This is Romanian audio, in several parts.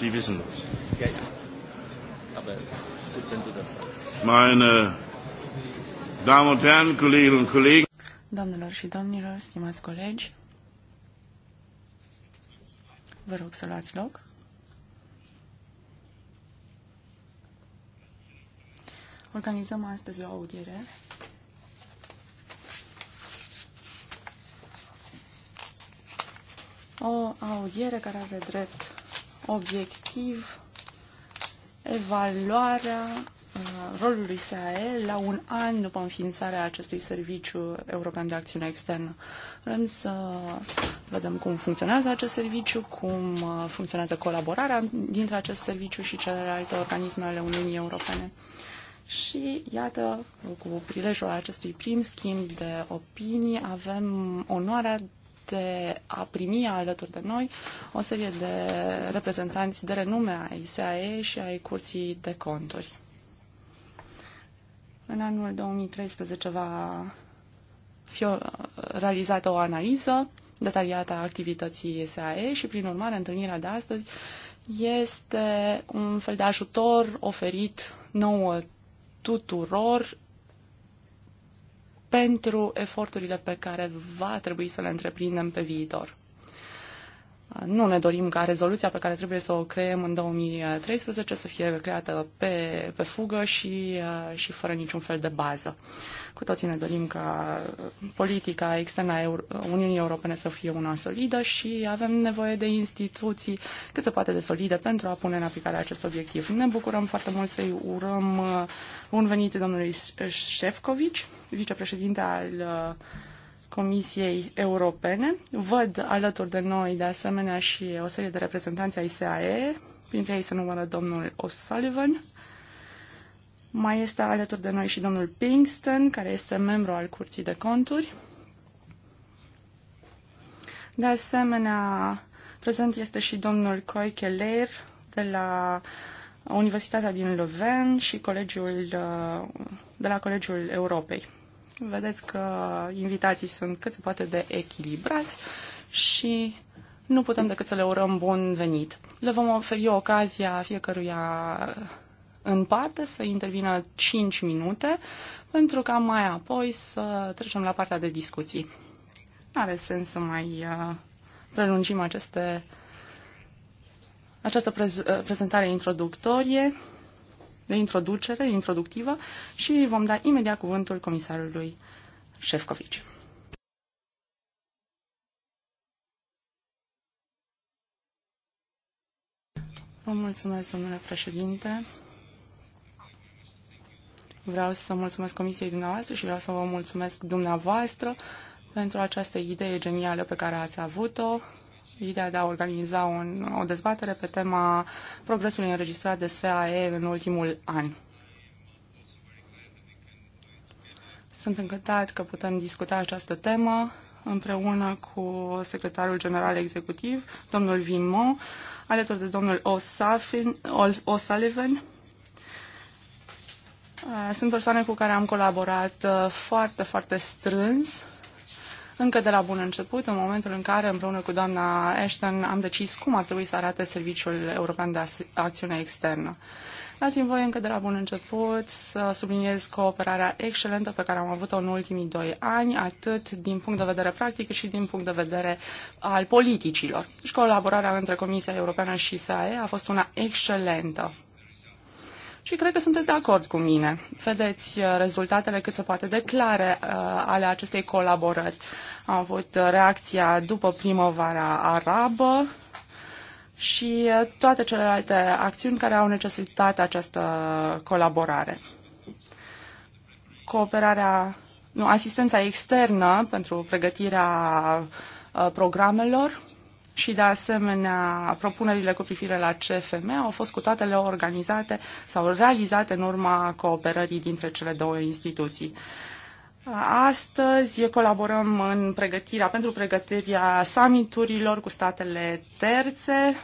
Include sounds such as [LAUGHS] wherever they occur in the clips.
Die wissen das. Ja, ja. Aber es gut, wenn du das sagst. Meine Damen und Herren, Kolleginnen und Kollegen. Doamnelor și domnilor, stimați colegi, vă rog să luați loc. Organizăm astăzi o audiere o audiere care are drept obiectiv evaluarea uh, rolului SAE la un an după înființarea acestui serviciu european de acțiune externă. Vrem să vedem cum funcționează acest serviciu, cum uh, funcționează colaborarea dintre acest serviciu și celelalte organisme ale Uniunii Europene. Și iată, cu prilejul acestui prim schimb de opinii, avem onoarea de a primi alături de noi o serie de reprezentanți de renume ai ISAE și ai Curții de Conturi. În anul 2013 va fi realizată o analiză detaliată a activității SAE și, prin urmare, întâlnirea de astăzi este un fel de ajutor oferit nouă tuturor pentru eforturile pe care va trebui să le întreprindem pe viitor. Nu ne dorim ca rezoluția pe care trebuie să o creăm în 2013 să fie creată pe, pe fugă și, uh, și fără niciun fel de bază. Cu toții ne dorim ca uh, politica externă a Uniunii Europene să fie una solidă și avem nevoie de instituții cât se poate de solide pentru a pune în aplicare acest obiectiv. Ne bucurăm foarte mult să-i urăm uh, un venit domnului Șefcovic, vicepreședinte al uh, Comisiei Europene. Văd alături de noi, de asemenea, și o serie de reprezentanți ai SAE, printre ei se numără domnul O'Sullivan, mai este alături de noi și domnul Pinkston, care este membru al Curții de Conturi. De asemenea, prezent este și domnul Koike Leir de la Universitatea din Leuven și colegiul, de la Colegiul Europei. Vedeți că invitații sunt cât se poate de echilibrați și nu putem decât să le urăm bun venit. Le vom oferi ocazia fiecăruia în parte, să intervină 5 minute, pentru ca mai apoi să trecem la partea de discuții. Nu are sens să mai uh, prelungim aceste, această prez, uh, prezentare introductorie, de introducere, introductivă și vom da imediat cuvântul comisarului Șefcovici. Vă mulțumesc, domnule președinte. Vreau să mulțumesc comisiei dumneavoastră și vreau să vă mulțumesc dumneavoastră pentru această idee genială pe care ați avut-o, ideea de a organiza un, o dezbatere pe tema progresului înregistrat de SAE în ultimul an. Sunt încântat că putem discuta această temă împreună cu secretarul general executiv, domnul Vimon, alături de domnul O'Sullivan, Eh, sunt persoane cu care am colaborat eh, foarte, foarte strâns încă de la bun început, în momentul în care, împreună cu doamna Ashton, am decis cum ar trebui să arate Serviciul European de Acțiune Externă. Dați-mi voi încă de la bun început să subliniez cooperarea excelentă pe care am avut-o în ultimii doi ani, atât din punct de vedere practic cât și din punct de vedere al politicilor. Și deci colaborarea între Comisia Europeană și SAE a fost una excelentă. Și cred că sunteți de acord cu mine. Vedeți uh, rezultatele cât se poate clare uh, ale acestei colaborări. Am avut uh, reacția după primăvara arabă și toate celelalte acțiuni care au necesitat această colaborare. Cooperarea, nu, asistența externă pentru pregătirea programelor și de asemenea propunerile cu privire la CFM au fost cu toatele organizate sau realizate în urma cooperării dintre cele două instituții. Astăzi colaborăm în pregătirea, pentru pregătirea summiturilor cu statele terțe,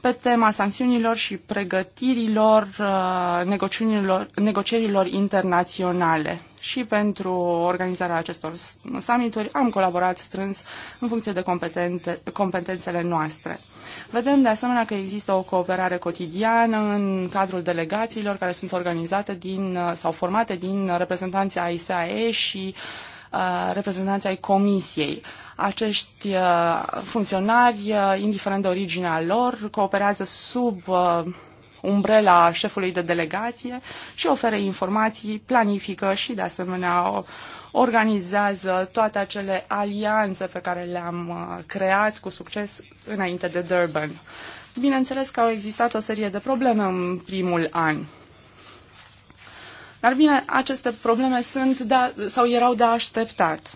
pe tema sancțiunilor și pregătirilor uh, negocierilor internaționale. Și pentru organizarea acestor summituri am colaborat strâns în funcție de competențele noastre. Vedem de asemenea că există o cooperare cotidiană în cadrul delegațiilor care sunt organizate din, uh, sau formate din reprezentanții ASAE și uh, Uh, reprezentanții ai comisiei. Acești uh, funcționari, uh, indiferent de originea lor, cooperează sub umbrela șefului de delegație și oferă informații, planifică și, de asemenea, organizează toate acele alianțe pe care le-am creat cu succes înainte de Durban. Bineînțeles că au existat o serie de probleme în primul an. Dar bine, aceste probleme sunt de, sau erau de așteptat.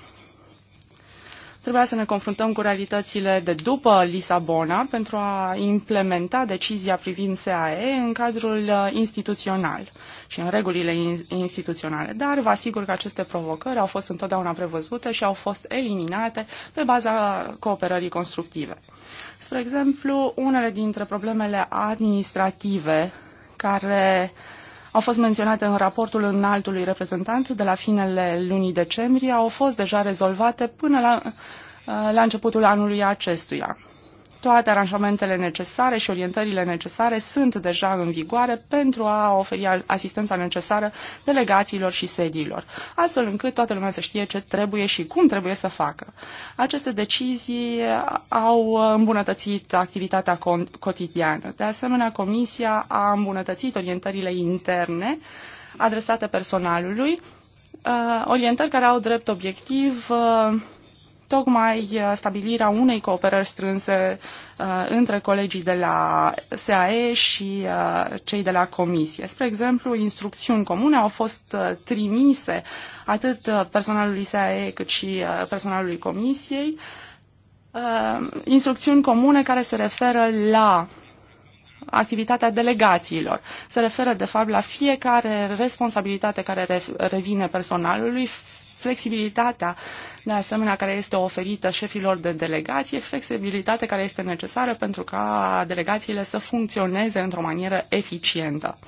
Trebuia să ne confruntăm cu realitățile de după Lisabona pentru a implementa decizia privind SAE în cadrul uh, instituțional și în regulile instituționale. Dar vă asigur că aceste provocări au fost întotdeauna prevăzute și au fost eliminate pe baza cooperării constructive. Spre exemplu, unele dintre problemele administrative care uh, au fost menționate în raportul înaltului reprezentant de la finele lunii decembrie, au fost deja rezolvate până la, uh, la începutul anului acestuia. Toate aranjamentele necesare și orientările necesare sunt deja în vigoare pentru a oferi asistența necesară delegațiilor și sediilor, astfel încât toată lumea să știe ce trebuie și cum trebuie să facă. Aceste decizii au îmbunătățit activitatea cotidiană. De asemenea, Comisia a îmbunătățit orientările interne adresate personalului, uh, orientări care au drept obiectiv uh, tocmai uh, stabilirea unei cooperări strânse uh, între colegii de la SAE și uh, cei de la Comisie. Spre exemplu, instrucțiuni comune au fost trimise atât personalului SAE cât și personalului Comisiei, instrucțiuni comune care se referă la activitatea delegațiilor. Se referă, de fapt, la fiecare responsabilitate care revine personalului, flexibilitatea de asemenea care este oferită șefilor de delegație, flexibilitate care este necesară pentru ca delegațiile să funcționeze într-o manieră eficientă.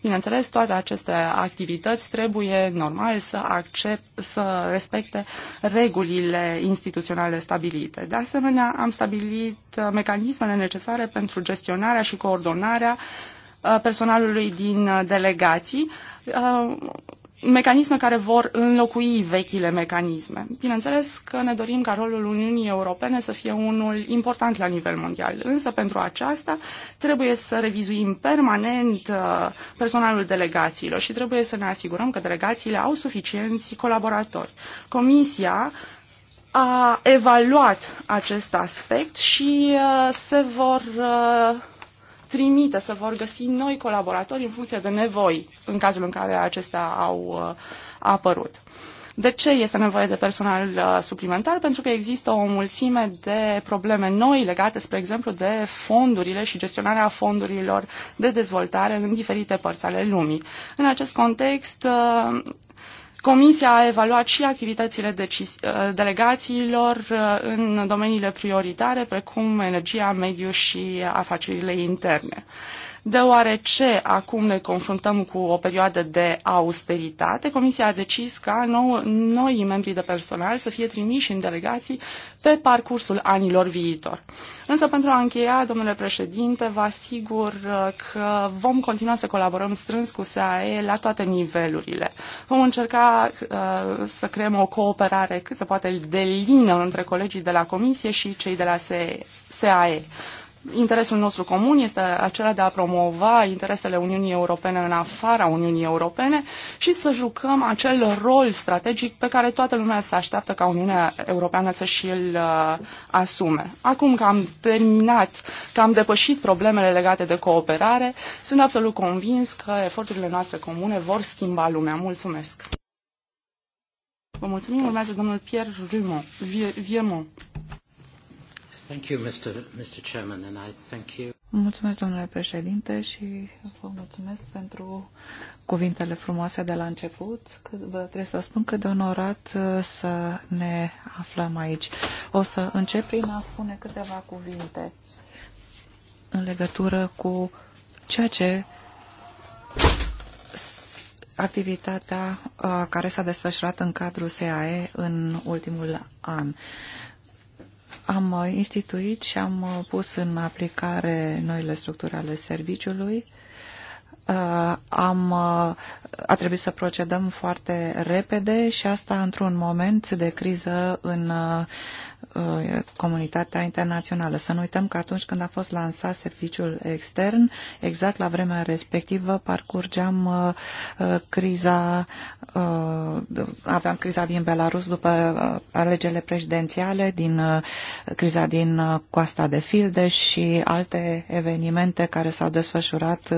Bineînțeles, toate aceste activități trebuie normal să accept, să respecte regulile instituționale stabilite. De asemenea, am stabilit mecanismele necesare pentru gestionarea și coordonarea uh, personalului din delegații, uh, mecanisme care vor înlocui vechile mecanisme. Bineînțeles că ne dorim ca rolul Uniunii Europene să fie unul important la nivel mondial, însă pentru aceasta trebuie să revizuim permanent uh, personalul delegațiilor și trebuie să ne asigurăm că delegațiile au suficienți colaboratori. Comisia a evaluat acest aspect și uh, se vor uh, trimite, se vor găsi noi colaboratori în funcție de nevoi, în cazul în care acestea au uh, apărut. De ce este nevoie de personal uh, suplimentar? Pentru că există o mulțime de probleme noi legate, spre exemplu, de fondurile și gestionarea fondurilor de dezvoltare în diferite părți ale lumii. În acest context, uh, Comisia a evaluat și activitățile uh, delegațiilor uh, în domeniile prioritare, precum energia, mediu și afacerile interne. Deoarece acum ne confruntăm cu o perioadă de austeritate, Comisia a decis ca nou, noi membrii de personal să fie trimiși în delegații pe parcursul anilor viitor. Însă pentru a încheia, domnule președinte, vă asigur uh, că vom continua să colaborăm strâns cu SAE la toate nivelurile. Vom încerca uh, să creăm o cooperare cât se poate de lină între colegii de la Comisie și cei de la SAE interesul nostru comun este acela de a promova interesele Uniunii Europene în afara Uniunii Europene și să jucăm acel rol strategic pe care toată lumea se așteaptă ca Uniunea Europeană să și-l uh, asume. Acum că am terminat, că am depășit problemele legate de cooperare, sunt absolut convins că eforturile noastre comune vor schimba lumea. Mulțumesc! Vă mulțumim, urmează domnul Pierre Viemont. Mulțumesc, domnule președinte, și vă mulțumesc pentru cuvintele frumoase de la început. Vă trebuie să spun cât de onorat uh, să ne aflăm aici. O să încep prin a spune câteva cuvinte în legătură cu ceea ce activitatea uh, care s-a desfășurat în cadrul SAE în ultimul an. Am uh, instituit și am uh, pus în aplicare noile structuri ale serviciului. Uh, am a trebuit să procedăm foarte repede și asta într-un moment de criză în uh, comunitatea internațională. Să nu uităm că atunci când a fost lansat serviciul extern, exact la vremea respectivă parcurgeam uh, uh, criza, aveam criza din Belarus după alegerile prezidențiale, din criza din Coasta de Fildeș și alte evenimente care s-au desfășurat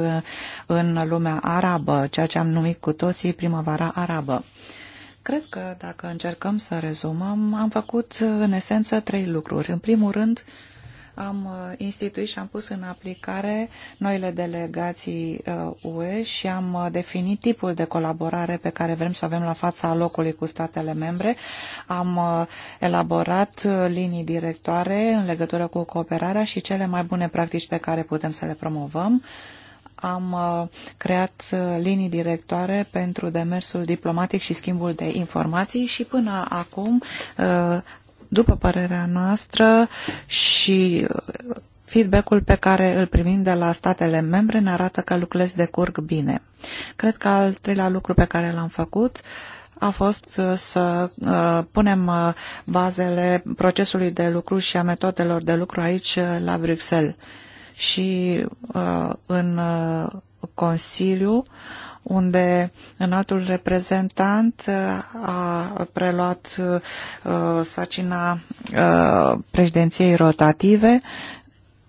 în lumea arabă, ceea ce am numit cu toții primăvara arabă. Cred că dacă încercăm să rezumăm, am făcut în esență trei lucruri. În primul rând, am uh, instituit și am pus în aplicare noile delegații UE uh, și am uh, definit tipul de colaborare pe care vrem să avem la fața locului cu statele membre. Am elaborat linii directoare în legătură cu cooperarea și cele mai bune practici pe care putem să le promovăm am uh, creat uh, linii directoare pentru demersul diplomatic și schimbul de informații și până acum, uh, după părerea noastră și feedback-ul pe care îl primim de la statele membre ne arată că lucrurile se decurg bine. Cred că al treilea lucru pe care l-am făcut a fost să punem bazele procesului de lucru și a metodelor de lucru aici la Bruxelles și uh, în uh, Consiliu, unde înaltul reprezentant uh, a preluat uh, președinției rotative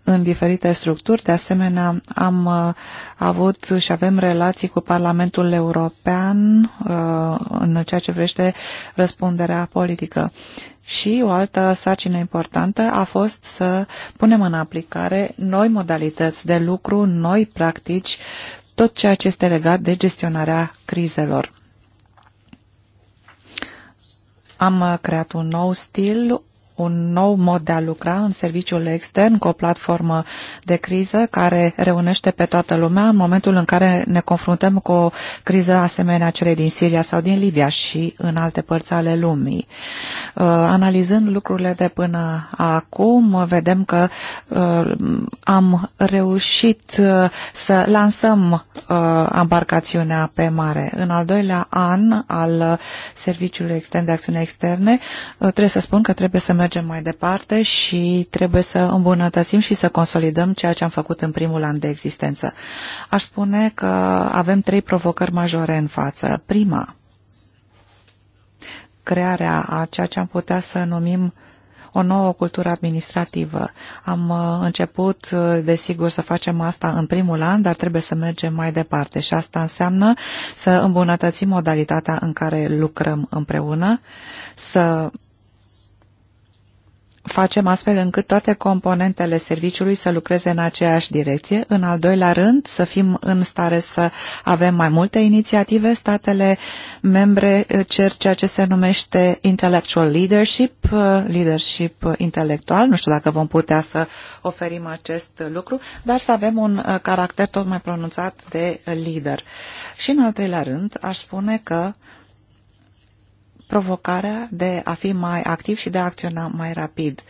în diferite structuri. De asemenea, am uh, avut și avem relații cu Parlamentul European uh, în ceea ce vrește răspunderea politică. Și o altă sacină importantă a fost să punem în aplicare noi modalități de lucru, noi practici, tot ceea ce este legat de gestionarea crizelor. Am creat un nou stil, un nou mod de a lucra în serviciul extern cu o platformă de criză care reunește pe toată lumea în momentul în care ne confruntăm cu o criză asemenea celei din Siria sau din Libia și în alte părți ale lumii. Uh, analizând lucrurile de până acum, vedem că uh, am reușit uh, să lansăm embarcațiunea pe mare. În al doilea an al Serviciului Extern de Acțiune Externe, trebuie să spun că trebuie să mergem mai departe și trebuie să îmbunătățim și să consolidăm ceea ce am făcut în primul an de existență. Aș spune că avem trei provocări majore în față. Prima, crearea a ceea ce am putea să numim o nouă cultură administrativă. Am uh, început, uh, desigur, să facem asta în primul an, dar trebuie să mergem mai departe și asta înseamnă să îmbunătățim modalitatea în care lucrăm împreună, să facem astfel încât toate componentele serviciului să lucreze în aceeași direcție. În al doilea rând, să fim în stare să avem mai multe inițiative. Statele membre uh, cer ceea ce se numește intellectual leadership, uh, leadership intelectual. Nu știu dacă vom putea să oferim acest lucru, dar să avem un uh, caracter tot mai pronunțat de lider. Și în al treilea rând, aș spune că provocarea de a fi mai activ și de a acționa mai rapid.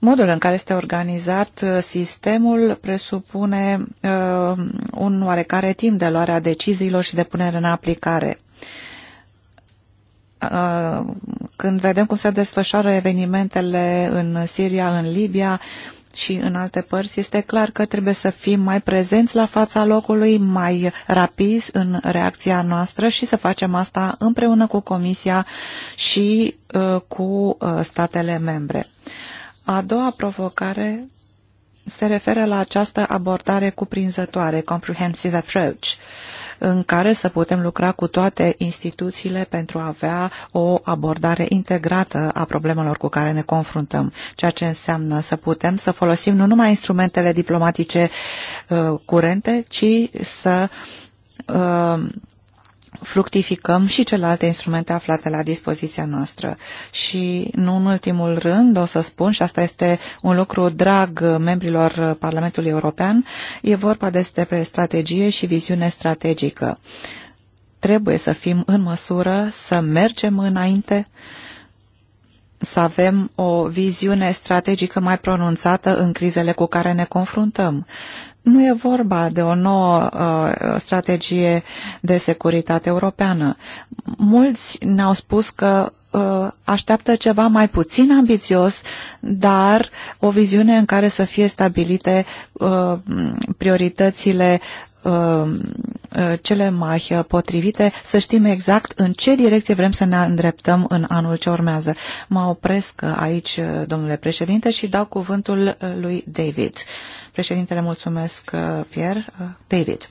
Modul în care este organizat uh, sistemul presupune uh, un oarecare timp de luarea deciziilor și de punere în aplicare. Uh, când vedem cum se desfășoară evenimentele în Siria, în Libia, și în alte părți, este clar că trebuie să fim mai prezenți la fața locului, mai rapizi în reacția noastră și să facem asta împreună cu Comisia și uh, cu uh, statele membre. A doua provocare se referă la această abordare cuprinzătoare, comprehensive approach, în care să putem lucra cu toate instituțiile pentru a avea o abordare integrată a problemelor cu care ne confruntăm, ceea ce înseamnă să putem să folosim nu numai instrumentele diplomatice uh, curente, ci să uh, fructificăm și celelalte instrumente aflate la dispoziția noastră. Și nu în ultimul rând, o să spun, și asta este un lucru drag membrilor Parlamentului European, e vorba despre strategie și viziune strategică. Trebuie să fim în măsură să mergem înainte, să avem o viziune strategică mai pronunțată în crizele cu care ne confruntăm nu e vorba de o nouă uh, strategie de securitate europeană. Mulți ne-au spus că uh, așteaptă ceva mai puțin ambițios, dar o viziune în care să fie stabilite uh, prioritățile uh, uh, cele mai potrivite, să știm exact în ce direcție vrem să ne îndreptăm în anul ce urmează. Mă opresc aici, domnule președinte, și dau cuvântul uh, lui David. Președintele, mulțumesc, uh, Pierre. Uh, David.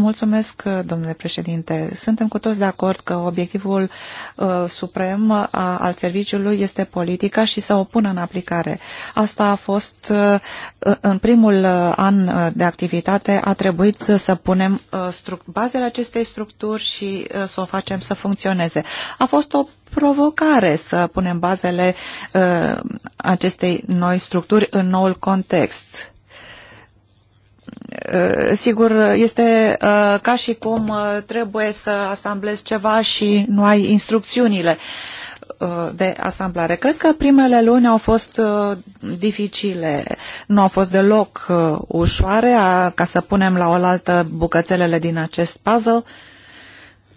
Mulțumesc, domnule președinte. Suntem cu toți de acord că obiectivul uh, suprem a, uh, al serviciului este politica și să o pună în aplicare. Asta a fost uh, în primul uh, an uh, de activitate, a trebuit să punem uh, bazele acestei structuri și uh, să o facem să funcționeze. A fost o provocare să punem bazele uh, acestei noi structuri în noul context Eh, sigur, este eh, ca și cum eh, trebuie să asamblezi ceva și nu ai instrucțiunile de asamblare. Cred că primele luni au fost dificile, nu au fost deloc ușoare, a, ca să punem la oaltă bucățelele din acest puzzle.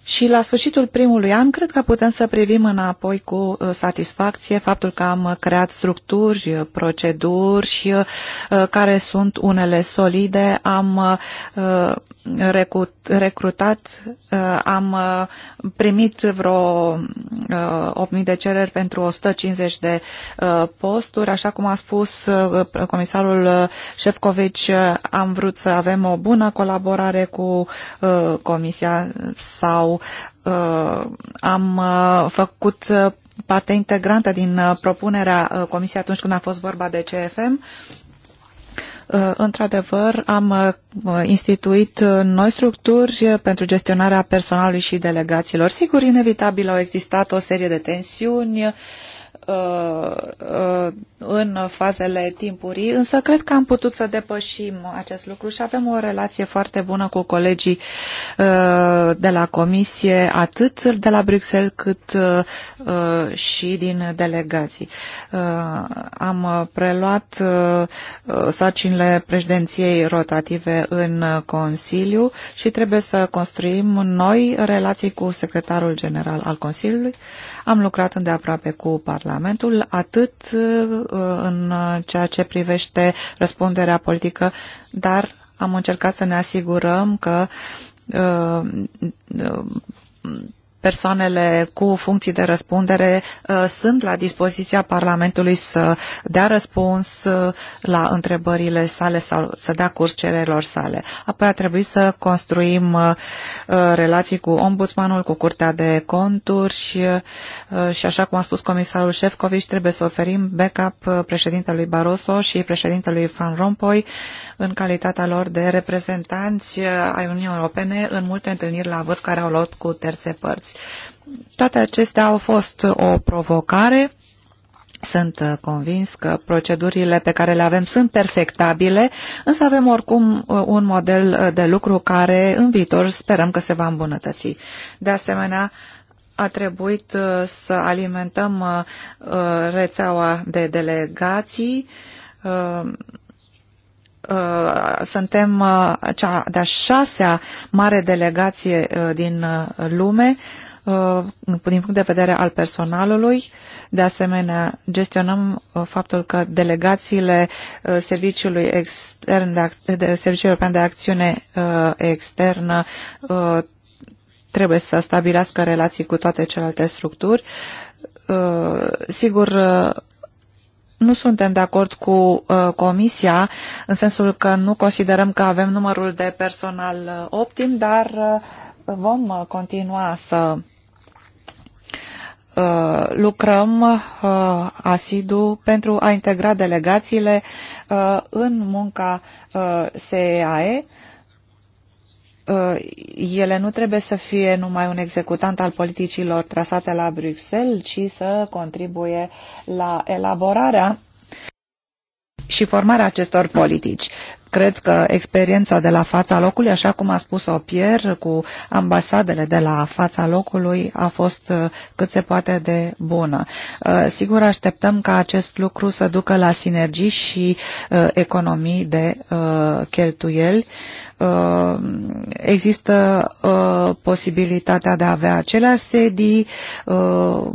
Și la sfârșitul primului an, cred că putem să privim înapoi cu uh, satisfacție faptul că am creat structuri, uh, proceduri și uh, care sunt unele solide, am recrutat, am primit vreo 8.000 de cereri pentru 150 de posturi. Așa cum a spus comisarul Șefcovici, am vrut să avem o bună colaborare cu Comisia sau uh, am uh, făcut uh, parte integrantă din uh, propunerea Comisiei atunci când a fost vorba de CFM. Într-adevăr, am instituit noi structuri pentru gestionarea personalului și delegațiilor. Sigur, inevitabil au existat o serie de tensiuni, Uh, uh, în fazele timpurii, însă cred că am putut să depășim acest lucru și avem o relație foarte bună cu colegii uh, de la comisie, atât de la Bruxelles cât și din delegații. Am preluat sarcinile președinției rotative în Consiliu și trebuie să construim noi relații cu secretarul general al Consiliului. Am lucrat îndeaproape cu Parlamentul regulamentul, atât uh, în ceea ce privește răspunderea politică, dar am încercat să ne asigurăm că uh, uh, persoanele cu funcții de răspundere uh, sunt la dispoziția Parlamentului să dea răspuns uh, la întrebările sale sau să dea curs cererilor sale. Apoi a trebuit să construim uh, relații cu ombudsmanul, cu Curtea de Conturi și, și așa cum a spus comisarul Șefcovici, trebuie să oferim backup președintelui Barroso și președintelui Van Rompuy în calitatea lor de reprezentanți ai Uniunii Europene în multe întâlniri la vârf care au luat cu terțe părți experți. Toate acestea au fost o provocare. Sunt uh, convins că procedurile pe care le avem sunt perfectabile, însă avem oricum uh, un model uh, de lucru care în viitor sperăm că se va îmbunătăți. De asemenea, a trebuit să alimentăm rețeaua de delegații Uh, suntem uh, cea de-a șasea mare delegație uh, din lume din punct de vedere al personalului. De asemenea, gestionăm faptul că delegațiile Serviciului Extern de, de Serviciul European de Acțiune Externă trebuie să stabilească relații cu toate celelalte structuri. Sigur, nu suntem de acord cu uh, Comisia, în sensul că nu considerăm că avem numărul de personal uh, optim, dar uh, vom uh, continua să uh, lucrăm uh, asidu pentru a integra delegațiile uh, în munca SEAE. Uh, Uh, ele nu trebuie să fie numai un executant al politicilor trasate la Bruxelles, ci să contribuie la elaborarea și formarea acestor politici. Cred că experiența de la fața locului, așa cum a spus-o Pierre, cu ambasadele de la fața locului, a fost uh, cât se poate de bună. Uh, sigur, așteptăm ca acest lucru să ducă la sinergii și economii de cheltuieli Uh, există uh, posibilitatea de a avea aceleași sedii uh,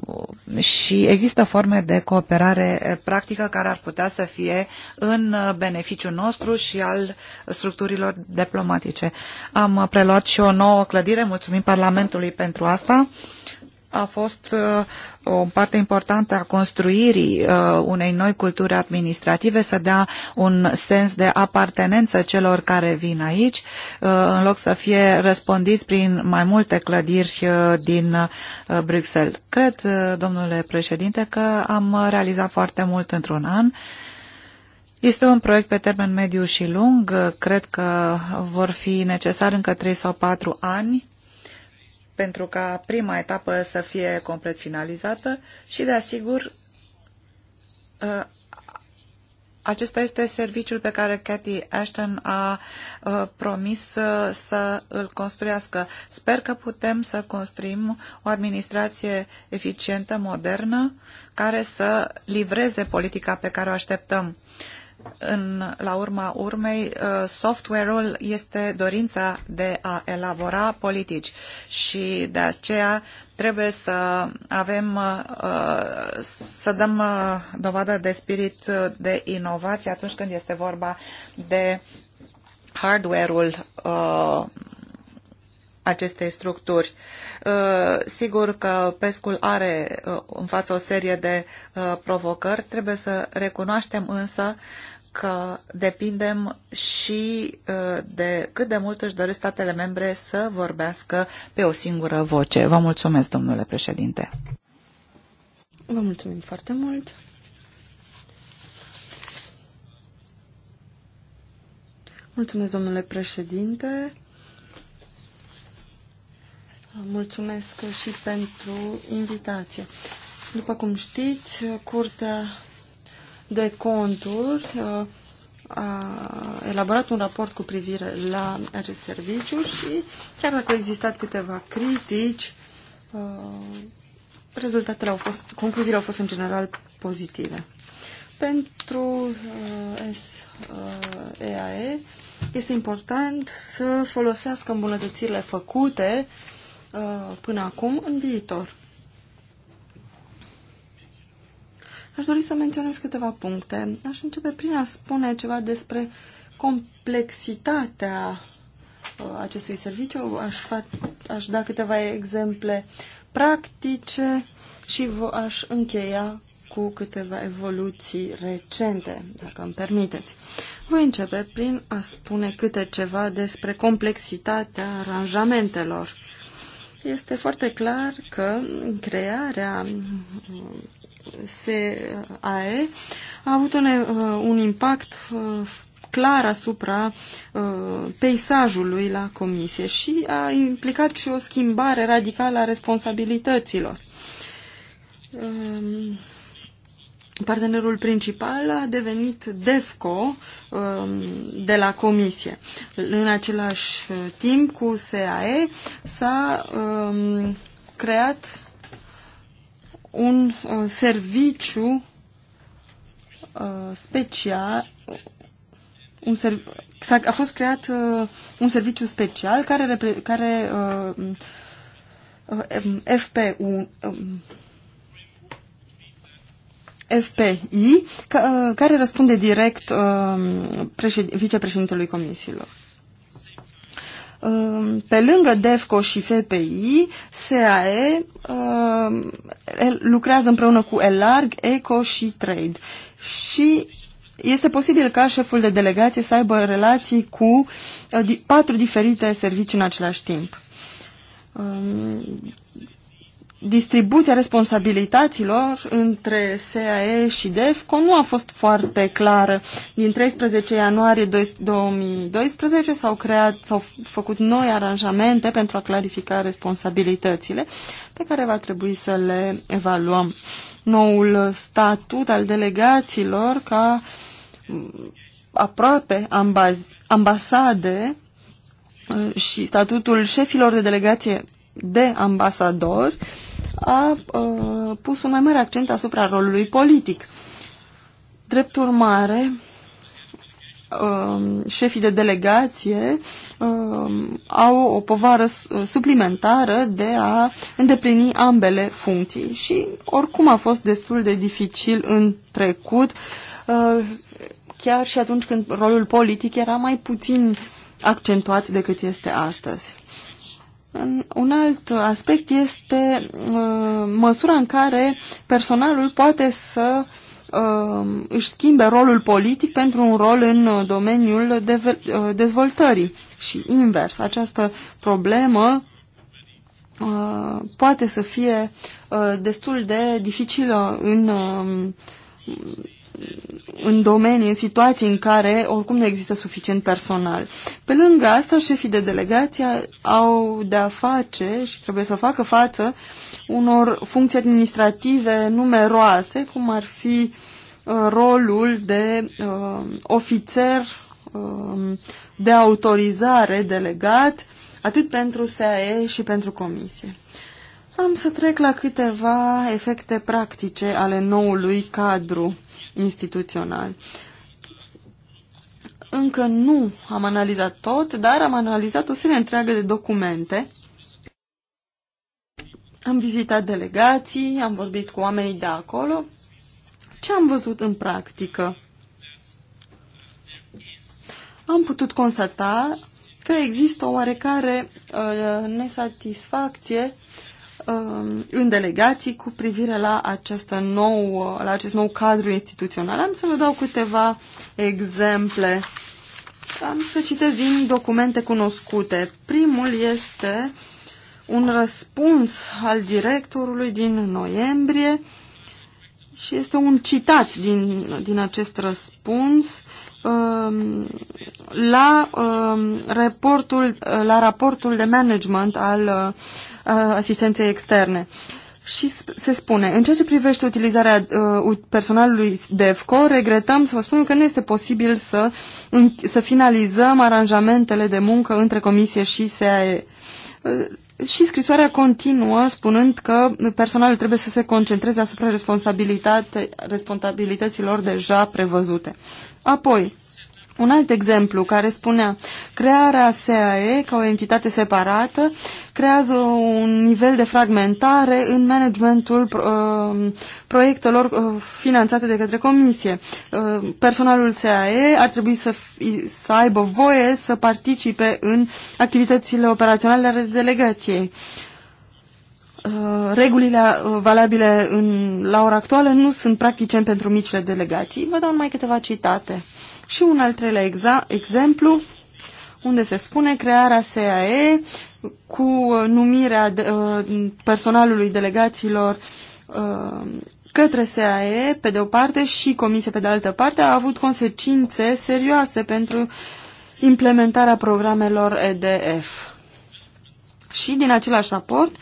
și există forme de cooperare practică care ar putea să fie în beneficiul nostru și al structurilor diplomatice. Am preluat și o nouă clădire, mulțumim Parlamentului pentru asta a fost uh, o parte importantă a construirii uh, unei noi culturi administrative, să dea un sens de apartenență celor care vin aici, uh, în loc să fie răspândiți prin mai multe clădiri din Bruxelles. Cred, domnule președinte, că am realizat foarte mult într-un an. Este un proiect pe termen mediu și lung. Cred că vor fi necesari încă 3 sau 4 ani pentru ca prima etapă să fie complet finalizată și, de asigur, ă, acesta este serviciul pe care Cathy Ashton a ă, promis ă, să, îl construiască. Sper că putem să construim o administrație eficientă, modernă, care să livreze politica pe care o așteptăm în, la urma urmei, uh, software-ul este dorința de a elabora politici și de aceea trebuie să avem, uh, să dăm uh, dovadă de spirit de inovație atunci când este vorba de hardware-ul acestei structuri. Sigur că pescul are în față o serie de provocări, trebuie să recunoaștem însă că depindem și uh, de cât de mult își doresc statele membre să vorbească pe o singură voce. Vă mulțumesc, domnule președinte. Vă mulțumim foarte mult. Mulțumesc, domnule președinte. Mulțumesc și pentru invitație. După cum știți, Curtea de conturi uh, a elaborat un raport cu privire la acest serviciu și chiar dacă au existat câteva critici, uh, rezultatele au fost, concluziile au fost în general pozitive. Pentru EAE uh, este important să folosească îmbunătățirile făcute până acum în viitor. Aș dori să menționez câteva puncte. Aș începe prin a spune ceva despre complexitatea uh, acestui serviciu. Aș, fa- aș da câteva exemple practice și aș încheia cu câteva evoluții recente, dacă îmi permiteți. Voi începe prin a spune câte ceva despre complexitatea aranjamentelor. Este foarte clar că crearea uh, SAE a avut un, uh, un impact uh, clar asupra uh, peisajului la comisie și a implicat și o schimbare radicală a responsabilităților. Um, partenerul principal a devenit DEFCO um, de la Comisie. În același timp, cu SAE s-a um, creat un uh, serviciu uh, special, un serv a fost creat uh, un serviciu special care, care uh, FP1, uh, FPI, um, uh, care răspunde direct um, vicepreședintelui comisiilor. Ehm, pe lângă DEFCO și FPI, SAE ehm, lucrează împreună cu ELARG, ECO și TRADE. Și este posibil ca șeful de delegație să aibă relații cu eh, patru diferite servicii în același timp. Ehm, distribuția responsabilităților între SAE și DEFCO nu a fost foarte clară. Din 13 ianuarie 2012 s-au creat, s-au făcut noi aranjamente pentru a clarifica responsabilitățile pe care va trebui să le evaluăm. Noul statut al delegaților ca aproape ambasade uh, și statutul șefilor de delegație de ambasador a uh, pus un mai mare accent asupra rolului politic. Drept urmare, uh, șefii de delegație uh, au o povară uh, suplimentară de a îndeplini ambele funcții și oricum a fost destul de dificil în trecut, uh, chiar și atunci când rolul politic era mai puțin accentuat decât este astăzi. Un alt aspect este uh, măsura în care personalul poate să uh, își schimbe rolul politic pentru un rol în domeniul uh, dezvoltării și invers. Această problemă poate să fie destul de dificilă în în domenii, în situații în care oricum nu există suficient personal. Pe lângă asta, șefii de delegație au de-a face și trebuie să facă față unor funcții administrative numeroase, cum ar fi uh, rolul de uh, ofițer uh, de autorizare delegat, atât pentru SAE și pentru comisie. Am să trec la câteva efecte practice ale noului cadru instituțional. Încă nu am analizat tot, dar am analizat o serie întreagă de documente. Am vizitat delegații, am vorbit cu oamenii de acolo. Ce am văzut în practică? Am putut constata că există o oarecare uh, nesatisfacție uh, Um, în delegații cu privire la, această nou, la acest nou cadru instituțional. Am să vă dau câteva exemple. Am să citesc din documente cunoscute. Primul este un răspuns al directorului din noiembrie și este un citat din, din acest răspuns um, la, um, raportul, la raportul de management al asistenței externe. Și se spune, în ceea ce privește utilizarea uh, personalului DEFCO, regretăm să vă spun că nu este posibil să, să finalizăm aranjamentele de muncă între Comisie și SAE. Uh, și scrisoarea continuă spunând că personalul trebuie să se concentreze asupra responsabilitate, responsabilităților deja prevăzute. Apoi, un alt exemplu care spunea, crearea SAE ca o entitate separată creează un nivel de fragmentare în managementul uh, proiectelor uh, finanțate de către comisie. Uh, personalul SAE ar trebui să, să aibă voie să participe în activitățile operaționale ale delegației. Uh, regulile uh, valabile în, la ora actuală nu sunt practice pentru micile delegații. Vă dau numai câteva citate. Și un al treilea exemplu, unde se spune crearea SAE cu numirea de, uh, personalului delegațiilor uh, către SAE, pe de o parte, și Comisie, pe de altă parte, a avut consecințe serioase pentru implementarea programelor EDF. Și din același raport,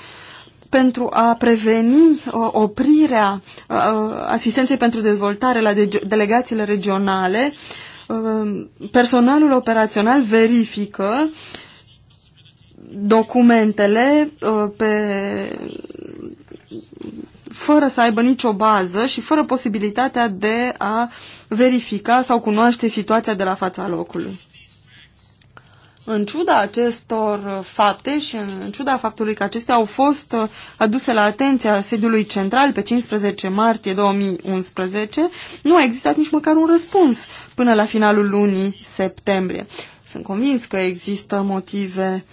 pentru a preveni oprirea uh, uh, asistenței pentru dezvoltare la delegațiile regionale, Um, personalul operațional verifică documentele uh, pe, fără să aibă nicio bază și fără posibilitatea de a verifica sau cunoaște situația de la fața locului. În ciuda acestor fapte și în ciuda faptului că acestea au fost uh, aduse la atenția sediului central pe 15 martie 2011, nu a existat nici măcar un răspuns până la finalul lunii septembrie. Sunt convins că există motive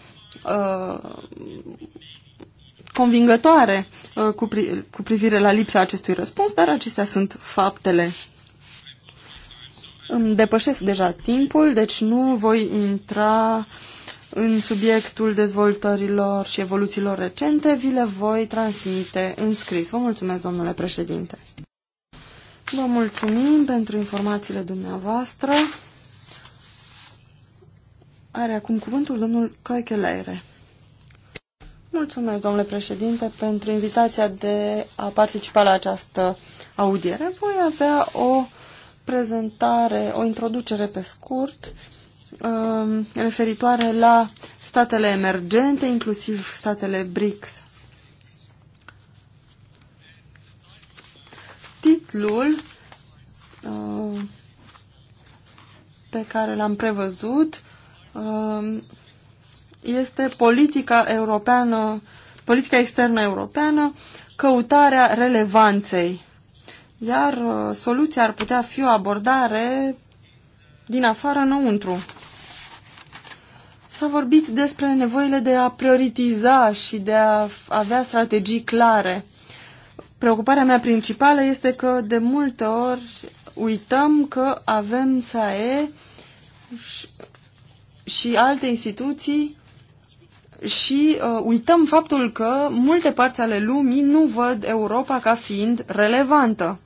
uh, convingătoare uh, cu, pri cu privire la lipsa acestui răspuns, dar acestea sunt faptele îmi depășesc deja timpul, deci nu voi intra în subiectul dezvoltărilor și evoluțiilor recente. Vi le voi transmite în scris. Vă mulțumesc, domnule președinte. Vă mulțumim pentru informațiile dumneavoastră. Are acum cuvântul domnul Coicheleire. Mulțumesc, domnule președinte, pentru invitația de a participa la această audiere. Voi avea o prezentare, o introducere pe scurt um, referitoare la statele emergente, inclusiv statele BRICS. Titlul um, pe care l-am prevăzut um, este politica europeană, politica externă europeană, căutarea relevanței iar uh, soluția ar putea fi o abordare din afară înăuntru. S-a vorbit despre nevoile de a prioritiza și de a avea strategii clare. Preocuparea mea principală este că de multe ori uităm că avem SAE și, și alte instituții și uh, uităm faptul că multe părți ale lumii nu văd Europa ca fiind relevantă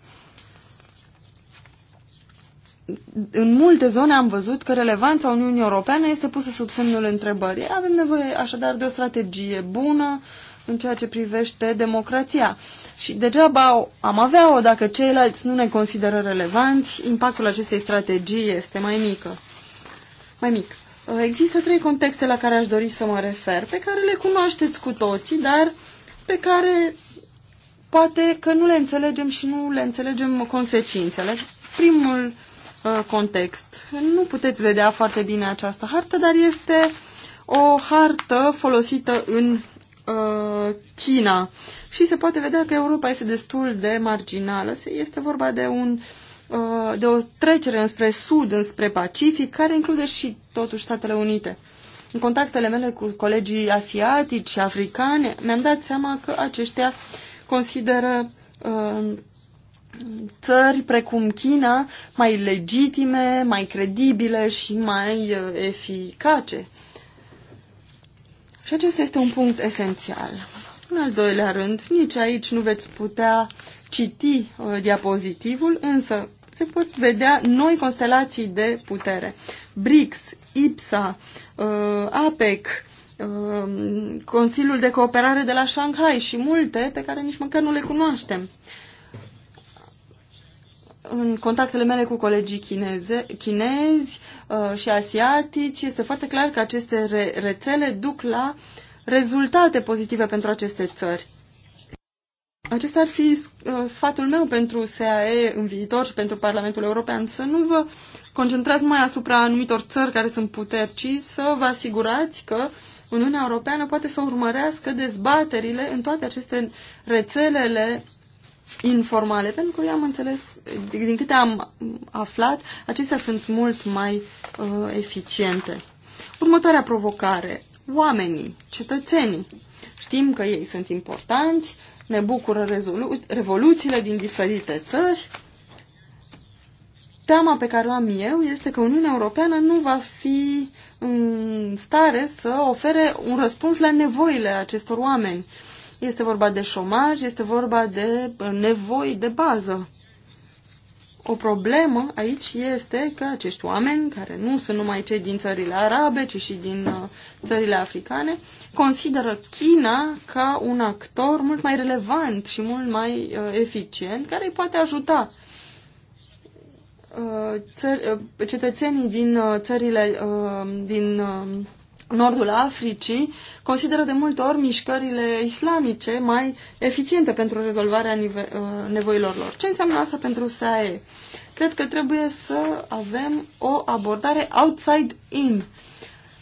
în multe zone am văzut că relevanța Uniunii Europeane este pusă sub semnul întrebării. Avem nevoie așadar de o strategie bună în ceea ce privește democrația. Și degeaba am avea-o dacă ceilalți nu ne consideră relevanți, impactul acestei strategii este mai mică. Mai mic. Există trei contexte la care aș dori să mă refer, pe care le cunoașteți cu toții, dar pe care poate că nu le înțelegem și nu le înțelegem consecințele. Primul uh, Uh, context. Nu puteți vedea foarte bine această hartă, dar este o hartă folosită în uh, China. Și se poate vedea că Europa este destul de marginală. Este vorba de, un, uh, de o trecere înspre sud, înspre Pacific, care include și totuși Statele Unite. În contactele mele cu colegii asiatici și africani, mi-am dat seama că aceștia consideră uh, țări precum China mai legitime, mai credibile și mai uh, eficace. Și acesta este un punct esențial. În al doilea rând, nici aici nu veți putea citi uh, diapozitivul, însă se pot vedea noi constelații de putere. BRICS, IPSA, uh, APEC, Consiliul de Cooperare de la Shanghai și multe pe care nici măcar nu le cunoaștem în contactele mele cu colegii chineze, chinezi uh, și asiatici, este foarte clar că aceste re- rețele duc la rezultate pozitive pentru aceste țări. Acesta ar fi uh, sfatul meu pentru SAE în viitor și pentru Parlamentul European, să nu vă concentrați mai asupra anumitor țări care sunt puteri, ci să vă asigurați că Uniunea Europeană poate să urmărească dezbaterile în toate aceste rețelele informale, pentru că eu am înțeles, din câte am aflat, acestea sunt mult mai uh, eficiente. Următoarea provocare, oamenii, cetățenii. Știm că ei sunt importanți, ne bucură revoluțiile din diferite țări. Teama pe care o am eu este că Uniunea Europeană nu va fi în stare să ofere un răspuns la nevoile acestor oameni. Uh, este vorba de șomaj, este vorba de uh, nevoi de bază. O problemă aici este că acești oameni, care nu sunt numai cei din țările arabe, ci și din uh, țările africane, consideră China ca un actor mult mai relevant și mult mai uh, eficient, care îi poate ajuta cetățenii din țările din nordul Africii consideră de multe ori mișcările islamice mai eficiente pentru rezolvarea uh, nevoilor lor. Ce înseamnă asta pentru SAE? Cred că trebuie să avem o abordare outside-in.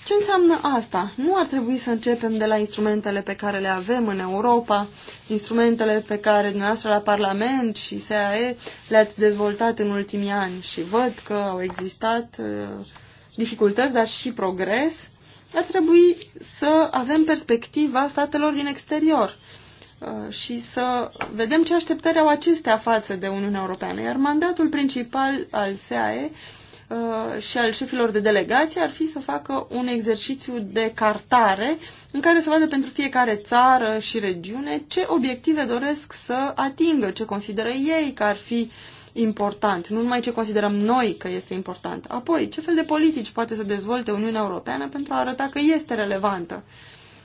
Ce înseamnă asta? Nu ar trebui să începem de la instrumentele pe care le avem în Europa, instrumentele pe care dumneavoastră la Parlament și SAE le-ați dezvoltat în ultimii ani și văd că au existat uh, dificultăți, dar și progres ar trebui să avem perspectiva statelor din exterior uh, și să vedem ce așteptări au acestea față de Uniunea Europeană. Iar mandatul principal al SAE uh, și al șefilor de delegație ar fi să facă un exercițiu de cartare în care să vadă pentru fiecare țară și regiune ce obiective doresc să atingă, ce consideră ei că ar fi uh, important, nu numai ce considerăm noi că este important. Apoi, ce fel de politici poate să dezvolte Uniunea Europeană pentru a arăta că este relevantă?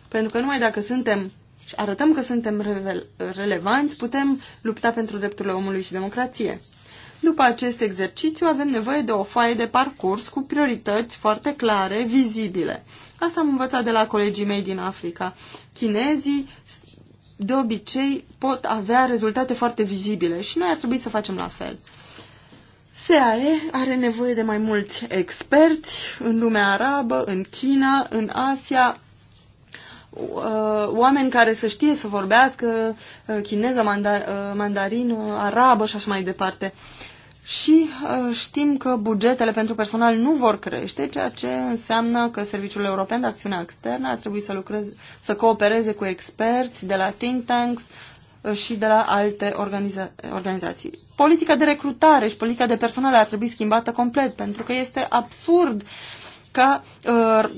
Pentru că numai dacă suntem și arătăm că suntem relevanți, putem lupta pentru drepturile omului și democrație. După acest exercițiu avem nevoie de o foaie de parcurs cu priorități foarte clare, vizibile. Asta am învățat de la colegii mei din Africa. Chinezii de obicei pot avea rezultate foarte vizibile și noi ar trebui să facem la fel. SAE are nevoie de mai mulți experți în lumea arabă, în China, în Asia, uh, oameni care să știe să vorbească uh, chineză, uh, mandarină, arabă și așa mai departe și uh, știm că bugetele pentru personal nu vor crește, ceea ce înseamnă că Serviciul European de Acțiune Externă ar trebui să, lucreze, să coopereze cu experți de la think tanks uh, și de la alte organiza organizații. Politica de recrutare și politica de personal ar trebui schimbată complet, pentru că este absurd ca uh,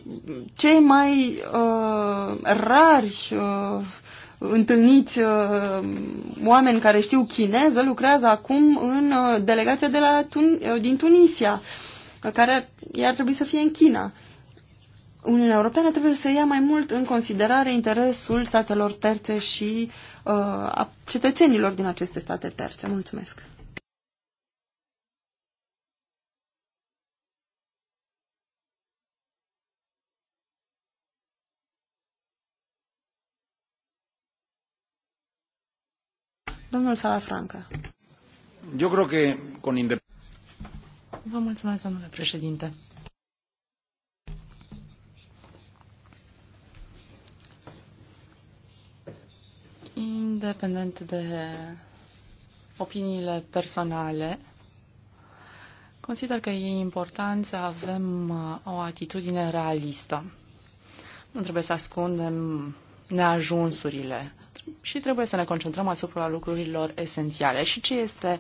cei mai uh, rari uh, întâlniți uh, oameni care știu chineză, lucrează acum în uh, delegația de la Tun- uh, din Tunisia, care i-ar trebui să fie în China. Uniunea Europeană trebuie să ia mai mult în considerare interesul statelor terțe și uh, a cetățenilor din aceste state terțe. Mulțumesc! Domnul Salafranca. Eu cred că con Vă mulțumesc, domnule președinte. Independent de opiniile personale, consider că e important să avem uh, o atitudine realistă. Nu trebuie să ascundem neajunsurile și trebuie să ne concentrăm asupra lucrurilor esențiale. Și ce este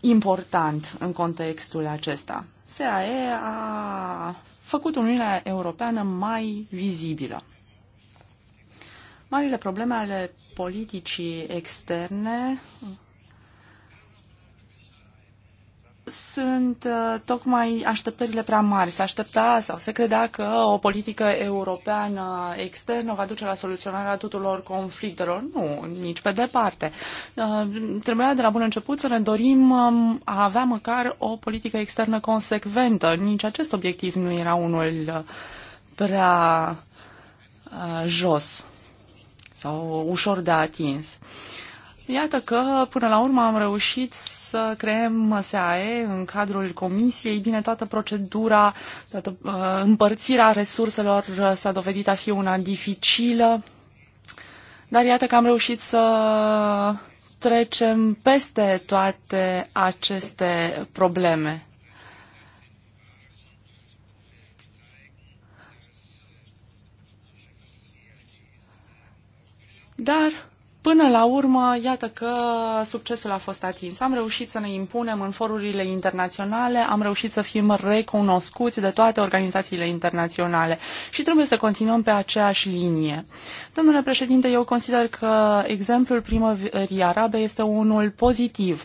important în contextul acesta? SAE a făcut Uniunea Europeană mai vizibilă. Marile probleme ale politicii externe sunt uh, tocmai așteptările prea mari. Se aștepta sau se credea că o politică europeană externă va duce la soluționarea tuturor conflictelor. Nu, nici pe departe. Uh, trebuia de la bun început să ne dorim um, a avea măcar o politică externă consecventă. Nici acest obiectiv nu era unul uh, prea jos sau ușor de atins. Uh, Iată că, până la urmă, am reușit să creăm SAE în cadrul comisiei. Bine, toată procedura, toată uh, împărțirea resurselor uh, s-a dovedit a fi una dificilă, dar iată că am reușit să trecem peste toate aceste probleme. Dar Până la urmă, iată că succesul a fost atins. Am reușit să ne impunem în forurile internaționale, am reușit să fim recunoscuți de toate organizațiile internaționale și trebuie să continuăm pe aceeași linie. Domnule președinte, eu consider că exemplul primăverii arabe este unul pozitiv.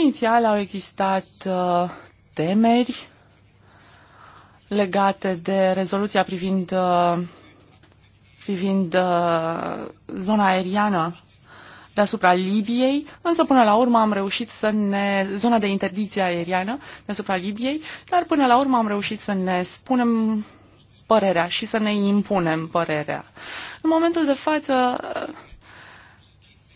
Inițial au existat uh, temeri legate de rezoluția privind uh, privind uh, zona aeriană deasupra Libiei, însă până la urmă am reușit să ne... zona de interdicție aeriană deasupra Libiei, dar până la urmă am reușit să ne spunem părerea și să ne impunem părerea. În momentul de față,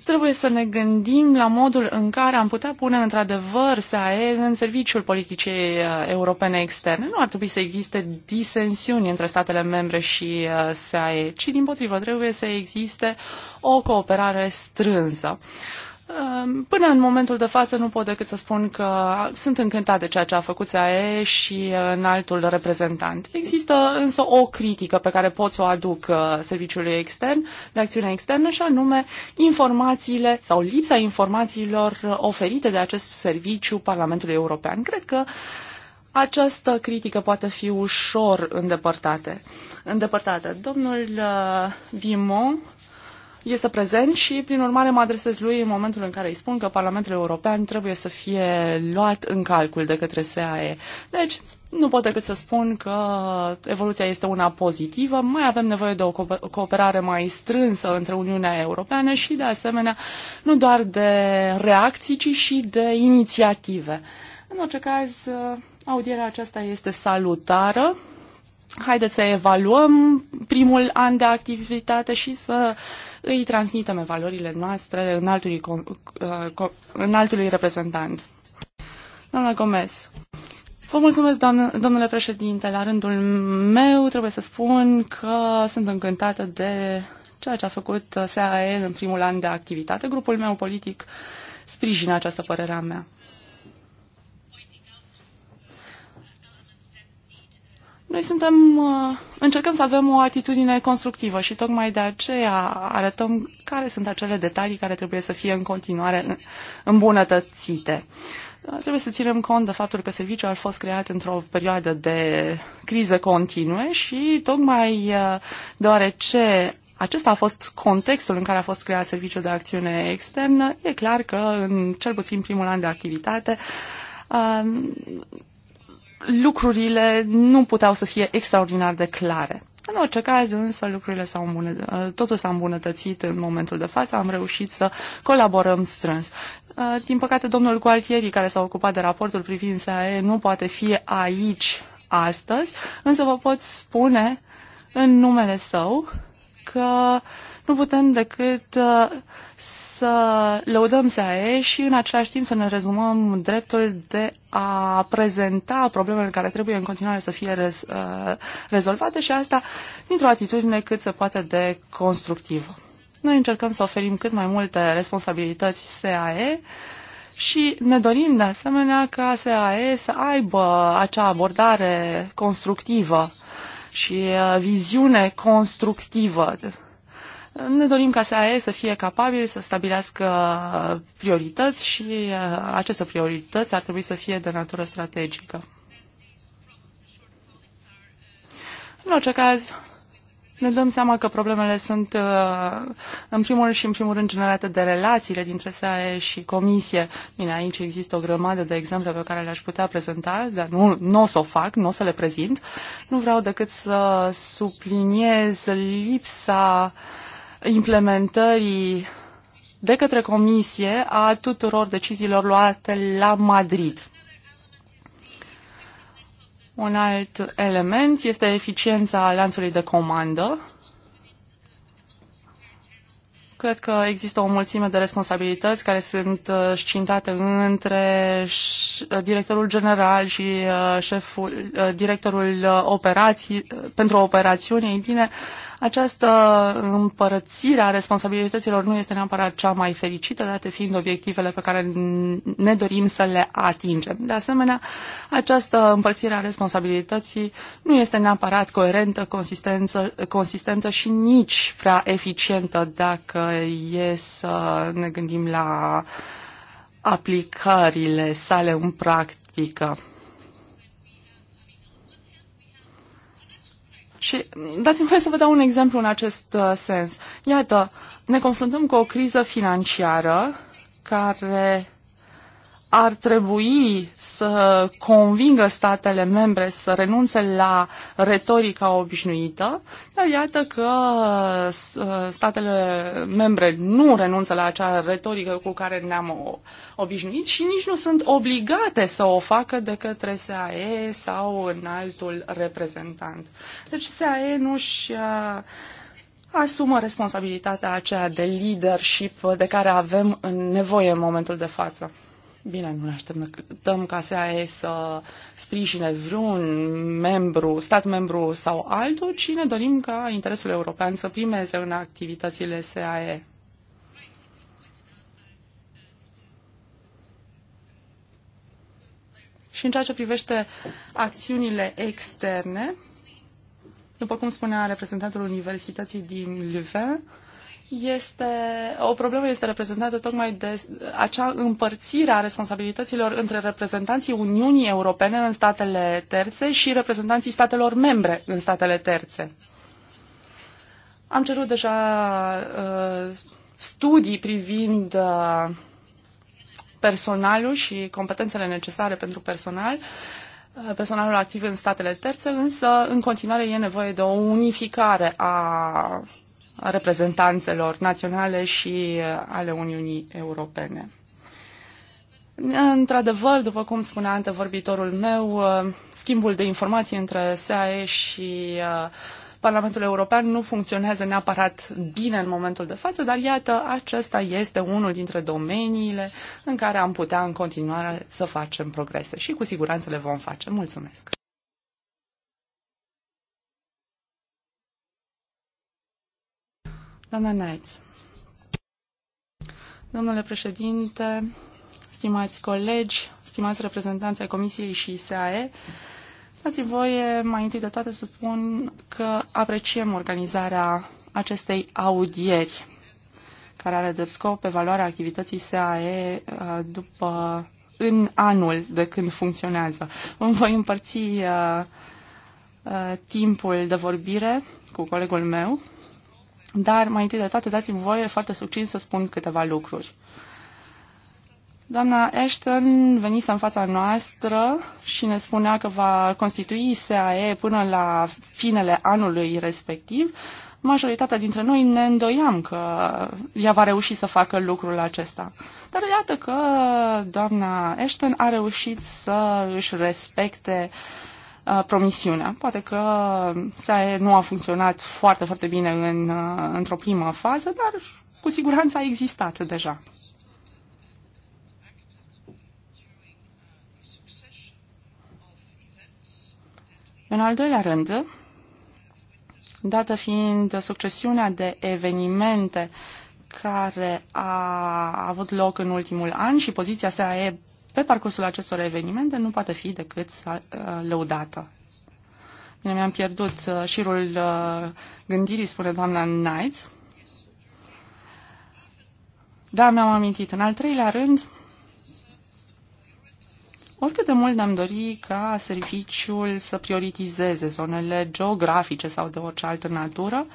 trebuie să ne gândim la modul în care am putea pune într-adevăr SAE în serviciul politicii uh, europene externe. Nu ar trebui să existe disensiuni între statele membre și uh, SAE, ci din potrivă trebuie să existe o cooperare strânsă. Uh, Ehm, până în momentul de față nu pot decât să spun că sunt încântat de ceea ce a făcut SAE și în altul reprezentant. Există însă o critică pe care pot să o aduc uh, serviciului extern, de acțiune externă, și anume informațiile sau lipsa informațiilor oferite de acest serviciu Parlamentului European. Cred că această critică poate fi ușor îndepărtată. îndepărtată. Domnul uh, Vimon este prezent și, prin urmare, mă adresez lui în momentul în care îi spun că Parlamentul European trebuie să fie luat în calcul de către SAE. Deci, nu pot decât să spun că evoluția este una pozitivă, mai avem nevoie de o cooperare mai strânsă între Uniunea Europeană și, de asemenea, nu doar de reacții, ci și de inițiative. În orice caz, audierea aceasta este salutară. Haideți să evaluăm primul an de activitate și să îi transmitem evaluările noastre în altului, uh, în altului reprezentant. Doamna Gomez, Vă mulțumesc, doamnă, domnule președinte. La rândul meu trebuie să spun că sunt încântată de ceea ce a făcut SAE în primul an de activitate. Grupul meu politic sprijină această părere a mea. Noi suntem, uh, încercăm să avem o atitudine constructivă și tocmai de aceea arătăm care sunt acele detalii care trebuie să fie în continuare îmbunătățite. Uh, trebuie să ținem cont de faptul că serviciul a fost creat într-o perioadă de criză continue și tocmai uh, deoarece acesta a fost contextul în care a fost creat serviciul de acțiune externă, e clar că în cel puțin primul an de activitate lucrurile nu puteau să fie extraordinar de clare. În orice caz, însă, lucrurile s-au îmbunătățit, totul s-a îmbunătățit în momentul de față, am reușit să colaborăm strâns. Uh, din păcate, domnul Gualtieri, care s-a ocupat de raportul privind SAE, nu poate fi aici astăzi, însă vă pot spune în numele său că nu putem decât să uh, să lăudăm SAE și în același timp să ne rezumăm dreptul de a prezenta problemele care trebuie în continuare să fie rez, uh, rezolvate și asta dintr-o atitudine cât se poate de constructivă. Noi încercăm să oferim cât mai multe responsabilități SAE și ne dorim de asemenea ca SAE să aibă acea abordare constructivă și uh, viziune constructivă ne dorim ca SAE să fie capabil să stabilească priorități și uh, aceste priorități ar trebui să fie de natură strategică. În orice caz, ne dăm seama că problemele sunt, uh, în primul și în primul rând, generate de relațiile dintre SAE și Comisie. Bine, aici există o grămadă de exemple pe care le-aș putea prezenta, dar nu, nu o să o fac, nu o să le prezint. Nu vreau decât să subliniez lipsa uh, implementării de către Comisie a tuturor deciziilor luate la Madrid. Un alt element este eficiența lanțului de comandă. Cred că există o mulțime de responsabilități care sunt uh, scintate între uh, directorul general și uh, șeful, directorul operații, pentru operațiuni. Ei bine, această împărățire a responsabilităților nu este neapărat cea mai fericită, date fiind obiectivele pe care ne dorim să le atingem. De asemenea, această împărțire a responsabilității nu este neapărat coerentă, consistentă, consistentă și nici prea eficientă dacă e să ne gândim la aplicările sale în practică. Și dați-mi voie să vă dau un exemplu în acest uh, sens. Iată, ne confruntăm cu o criză financiară care ar trebui să convingă statele membre să renunțe la retorica obișnuită, dar iată că statele membre nu renunță la acea retorică cu care ne-am obișnuit și nici nu sunt obligate să o facă de către SAE sau în altul reprezentant. Deci SAE nu-și uh, asumă responsabilitatea aceea de leadership de care avem nevoie în momentul de față. Bine, nu ne așteptăm ca SAE să sprijine vreun membru, stat membru sau altul, ci ne dorim ca interesul european să primeze în activitățile SAE. Și în ceea ce privește acțiunile externe, după cum spunea reprezentantul Universității din Leuven, este, o problemă este reprezentată tocmai de acea împărțire a responsabilităților între reprezentanții Uniunii Europene în statele terțe și reprezentanții statelor membre în statele terțe. Am cerut deja uh, studii privind uh, personalul și competențele necesare pentru personal, uh, personalul activ în statele terțe, însă în continuare e nevoie de o unificare a reprezentanțelor naționale și uh, ale Uniunii Europene. Într-adevăr, după cum spunea antevorbitorul meu, uh, schimbul de informații între SAE și uh, Parlamentul European nu funcționează neapărat bine în momentul de față, dar iată, acesta este unul dintre domeniile în care am putea în continuare să facem progrese și cu siguranță le vom face. Mulțumesc! Doamna Neitz. Domnule președinte, stimați colegi, stimați reprezentanți ai Comisiei și ISAE, dați voie mai întâi de toate să spun că apreciem organizarea acestei audieri care are drept scop evaluarea activității SAE uh, după în anul de când funcționează. Îmi voi împărți uh, uh, timpul de vorbire cu colegul meu, dar, mai întâi de toate, dați-mi voie foarte succint să spun câteva lucruri. Doamna Ashton venise în fața noastră și ne spunea că va constitui SAE până la finele anului respectiv. Majoritatea dintre noi ne îndoiam că ea va reuși să facă lucrul acesta. Dar iată că doamna Ashton a reușit să își respecte uh, Uh, promisiunea. Poate că SAE nu a funcționat foarte, foarte bine în, uh, într-o primă fază, dar cu siguranță a existat deja. În al doilea rând, dată fiind succesiunea de evenimente care a avut loc în ultimul an și poziția SAE pe parcursul acestor evenimente nu poate fi decât uh, lăudată. Bine, mi-am pierdut uh, șirul uh, gândirii, spune doamna Knights. Da, mi-am amintit. În al treilea rând, oricât de mult ne-am dori ca serviciul să prioritizeze zonele geografice sau de orice altă natură,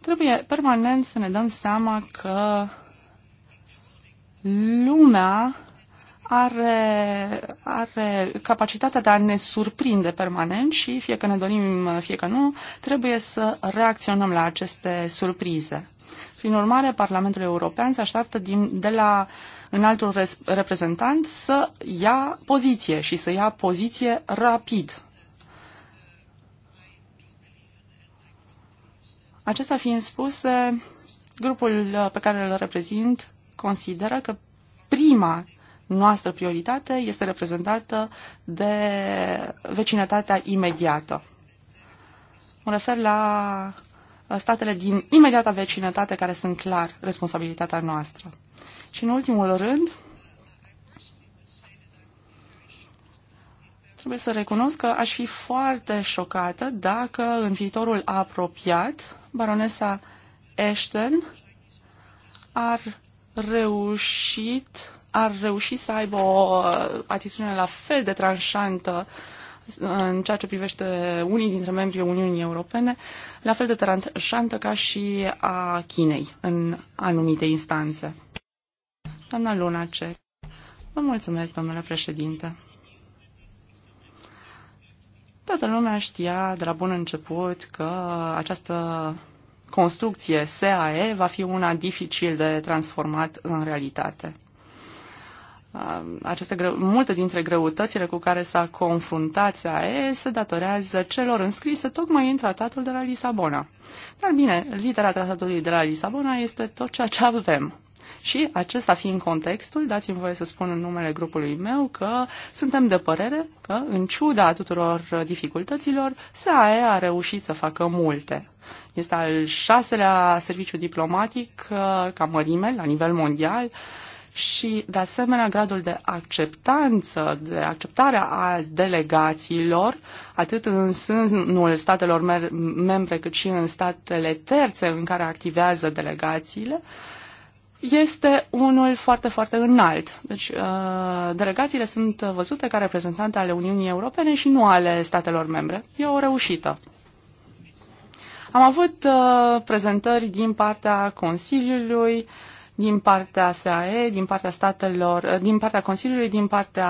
trebuie permanent să ne dăm seama că lumea are, are capacitatea de a ne surprinde permanent și fie că ne dorim, fie că nu, trebuie să reacționăm la aceste surprize. Prin urmare, Parlamentul European se așteaptă din, de la înaltul reprezentant să ia poziție și să ia poziție rapid. Acesta fiind spuse, grupul pe care îl reprezint consideră că prima noastră prioritate este reprezentată de vecinătatea imediată. Mă refer la statele din imediata vecinătate care sunt clar responsabilitatea noastră. Și în ultimul rând, trebuie să recunosc că aș fi foarte șocată dacă în viitorul apropiat baronesa Ashton ar reușit, ar reuși să aibă o uh, atitudine la fel de tranșantă uh, în ceea ce privește unii dintre membrii Uniunii Europene, la fel de tranșantă ca și a Chinei în anumite instanțe. Doamna Lunacek. Vă mulțumesc, domnule președinte. Toată lumea știa de la bun început că această construcție SAE va fi una dificil de transformat în realitate. Uh, aceste greu, multe dintre greutățile cu care s-a confruntat SAE se datorează celor înscrise tocmai în tratatul de la Lisabona. Dar bine, litera tratatului de la Lisabona este tot ceea ce avem. Și acesta fiind contextul, dați-mi voie să spun în numele grupului meu că suntem de părere că, în ciuda tuturor dificultăților, SAE a reușit să facă multe. Este al șaselea serviciu diplomatic uh, ca mărime la nivel mondial și, de asemenea, gradul de acceptanță, de acceptare a delegațiilor, atât în sânul statelor membre, cât și în statele terțe în care activează delegațiile, este unul foarte, foarte înalt. Deci, uh, delegațiile sunt văzute ca reprezentante ale Uniunii Europene și nu ale statelor membre. E o reușită. Am avut uh, prezentări din partea Consiliului, din partea SAE, din partea statelor, uh, din partea Consiliului, din partea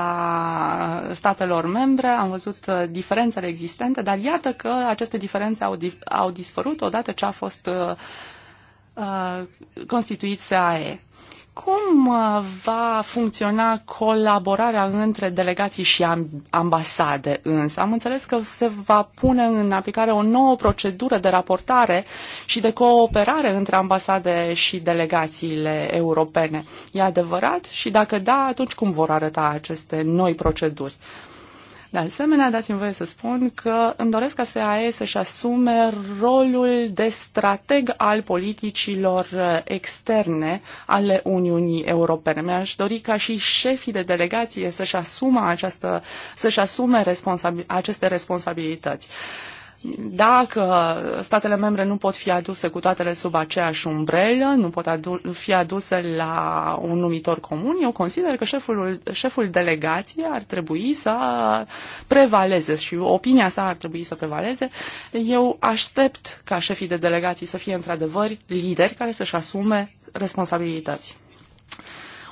uh, statelor membre. Am văzut uh, diferențele existente, dar iată că aceste diferențe au, au dispărut odată ce a fost uh, constituit SAE. Uh, cum uh, va funcționa colaborarea între delegații și ambasade însă? Am înțeles că se va pune în aplicare o nouă procedură de raportare și de cooperare între ambasade și delegațiile europene. E adevărat? Și dacă da, atunci cum vor arăta aceste noi proceduri? De asemenea, dați-mi voie să spun că îmi doresc ca SAE să-și asume rolul de strateg al politicilor uh, externe ale Uniunii Europene. Mi-aș dori ca și șefii de delegație să-și asume, această, să-și asume responsabil, aceste responsabilități. Uh, dacă statele membre nu pot fi aduse cu toatele sub aceeași umbrelă, nu pot adu- fi aduse la un numitor comun, eu consider că șeful, șeful delegației ar trebui să prevaleze și opinia sa ar trebui să prevaleze. Eu aștept ca șefii de delegații să fie într-adevăr lideri care să-și asume responsabilități.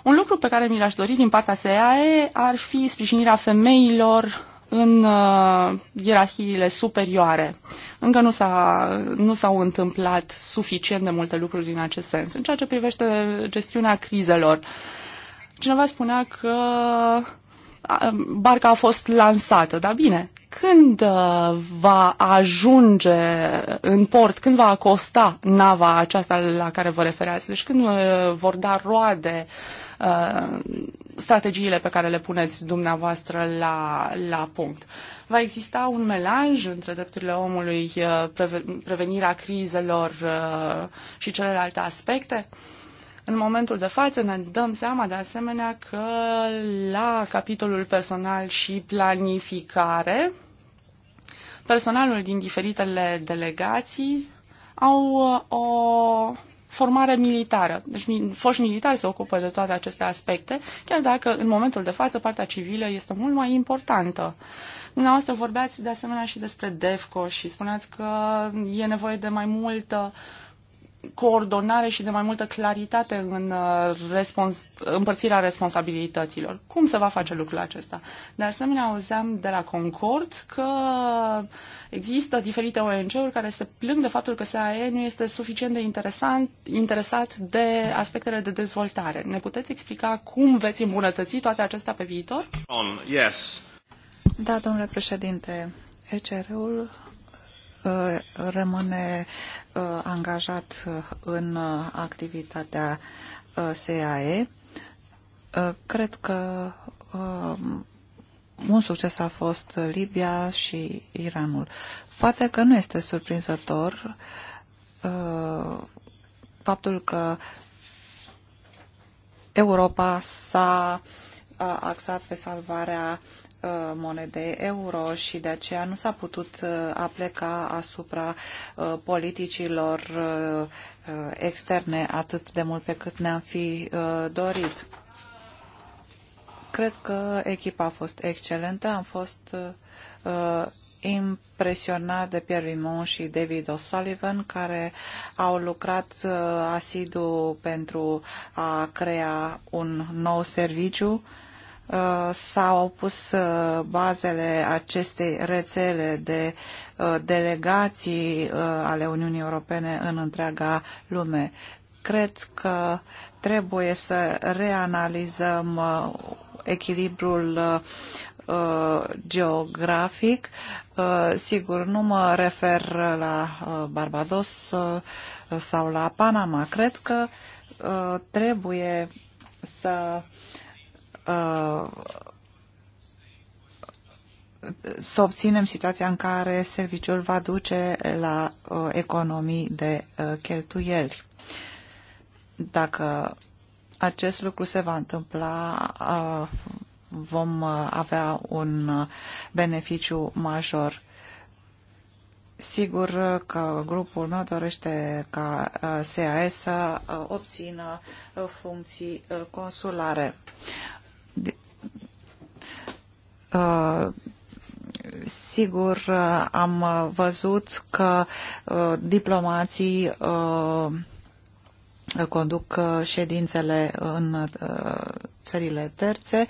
Un lucru pe care mi l-aș dori din partea SEAE ar fi sprijinirea femeilor în uh, ierarhiile superioare. Încă nu, s-a, nu s-au întâmplat suficient de multe lucruri în acest sens. În ceea ce privește gestiunea crizelor, cineva spunea că uh, barca a fost lansată, dar bine, când uh, va ajunge în port, când va acosta nava aceasta la care vă refereați, deci când uh, vor da roade uh, strategiile pe care le puneți dumneavoastră la, la punct. Va exista un melanj între drepturile omului, uh, prevenirea crizelor uh, și celelalte aspecte? În momentul de față ne dăm seama de asemenea că la capitolul personal și planificare, personalul din diferitele delegații au uh, o formare militară. Deci foști militari se ocupă de toate aceste aspecte, chiar dacă în momentul de față partea civilă este mult mai importantă. Dumneavoastră vorbeați de asemenea și despre DEFCO și spuneați că e nevoie de mai multă uh, coordonare și de mai multă claritate în uh, respons- împărțirea responsabilităților. Cum se va face lucrul acesta? De asemenea, auzeam de la Concord că există diferite ONG-uri care se plâng de faptul că SAE nu este suficient de interesant, interesat de aspectele de dezvoltare. Ne puteți explica cum veți îmbunătăți toate acestea pe viitor? On, um, yes. Da, domnule președinte, ECR-ul rămâne uh, angajat uh, în uh, activitatea SAE. Cred că un succes a fost Libia și Iranul. Poate că nu este surprinzător faptul că Europa s-a axat pe salvarea Uh, monedei euro și de aceea nu s-a putut uh, apleca asupra uh, politicilor externe atât de mult pe cât ne-am fi dorit. Cred că echipa a fost excelentă, am fost impresionat de Pierre Limon și David O'Sullivan, care au lucrat asidu pentru a crea un nou serviciu Uh, s-au pus uh, bazele acestei rețele de uh, delegații ale Uniunii Europene în întreaga lume. Cred că trebuie să reanalizăm echilibrul geografic. Sigur, nu mă refer la Barbados sau la Panama. Cred că trebuie să uh, Uh, să obținem situația în care serviciul va duce la uh, economii de uh, cheltuieli. Dacă acest lucru se va întâmpla, vom avea un beneficiu major. Sigur că grupul meu dorește ca SAS să obțină funcții consulare. Uh, sigur, uh, am văzut că uh, diplomații conduc ședințele în țările terțe.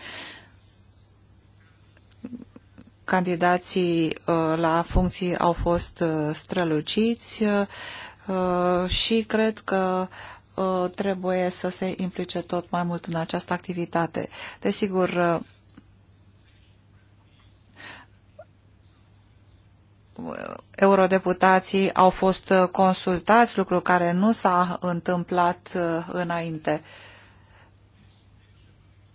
Candidații la funcții au fost străluciți și cred că Uh, trebuie să se implice tot mai mult în această activitate. Desigur, uh, eurodeputații au fost consultați, lucru care nu s-a întâmplat uh, înainte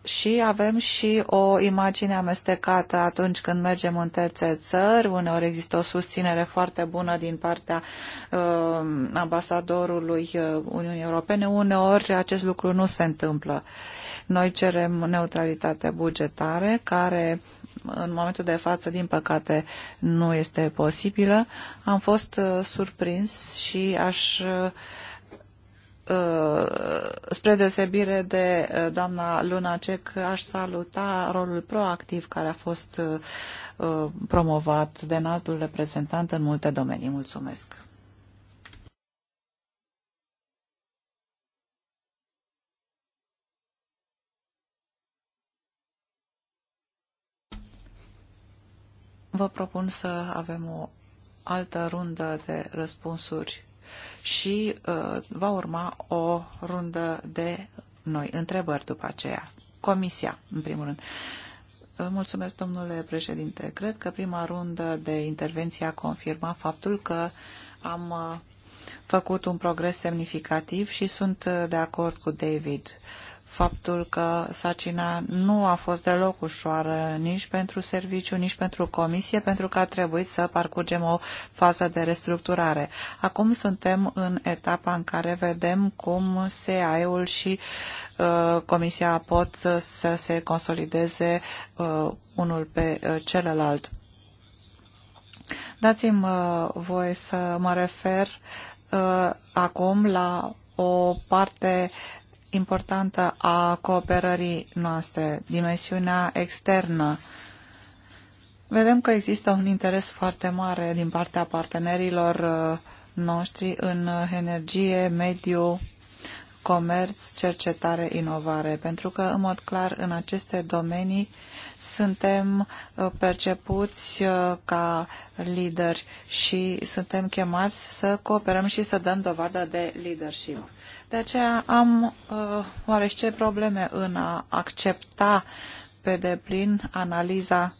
și avem și o imagine amestecată atunci când mergem în terțe țări. Uneori există o susținere foarte bună din partea uh, ambasadorului uh, Uniunii Europene. Uneori acest lucru nu se întâmplă. Noi cerem neutralitate bugetare, care în momentul de față, din păcate, nu este posibilă. Am fost uh, surprins și aș uh, Uh, spre deosebire de uh, doamna Lunacek, aș saluta rolul proactiv care a fost uh, promovat de înaltul reprezentant în multe domenii. Mulțumesc! Vă propun să avem o altă rundă de răspunsuri și uh, va urma o rundă de noi întrebări după aceea. Comisia, în primul rând. Uh, mulțumesc, domnule președinte. Cred că prima rundă de intervenție a confirmat faptul că am uh, făcut un progres semnificativ și sunt uh, de acord cu David. Uh, faptul că sacina nu a fost deloc ușoară nici pentru serviciu, nici pentru comisie, pentru că a trebuit să parcurgem o fază de restructurare. Acum suntem în etapa în care vedem cum SEAE-ul și uh, comisia pot să, să se consolideze uh, unul pe uh, celălalt. Dați-mi uh, voie să mă refer uh, acum la o parte uh, importantă a cooperării noastre, dimensiunea externă. Vedem că există un interes foarte mare din partea partenerilor uh, noștri în energie, mediu, comerț, cercetare, inovare, pentru că, în mod clar, în aceste domenii suntem uh, percepuți uh, ca lideri și suntem chemați să cooperăm și să dăm dovadă de leadership. De aceea am uh, oarește probleme în a accepta pe deplin analiza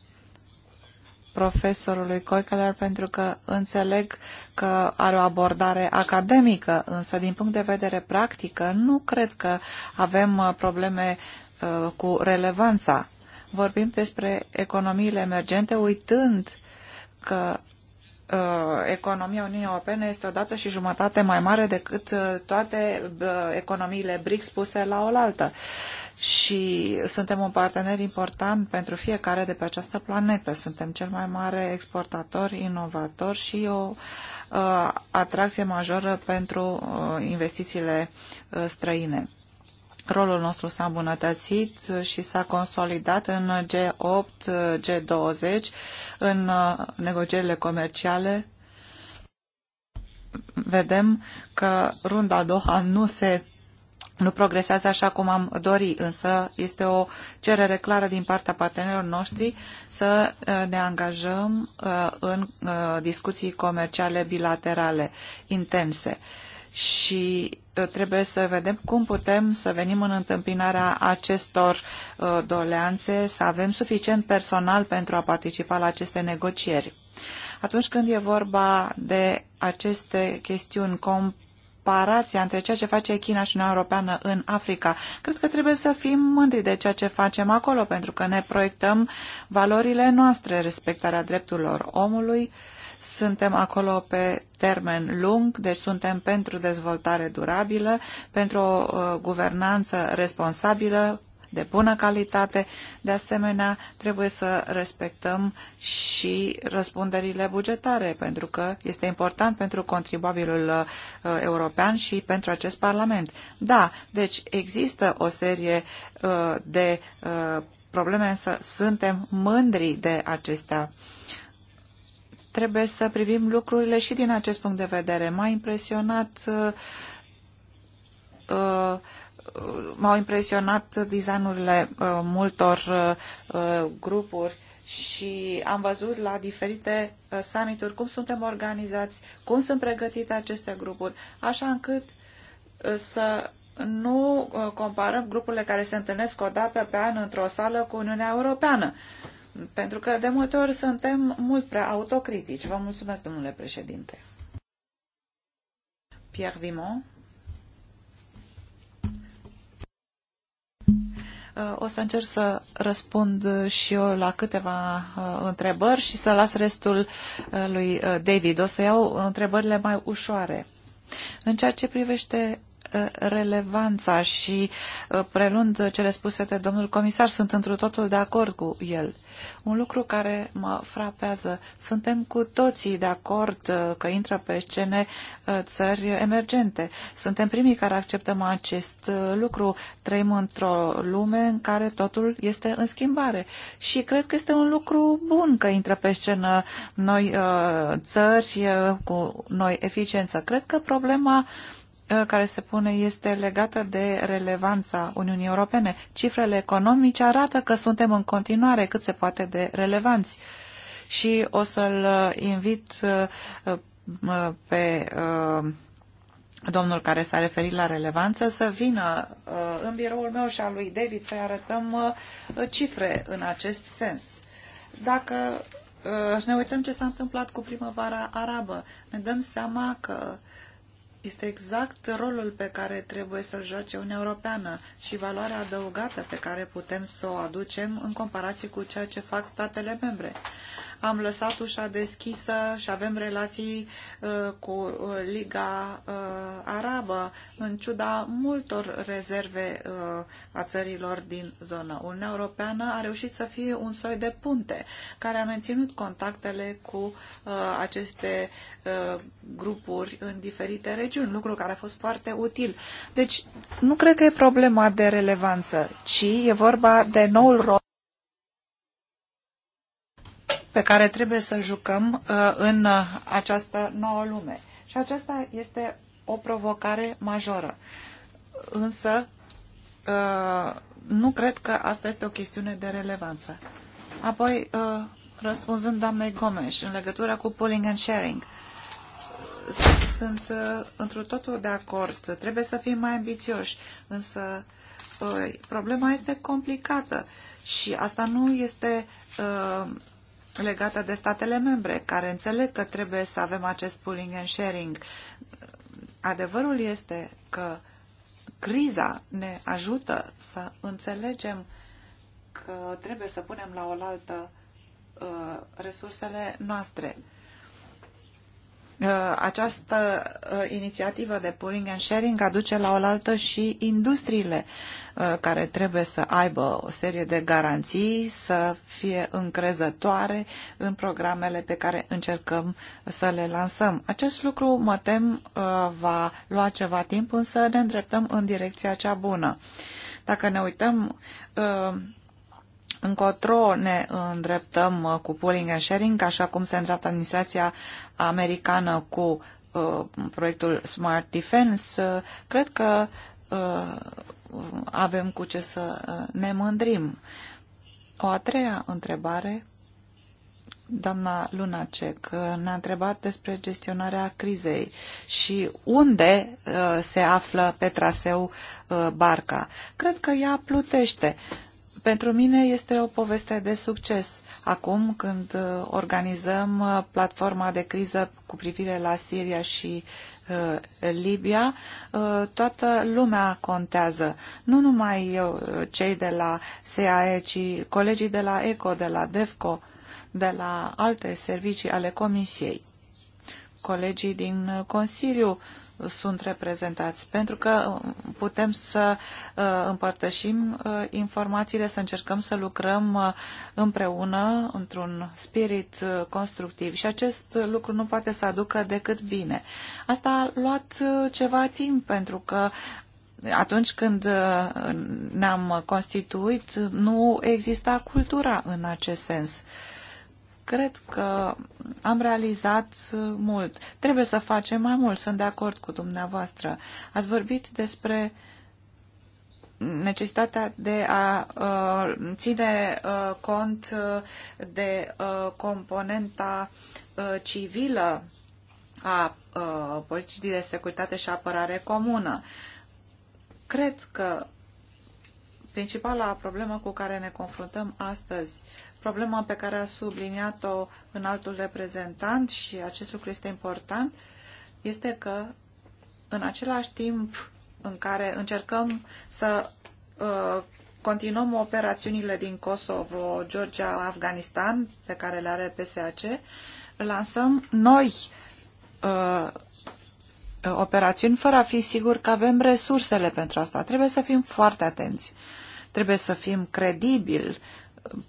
profesorului Coicheler pentru că înțeleg că are o abordare academică, însă din punct de vedere practică nu cred că avem uh, probleme uh, cu relevanța. Vorbim despre economiile emergente uitând că Uh, economia Uniunii Europene este o dată și jumătate mai mare decât uh, toate uh, economiile BRICS puse la oaltă. Și suntem un partener important pentru fiecare de pe această planetă. Suntem cel mai mare exportator, inovator și o atracție majoră pentru investițiile străine rolul nostru s-a îmbunătățit și s-a consolidat în G8, G20, în uh, negocierile comerciale. Vedem că runda Doha nu se nu progresează așa cum am dori, însă este o cerere clară din partea partenerilor noștri să uh, ne angajăm uh, în discuții comerciale bilaterale intense și uh, trebuie să vedem cum putem să venim în întâmpinarea acestor uh, doleanțe, să avem suficient personal pentru a participa la aceste negocieri. Atunci când e vorba de aceste chestiuni comparația între ceea ce face China și Uniunea Europeană în Africa. Cred că trebuie să fim mândri de ceea ce facem acolo, pentru că ne proiectăm valorile noastre, respectarea drepturilor omului, uh, suntem acolo pe termen lung, deci suntem pentru dezvoltare durabilă, pentru o uh, guvernanță responsabilă, de bună calitate. De asemenea, trebuie să respectăm și răspunderile bugetare, pentru că este important pentru contribuabilul uh, european și pentru acest Parlament. Da, deci există o serie uh, de uh, probleme, însă suntem mândri de acestea trebuie să privim lucrurile și din acest punct de vedere. M-a impresionat uh, uh m-au impresionat designurile uh, multor uh, uh, grupuri și am văzut la diferite uh, summituri cum suntem organizați, cum sunt pregătite aceste grupuri, așa încât să nu comparăm grupurile care se întâlnesc o dată pe an într-o sală cu Uniunea Europeană. Pentru că de multe ori suntem mult prea autocritici. Vă mulțumesc, domnule președinte. Pierre Vimon. Uh, o să încerc să răspund și eu la câteva uh, întrebări și să las restul uh, lui David. O să iau întrebările mai ușoare. În ceea ce privește Uh, relevanța și uh, preluând cele spuse de domnul comisar, sunt întru totul de acord cu el. Un lucru care mă frapează, suntem cu toții de acord uh, că intră pe scene țări emergente. Suntem primii care acceptăm acest lucru. Trăim într-o lume în care totul este în schimbare și cred că este un lucru bun că intră pe scenă noi țări cu noi eficiență. Cred că problema Uh, care se pune este legată de relevanța Uniunii Europene. Cifrele economice arată că suntem în continuare cât se poate de relevanți. Și o să-l uh, invit uh, pe domnul care s-a referit la relevanță să vină în biroul meu și al lui David să-i arătăm cifre în acest sens. Dacă ne uităm ce s-a întâmplat cu primăvara arabă, ne dăm seama că este exact rolul pe care trebuie să-l joace Uniunea Europeană și valoarea adăugată pe care putem să o aducem în comparație cu ceea ce fac statele membre am lăsat ușa deschisă și avem relații uh, cu uh, Liga uh, Arabă, în ciuda multor rezerve a țărilor din zonă. Uniunea Europeană a reușit să fie un soi de punte care a menținut contactele cu aceste grupuri în diferite regiuni, lucru care a fost foarte util. Deci, nu cred că e problema de relevanță, ci e vorba de noul rol pe care trebuie să-l jucăm uh, în uh, această nouă lume. Și aceasta este o provocare majoră. Însă, uh, nu cred că asta este o chestiune de relevanță. Apoi, răspunzând doamnei Gomes, în legătură cu pulling and sharing, sunt într totul de acord. Trebuie să fim mai ambițioși, însă problema este complicată și asta nu este legată de statele membre, care înțeleg că trebuie să avem acest pooling and sharing. Adevărul este că criza ne ajută să înțelegem că trebuie să punem la oaltă uh, resursele noastre. Uh, această uh, inițiativă de pooling and sharing aduce la oaltă și industriile uh, care trebuie să aibă o serie de garanții, să fie încrezătoare în programele pe care încercăm să le lansăm. Acest lucru, mă tem, va lua ceva timp, însă ne îndreptăm în direcția cea bună. Dacă ne uităm încotro ne îndreptăm uh, cu pooling and sharing, așa cum se îndreaptă administrația americană cu uh, proiectul Smart Defense, uh, cred că avem cu ce să ne mândrim. O a treia întrebare, doamna Lunacek ne-a întrebat despre gestionarea crizei și unde se află pe traseu barca. Cred că ea plutește. Pentru mine este o poveste de succes. Acum când uh, organizăm uh, platforma de criză cu privire la Siria și uh, Libia, uh, toată lumea contează. Nu numai eu, uh, cei de la SAE, ci colegii de la ECO, de la DEFCO, de la alte servicii ale Comisiei. Colegii din Consiliu uh, sunt reprezentați, pentru că uh, putem să uh, împărtășim uh, informațiile, să încercăm să lucrăm împreună într-un spirit constructiv și acest lucru nu poate să aducă decât bine. Asta a luat ceva timp, pentru că atunci când ne-am constituit, nu exista cultura în acest sens. Cred că am realizat mult. Trebuie să facem mai mult, sunt de acord cu dumneavoastră. Ați vorbit despre necesitatea de a uh, ține uh, cont uh, de uh, componenta uh, civilă a uh, politicii de securitate și apărare comună. Cred că principala problemă cu care ne confruntăm astăzi problema pe care a subliniat-o în altul reprezentant și acest lucru este important, este că în același timp în care încercăm să uh, continuăm operațiunile din Kosovo, Georgia, Afganistan, pe care le are PSAC, lansăm noi uh, operațiuni fără a fi sigur că avem resursele pentru asta. Trebuie să fim foarte atenți. Trebuie să fim credibili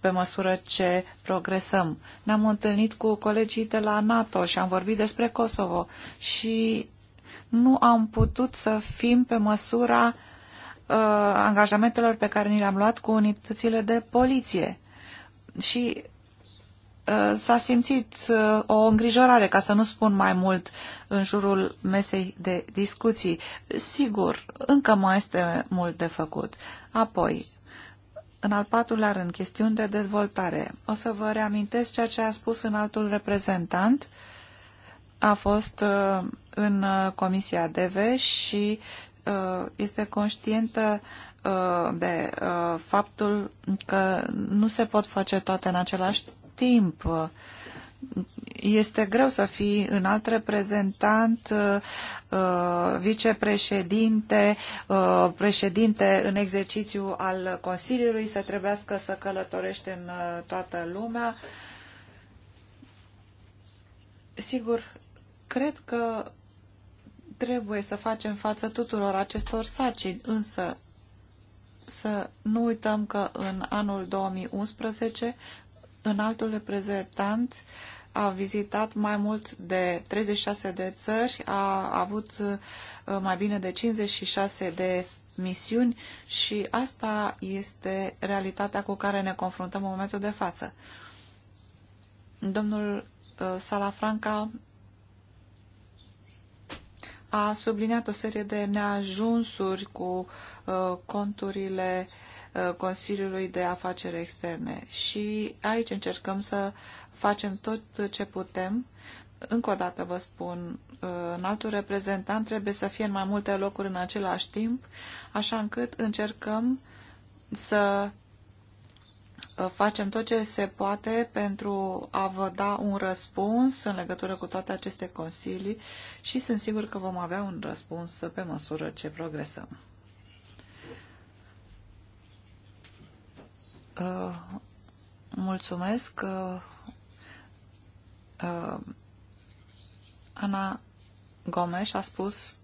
pe măsură ce progresăm. Ne-am întâlnit cu colegii de la NATO și am vorbit despre Kosovo și nu am putut să fim pe măsura uh, angajamentelor pe care ni le-am luat cu unitățile de poliție. Și uh, s-a simțit uh, o îngrijorare, ca să nu spun mai mult, în jurul mesei de discuții. Sigur, încă mai este mult de făcut. Apoi, în al patrulea rând, chestiuni de dezvoltare. O să vă reamintesc ceea ce a spus în altul reprezentant. A fost uh, în uh, Comisia DV și uh, este conștientă de faptul că nu se pot face toate în același timp este greu să fii înalt reprezentant, uh, uh, vicepreședinte, uh, președinte în exercițiu al Consiliului, să trebuiască să călătorești în toată lumea. Sigur, cred că trebuie să facem față tuturor acestor sacini, însă să nu uităm că în anul 2011 înaltul reprezentant a vizitat mai mult de 36 de țări, a avut uh, mai bine de 56 de misiuni și asta este realitatea cu care ne confruntăm în momentul de față. Domnul uh, Salafranca a subliniat o serie de neajunsuri cu uh, conturile uh, Uh, Consiliului de Afaceri Externe. Și aici încercăm să facem tot ce putem. Încă o dată vă spun, în uh, altul reprezentant trebuie să fie în mai multe locuri în același timp, așa încât încercăm să uh, facem tot ce se poate pentru a vă da un răspuns în legătură cu toate aceste consilii și sunt sigur că vom avea un răspuns pe măsură ce progresăm. Uh, mulțumesc. Uh, uh, Ana Gomes a spus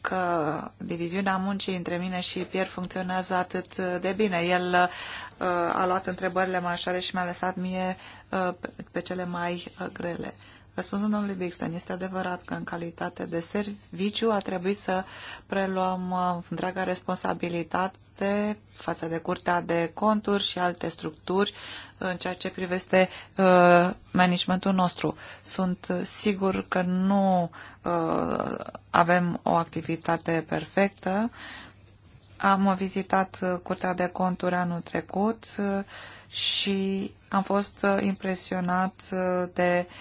că diviziunea muncii între mine și Pierre funcționează atât de bine. El uh, a luat întrebările mai așa și mi-a lăsat mie uh, pe, cele mai uh, grele. Răspunsul domnului Bixen este adevărat că în calitate de serviciu a trebuit să preluăm uh, întreaga responsabilitate față de Curtea de Conturi și alte structuri în ceea ce privește uh, managementul nostru. Sunt sigur că nu uh, avem o activitate perfectă. Am vizitat uh, Curtea de Conturi anul trecut uh, și am fost impresionat de uh,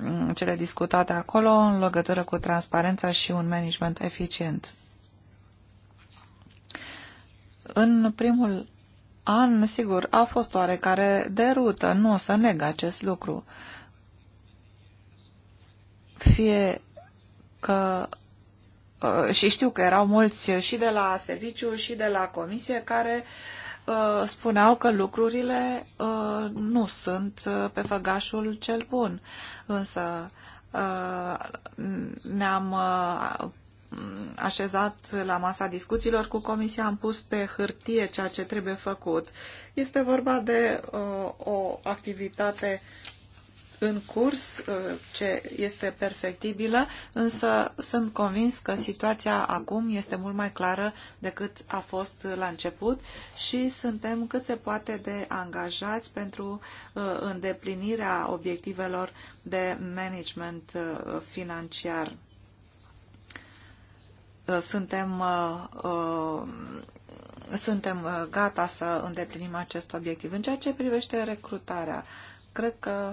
Mm, cele discutate acolo în legătură cu transparența și un management eficient. În primul an, sigur, a fost oarecare derută, nu o să neg acest lucru. Fie că uh, și știu că erau mulți și de la serviciu și de la comisie care uh, Uh, spuneau că lucrurile uh, nu sunt uh, pe făgașul cel bun. Însă ne-am așezat la masa discuțiilor cu comisia, am pus pe hârtie ceea ce trebuie făcut. Este vorba de o activitate în curs, uh, ce este perfectibilă, însă sunt convins că situația acum este mult mai clară decât a fost la început și suntem cât se poate de angajați pentru uh, îndeplinirea obiectivelor de management uh, financiar. Suntem suntem gata să îndeplinim acest obiectiv. În ceea ce privește recrutarea, cred că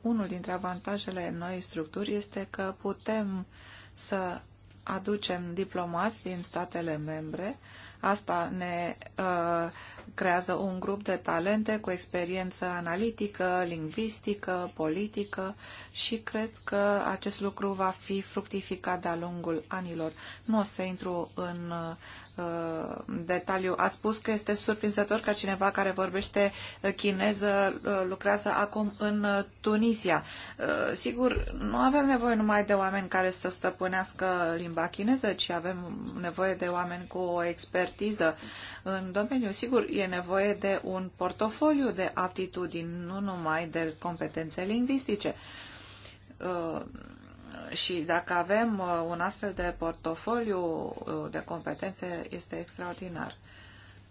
unul dintre avantajele noii structuri este că putem să aducem diplomați din statele membre. Asta ne uh, creează un grup de talente cu experiență analitică, lingvistică, politică și cred că acest lucru va fi fructificat de-a lungul anilor. Nu o să intru în uh, Uh, detaliu. A spus că este surprinzător că cineva care vorbește uh, chineză uh, lucrează acum în Tunisia. Sigur, nu avem nevoie numai de oameni care să stăpânească limba chineză, ci avem nevoie de oameni cu o expertiză în domeniu. Sigur, e nevoie de un portofoliu de aptitudini, nu numai de competențe lingvistice și dacă avem uh, un astfel de portofoliu uh, de competențe, este extraordinar.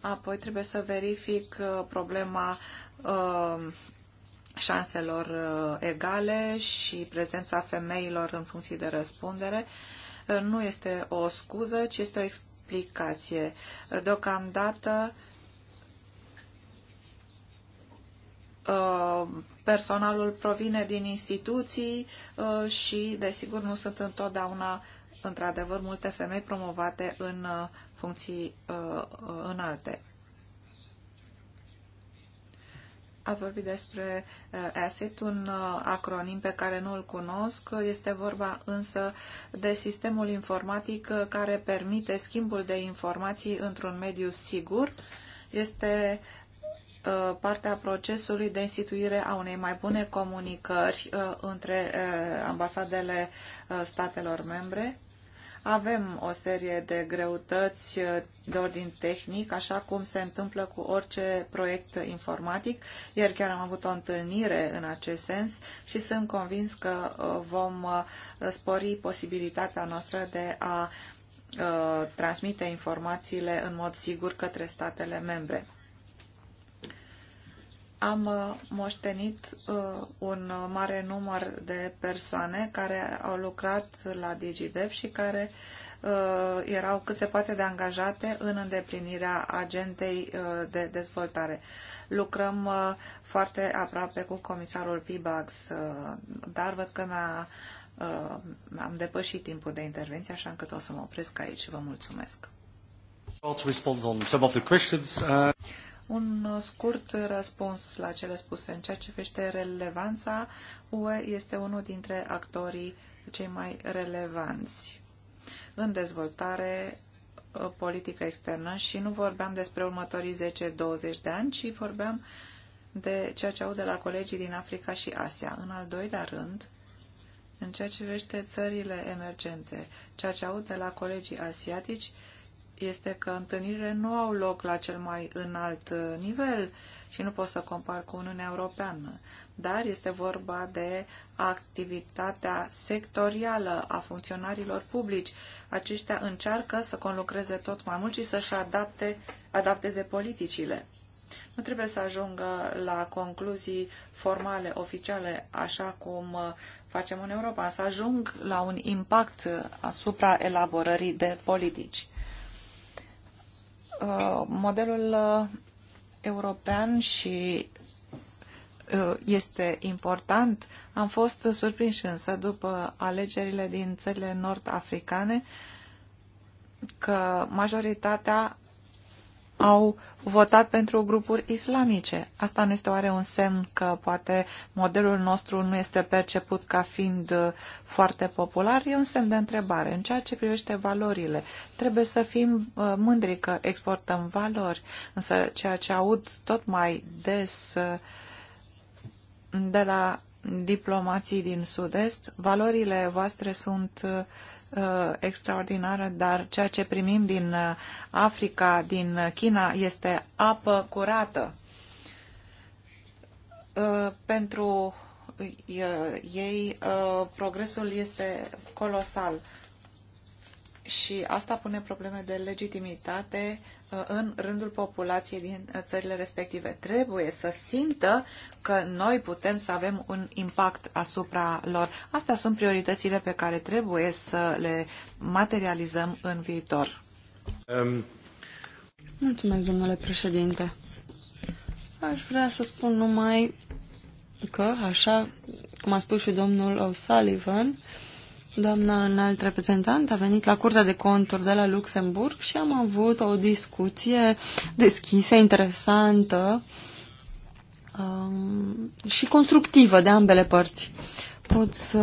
Apoi trebuie să verific uh, problema șanselor egale și prezența femeilor în funcție de răspundere. Nu este o scuză, ci este o explicație. Deocamdată Uh, personalul provine din instituții uh, și, desigur, nu sunt întotdeauna, într-adevăr, multe femei promovate în uh, funcții înalte. Ați vorbit despre ASET, un acronim pe care nu îl cunosc. Este vorba însă de sistemul informatic care permite schimbul de informații într-un mediu sigur. Este Uh, partea procesului de instituire a unei mai bune comunicări uh, între uh, ambasadele statelor membre. Avem o serie de greutăți de ordin tehnic, așa cum se întâmplă cu orice proiect informatic. Ieri chiar am avut o întâlnire în acest sens și sunt convins că vom spori posibilitatea noastră de a transmite informațiile în mod sigur către statele membre am uh, moștenit uh, un uh, mare număr de persoane care au lucrat la DigiDev și care erau cât se poate de angajate în îndeplinirea agentei de dezvoltare. Lucrăm foarte aproape cu comisarul Pibax, dar văd că mi-a am depășit timpul de intervenție, așa încât o să mă opresc aici. Vă mulțumesc. Un uh, scurt răspuns la cele spuse. În ceea ce privește relevanța, UE este unul dintre actorii cei mai relevanți în dezvoltare uh, politică externă și nu vorbeam despre următorii 10-20 de ani, ci vorbeam de ceea ce au de la colegii din Africa și Asia. În al doilea rând, în ceea ce privește țările emergente, ceea ce au de la colegii asiatici este că întâlnirile nu au loc la cel mai înalt uh, nivel și nu pot să compar cu Uniunea Europeană, dar este vorba de activitatea sectorială a funcționarilor publici. Aceștia încearcă să conlucreze tot mai mult și să-și adapte, adapteze politicile. Nu trebuie să ajungă la concluzii formale, oficiale, așa cum uh, facem în Europa, să ajung la un impact uh, asupra elaborării de politici. Uh, modelul uh, european și uh, este important. Am fost surprinși însă după alegerile din țările nord-africane că majoritatea au votat pentru grupuri islamice. Asta nu este oare un semn că poate modelul nostru nu este perceput ca fiind uh, foarte popular? E un semn de întrebare. În ceea ce privește valorile, trebuie să fim uh, mândri că exportăm valori, însă ceea ce aud tot mai des uh, de la diplomații din sud-est, valorile voastre sunt uh, uh, extraordinară, dar ceea ce primim din uh, Africa, din China, este apă curată. Uh, pentru uh, ei, uh, progresul este colosal și asta pune probleme de legitimitate uh, în rândul populației din uh, țările respective. Trebuie să simtă că noi putem să avem un impact asupra lor. Astea sunt prioritățile pe care trebuie să le materializăm în viitor. Um. Mulțumesc, domnule președinte. Aș vrea să spun numai că, așa cum a spus și domnul O'Sullivan, Doamna înalt reprezentant a venit la Curtea de Conturi de la Luxemburg și am avut o discuție deschisă, interesantă um, și constructivă de ambele părți. Pot să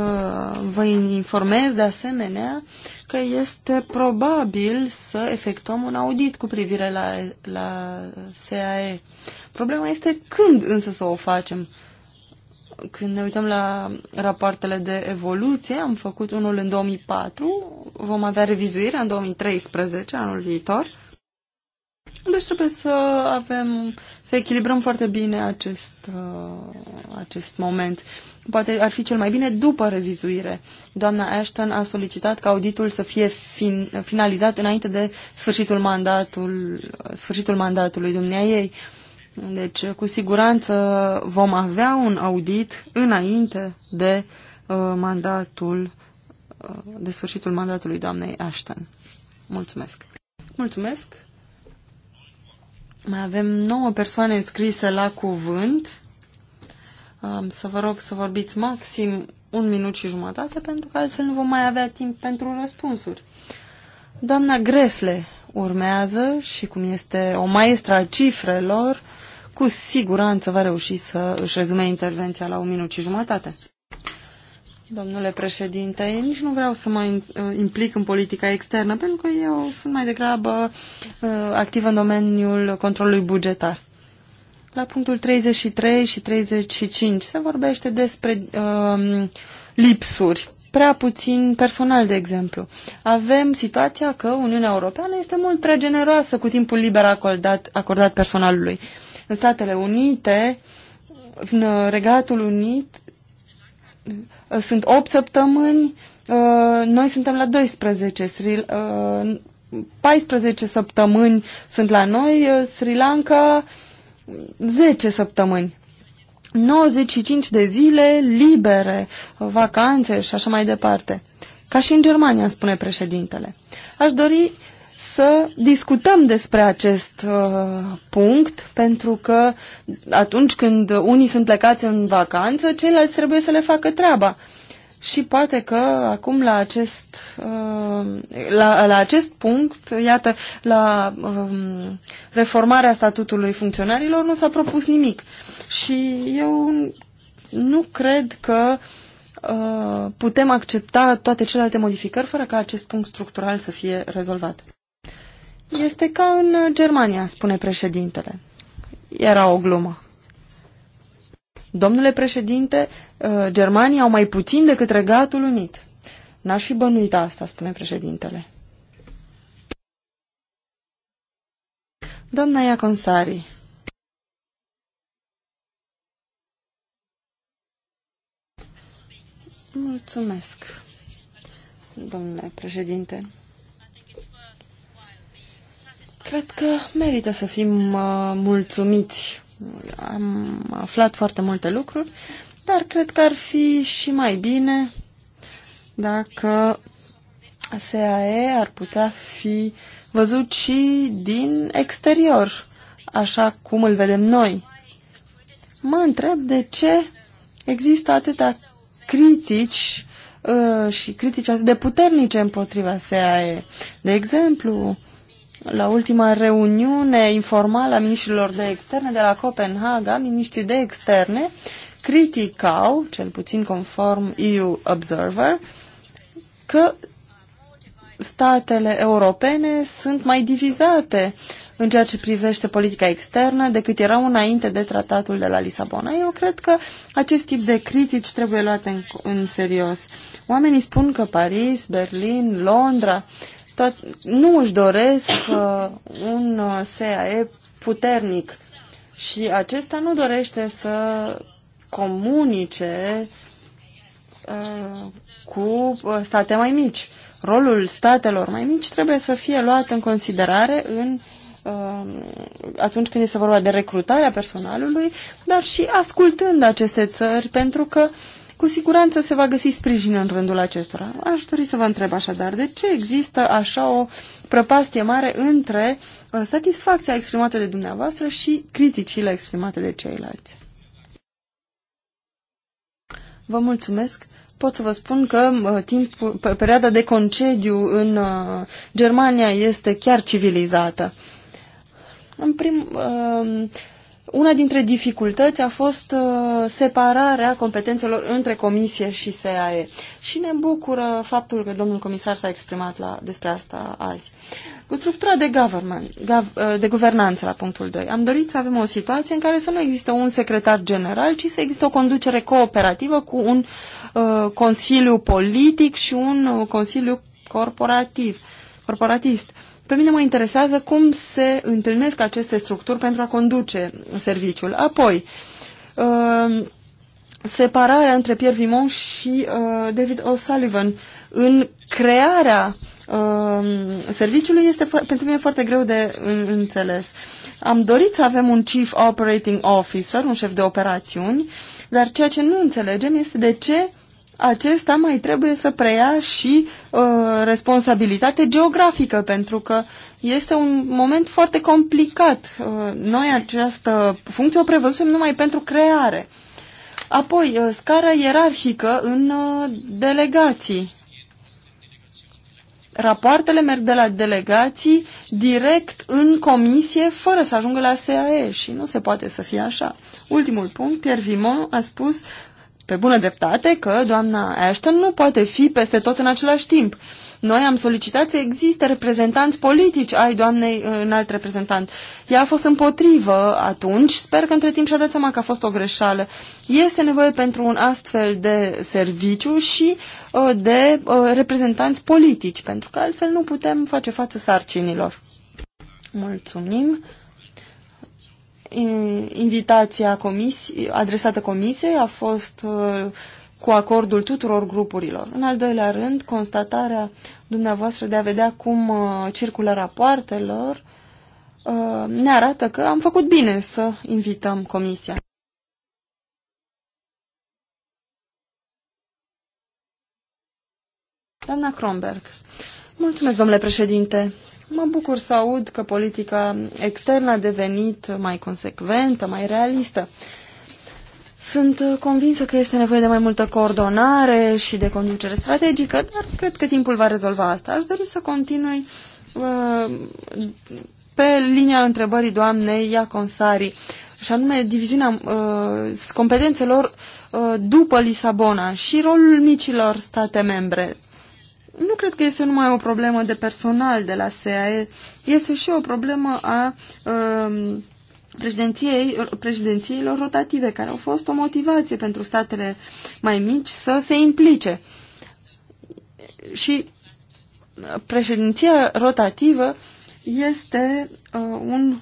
vă informez de asemenea că este probabil să efectuăm un audit cu privire la, la SAE. Problema este când însă să o facem când ne uităm la rapoartele de evoluție, am făcut unul în 2004, vom avea revizuirea în 2013, anul viitor. Deci trebuie să avem, să echilibrăm foarte bine acest, uh, acest moment. Poate ar fi cel mai bine după revizuire. Doamna Ashton a solicitat ca auditul să fie fin, finalizat înainte de sfârșitul, mandatul, sfârșitul mandatului dumneai ei deci, cu siguranță vom avea un audit înainte de uh, mandatul, uh, de sfârșitul mandatului doamnei Ashton. Mulțumesc. Mulțumesc. Mai avem nouă persoane înscrise la cuvânt. Um, să vă rog să vorbiți maxim un minut și jumătate, pentru că altfel nu vom mai avea timp pentru răspunsuri. Doamna Gresle urmează și cum este o maestra cifrelor, cu siguranță va reuși să își rezume intervenția la un minut și jumătate. Domnule președinte, nici nu vreau să mă implic în politica externă, pentru că eu sunt mai degrabă uh, activ în domeniul controlului bugetar. La punctul 33 și 35 se vorbește despre um, lipsuri prea puțin personal, de exemplu. Avem situația că Uniunea Europeană este mult prea generoasă cu timpul liber acordat, acordat personalului. Uh, în Statele Unite, în Regatul Unit, uh, sunt 8 săptămâni, uh, noi suntem la 12, 14 uh, săptămâni sunt la noi, Sri Lanka 10 săptămâni. 95 de zile libere, vacanțe și așa mai departe. Ca și în Germania, spune președintele. Aș dori să discutăm despre acest uh, punct, pentru că atunci când unii sunt plecați în vacanță, ceilalți trebuie să le facă treaba. Și poate că acum la acest, uh, la, la acest punct, iată, la um, reformarea statutului funcționarilor nu s-a propus nimic. Și eu nu cred că uh, putem accepta toate celelalte modificări fără ca acest punct structural să fie rezolvat. Este ca în uh, Germania, spune președintele. Era o glumă. Domnule președinte, uh, Germanii au mai puțin decât Regatul Unit. N-aș fi bănuit asta, spune președintele. Doamna Iaconsari. Mulțumesc, domnule președinte. Cred că merită să fim uh, mulțumiți. Am aflat foarte multe lucruri, dar cred că ar fi și mai bine dacă SAE ar putea fi văzut și din exterior, așa cum îl vedem noi. Mă întreb de ce există atâta critici uh, și critici atât de puternice împotriva SAE. De exemplu, la ultima reuniune informală a ministrilor de externe de la Copenhaga, ministrii de externe criticau, cel puțin conform EU Observer, că statele europene sunt mai divizate în ceea ce privește politica externă decât erau înainte de tratatul de la Lisabona. Eu cred că acest tip de critici trebuie luate în, în serios. Oamenii spun că Paris, Berlin, Londra tot, nu își doresc uh, un uh, SAE puternic și acesta nu dorește să comunice uh, cu uh, state mai mici. Rolul statelor mai mici trebuie să fie luat în considerare în uh, atunci când este vorba de recrutarea personalului, dar și ascultând aceste țări, pentru că uh, cu siguranță se va găsi sprijin în rândul acestora. Aș dori să vă întreb așadar, de ce există așa o prăpastie mare între uh, satisfacția exprimată de dumneavoastră și criticile exprimate de ceilalți? Vă mulțumesc. Pot să vă spun că uh, timpul, perioada de concediu în uh, Germania este chiar civilizată. În prim, una dintre dificultăți a fost uh, separarea competențelor între Comisie și SAE. Și ne bucură faptul că domnul comisar s-a exprimat la, despre asta azi. Cu structura de, government, gov, uh, de guvernanță la punctul 2, am dorit să avem o situație în care să nu există un secretar general, ci să există o conducere cooperativă cu un uh, consiliu politic și un uh, consiliu corporativ, corporatist. Uh, pe mine mă interesează cum se întâlnesc aceste structuri pentru a conduce serviciul. Apoi, uh, separarea între Pierre Vimon și uh, David O'Sullivan în crearea uh, serviciului este pentru mine foarte greu de înțeles. Am dorit să avem un Chief Operating Officer, un șef de operațiuni, dar ceea ce nu înțelegem este de ce acesta mai trebuie să preia și uh, responsabilitate geografică, pentru că este un moment foarte complicat. Uh, noi această funcție o prevăzusem numai pentru creare. Apoi, uh, scara ierarhică în uh, delegații. Rapoartele merg de la delegații direct în comisie, fără să ajungă la SAE și nu se poate să fie așa. Ultimul punct, Pierre Vimon a spus pe bună dreptate că doamna Ashton nu poate fi peste tot în același timp. Noi am solicitat să existe reprezentanți politici ai doamnei uh, în alt reprezentant. Ea a fost împotrivă atunci, sper că între timp și-a dat seama că a fost o greșeală. Este nevoie pentru un astfel de serviciu și uh, de uh, reprezentanți politici, pentru că altfel nu putem face față sarcinilor. Mulțumim invitația comisiei, adresată comisiei a fost uh, cu acordul tuturor grupurilor. În al doilea rând, constatarea dumneavoastră de a vedea cum uh, circulă rapoartelor uh, ne arată că am făcut bine să invităm comisia. Doamna Kronberg. Mulțumesc, domnule președinte. Mă bucur să aud că politica externă a devenit mai consecventă, mai realistă. Sunt convinsă că este nevoie de mai multă coordonare și de conducere strategică, dar cred că timpul va rezolva asta. Aș dori să continui uh, pe linia întrebării doamnei Iaconsari, și anume diviziunea uh, competențelor uh, după Lisabona și rolul micilor state membre nu cred că este numai o problemă de personal de la SAE, este și o problemă a um, președinției, președințiilor rotative, care au fost o motivație pentru statele mai mici să se implice. Și președinția rotativă este uh, un,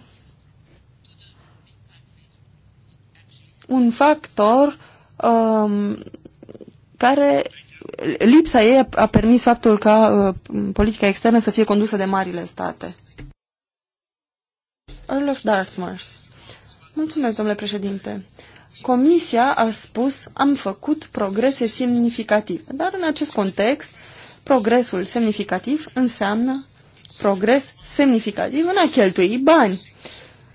un factor um, care lipsa ei a permis faptul ca uh, politica externă să fie condusă de marile state. Earl of Dartmouth. Mulțumesc, domnule președinte. Comisia a spus, am făcut progrese semnificative, dar în acest context, progresul semnificativ înseamnă progres semnificativ în a cheltui bani.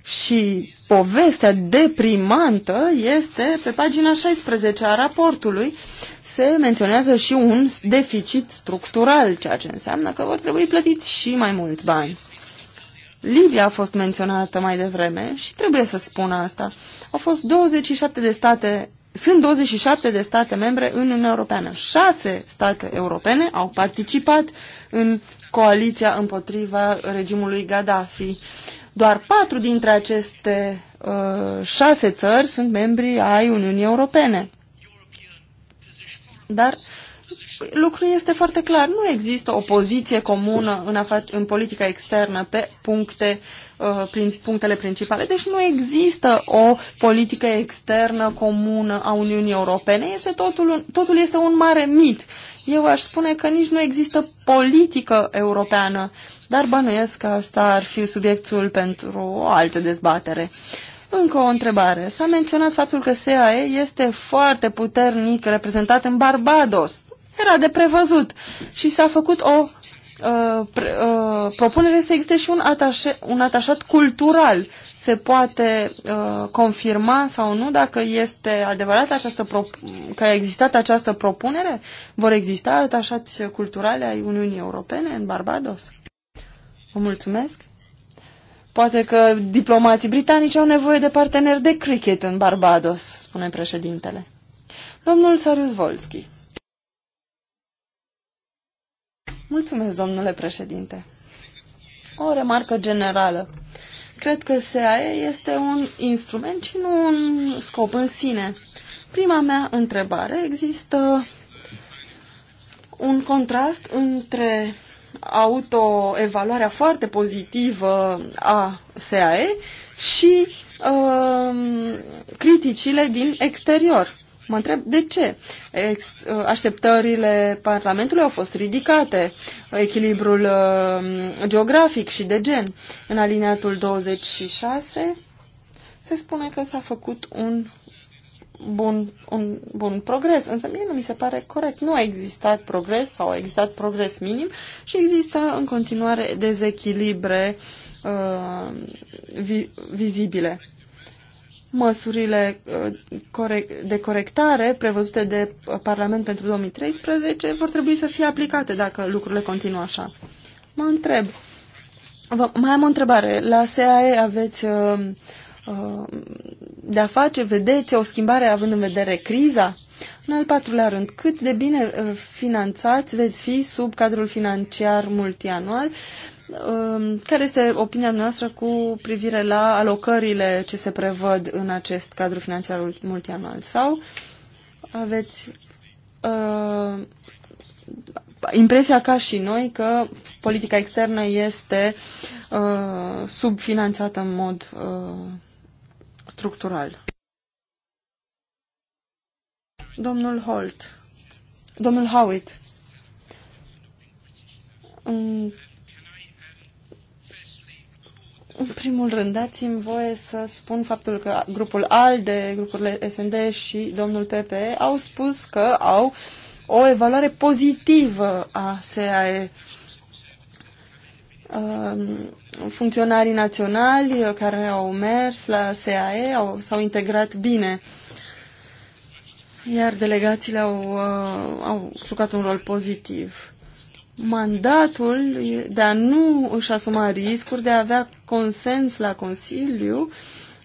Și povestea deprimantă este pe pagina 16 a raportului. Se menționează și un deficit structural, ceea ce înseamnă că vor trebui plătiți și mai mulți bani. Libia a fost menționată mai devreme și trebuie să spun asta. Au fost 27 de state, sunt 27 de state membre în Uniunea Europeană. Șase state europene au participat în coaliția împotriva regimului Gaddafi. Doar patru dintre aceste uh, șase țări sunt membri ai Uniunii Europene. Dar lucrul este foarte clar. Nu există o poziție comună în, în politica externă pe puncte, uh, prin punctele principale. Deci nu există o politică externă comună a Uniunii Europene. Este totul, totul este un mare mit. Eu aș spune că nici nu există politică europeană. Uh, dar bănuiesc că asta ar fi subiectul pentru o altă dezbatere. Încă o întrebare. S-a menționat faptul că SAE este foarte puternic reprezentat în Barbados. Era de prevăzut și s-a făcut o uh, pre, uh, propunere să existe și un, atașe, un atașat cultural. Se poate uh, confirma sau nu dacă este adevărat această pro, că a existat această propunere? Vor exista atașați culturale ai Uniunii Europene în Barbados? Vă mulțumesc. Poate că diplomații britanici au nevoie de parteneri de cricket în Barbados, spune președintele. Domnul Sarius Volski. Mulțumesc, domnule președinte. O remarcă generală. Cred că SAE este un instrument și nu un scop în sine. Prima mea întrebare, există un contrast între autoevaluarea foarte pozitivă a SAE și uh, criticile din exterior. Mă întreb de ce. Ex, uh, așteptările Parlamentului au fost ridicate, echilibrul uh, geografic și de gen. În alineatul 26 se spune că s-a făcut un bun, un bun progres, însă mie nu mi se pare corect. Nu a existat progres sau a existat progres minim și există în continuare dezechilibre uh, vi vizibile. Măsurile uh, de corectare prevăzute de Parlament pentru 2013 vor trebui să fie aplicate dacă lucrurile continuă așa. Mă întreb. mai am o întrebare. La SAE aveți uh, Uh, de a face, vedeți o schimbare având în vedere criza? În al patrulea rând, cât de bine uh, finanțați veți fi sub cadrul financiar multianual? Uh, care este opinia noastră cu privire la alocările ce se prevăd în acest cadru financiar multianual? Sau aveți uh, impresia ca și noi că politica externă este uh, subfinanțată în mod uh, structural. Domnul Holt, domnul Howitt, în, în primul rând, dați-mi voie să spun faptul că grupul ALDE, grupurile SND și domnul PPE au spus că au o evaluare pozitivă a SAE Um, funcționarii naționali uh, care au mers la SAE au, s-au integrat bine, iar delegațiile au, uh, au jucat un rol pozitiv. Mandatul de a nu își asuma riscuri, de a avea consens la Consiliu,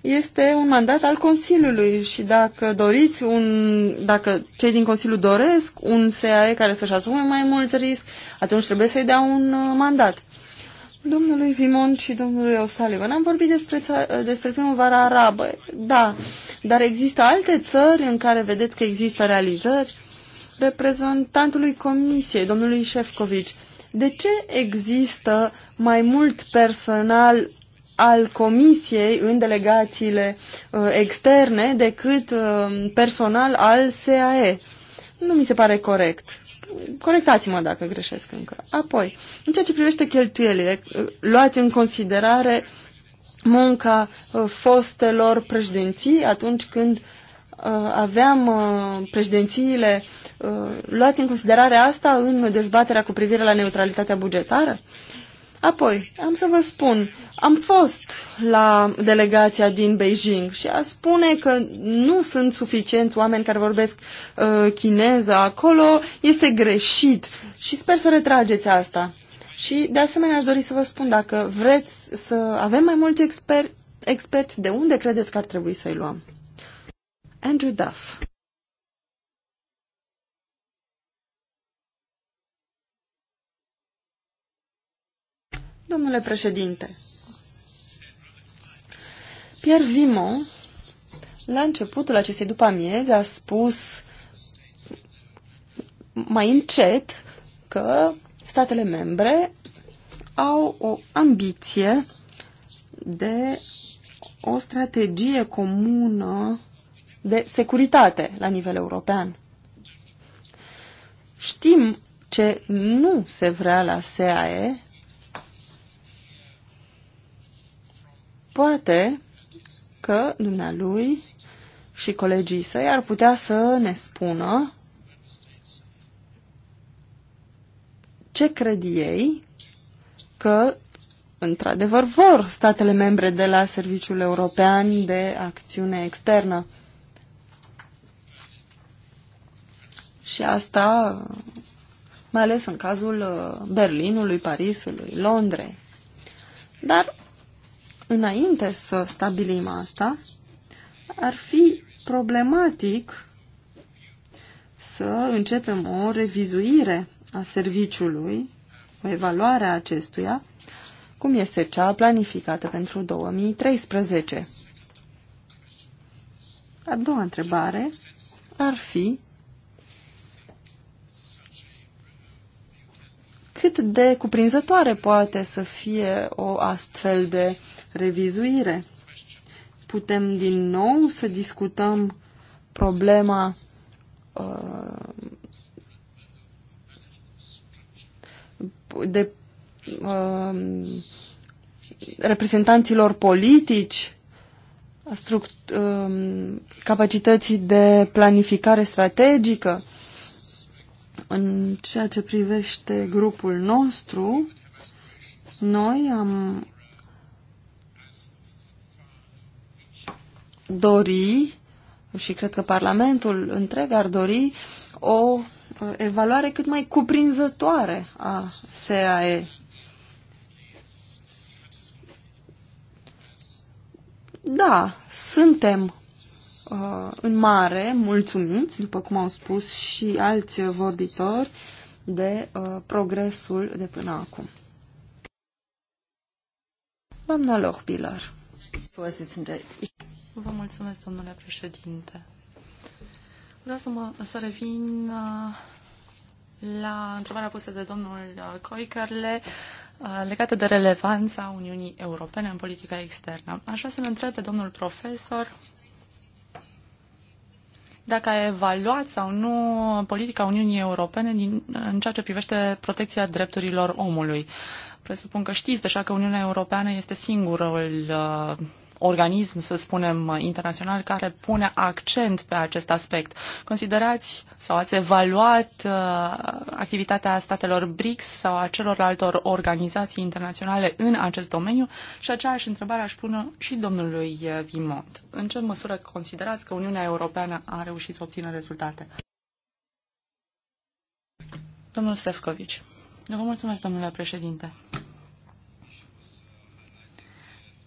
este un mandat al Consiliului și dacă doriți un, dacă cei din Consiliu doresc un SAE care să-și asume mai mult risc, atunci trebuie să-i dea un uh, mandat domnului Vimon și domnului O'Sullivan. Am vorbit despre, despre primăvara arabă, da, dar există alte țări în care vedeți că există realizări? Reprezentantului Comisiei, domnului Șefcovici, de ce există mai mult personal al Comisiei în delegațiile uh, externe decât uh, personal al SAE? Nu mi se pare corect corectați-mă dacă greșesc încă. Apoi, în ceea ce privește cheltuielile, luați în considerare munca uh, fostelor președinții atunci când uh, aveam uh, președințiile, luați în considerare asta în dezbaterea cu privire la neutralitatea bugetară? Apoi, am să vă spun, am fost la delegația din Beijing și a spune că nu sunt suficienți oameni care vorbesc uh, chineză acolo este greșit și sper să retrageți asta. Și de asemenea aș dori să vă spun dacă vreți să avem mai mulți exper- experți, de unde credeți că ar trebui să-i luăm? Andrew Duff Domnule președinte, Pierre Vimon, la începutul acestei după amieze, a spus mai încet că statele membre au o ambiție de o strategie comună de securitate la nivel european. Știm ce nu se vrea la SAE Poate că dumnealui și colegii săi ar putea să ne spună ce cred ei că într-adevăr vor statele membre de la Serviciul European de Acțiune Externă. Și asta mai ales în cazul uh, Berlinului, Parisului, Londrei. Dar înainte să stabilim asta, ar fi problematic să începem o revizuire a serviciului, o evaluare a acestuia, cum este cea planificată pentru 2013. A doua întrebare ar fi cât de cuprinzătoare poate să fie o astfel de revizuire. Putem din nou să discutăm problema uh, de uh, reprezentanților politici, uh, capacității de planificare strategică. În ceea ce privește grupul nostru, noi am dori și cred că Parlamentul întreg ar dori o uh, evaluare cât mai cuprinzătoare a SAE. Da, suntem uh, în mare mulțumiți, după cum au spus și alți vorbitori, de uh, progresul de până acum. Doamna Lohbilar. Vă mulțumesc, domnule președinte. Vreau să, mă, să revin uh, la întrebarea pusă de domnul Coicarle uh, uh, legată de relevanța Uniunii Europene în politica externă. Așa să-l întreb pe domnul profesor dacă a evaluat sau nu politica Uniunii Europene din, în ceea ce privește protecția drepturilor omului. Presupun că știți deja că Uniunea Europeană este singurul uh, organism, să spunem, internațional care pune accent pe acest aspect. Considerați sau ați evaluat uh, activitatea statelor BRICS sau a celorlaltor organizații internaționale în acest domeniu? Și aceeași întrebare aș pune și domnului uh, Vimont. În ce măsură considerați că Uniunea Europeană a reușit să obțină rezultate? Domnul Sefcovici. Vă mulțumesc, domnule președinte.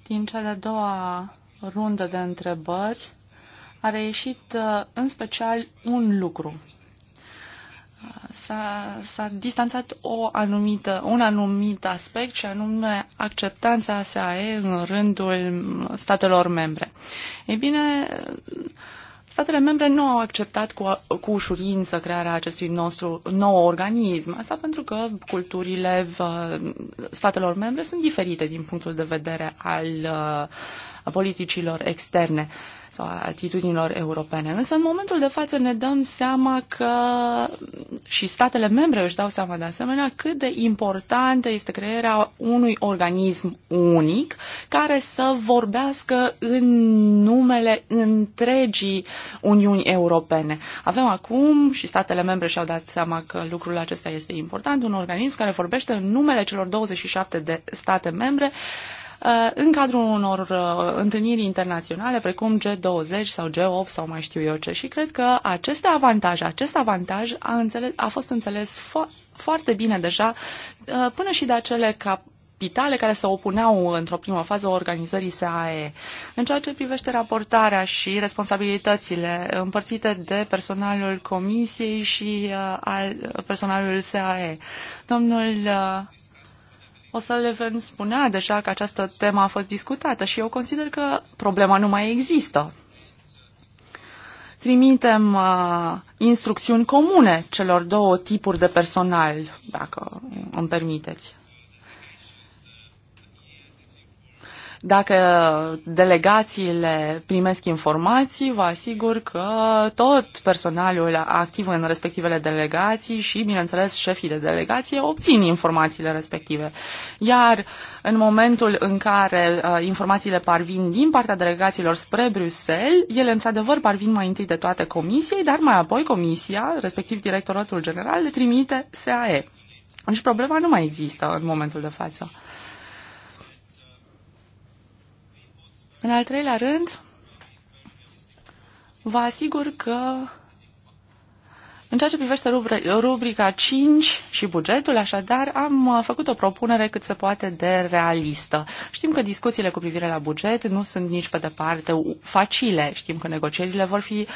Din cea de-a doua rundă de întrebări a reieșit uh, în special un lucru. S-a, s-a distanțat o anumită, un anumit aspect și anume acceptanța SAE în rândul statelor membre. Ei bine, Statele membre nu au acceptat cu, cu ușurință crearea acestui nostru nou organism. Asta pentru că culturile statelor membre sunt diferite din punctul de vedere al uh, politicilor externe sau atitudinilor europene. Însă, în momentul de față, ne dăm seama că și statele membre își dau seama de asemenea cât de importantă este crearea unui organism unic care să vorbească în numele întregii Uniuni Europene. Avem acum și statele membre și-au dat seama că lucrul acesta este important, un organism care vorbește în numele celor 27 de state membre Uh, în cadrul unor uh, întâlniri internaționale precum G20 sau G8 sau mai știu eu ce. Și cred că aceste avantaje, acest avantaj a, înțeles, a fost înțeles fo- foarte bine deja uh, până și de acele cap capitale care se opuneau într-o primă fază organizării SAE. În ceea ce privește raportarea și responsabilitățile împărțite de personalul Comisiei și uh, al personalul SAE, domnul uh, o să le O'Sullivan spunea deja că această temă a fost discutată și eu consider că problema nu mai există. Trimitem uh, instrucțiuni comune celor două tipuri de personal, dacă îmi permiteți. Dacă delegațiile primesc informații, vă asigur că tot personalul activ în respectivele delegații și, bineînțeles, șefii de delegație obțin informațiile respective. Iar în momentul în care uh, informațiile parvin din partea delegațiilor spre Bruxelles, ele într-adevăr parvin mai întâi de toate comisiei, dar mai apoi comisia, respectiv directoratul general, le trimite SAE. Și deci problema nu mai există în momentul de față. În al treilea rând, vă asigur că în ceea ce privește rubrica 5 și bugetul, așadar, am uh, făcut o propunere cât se poate de realistă. Știm că discuțiile cu privire la buget nu sunt nici pe departe facile. Știm că negocierile vor fi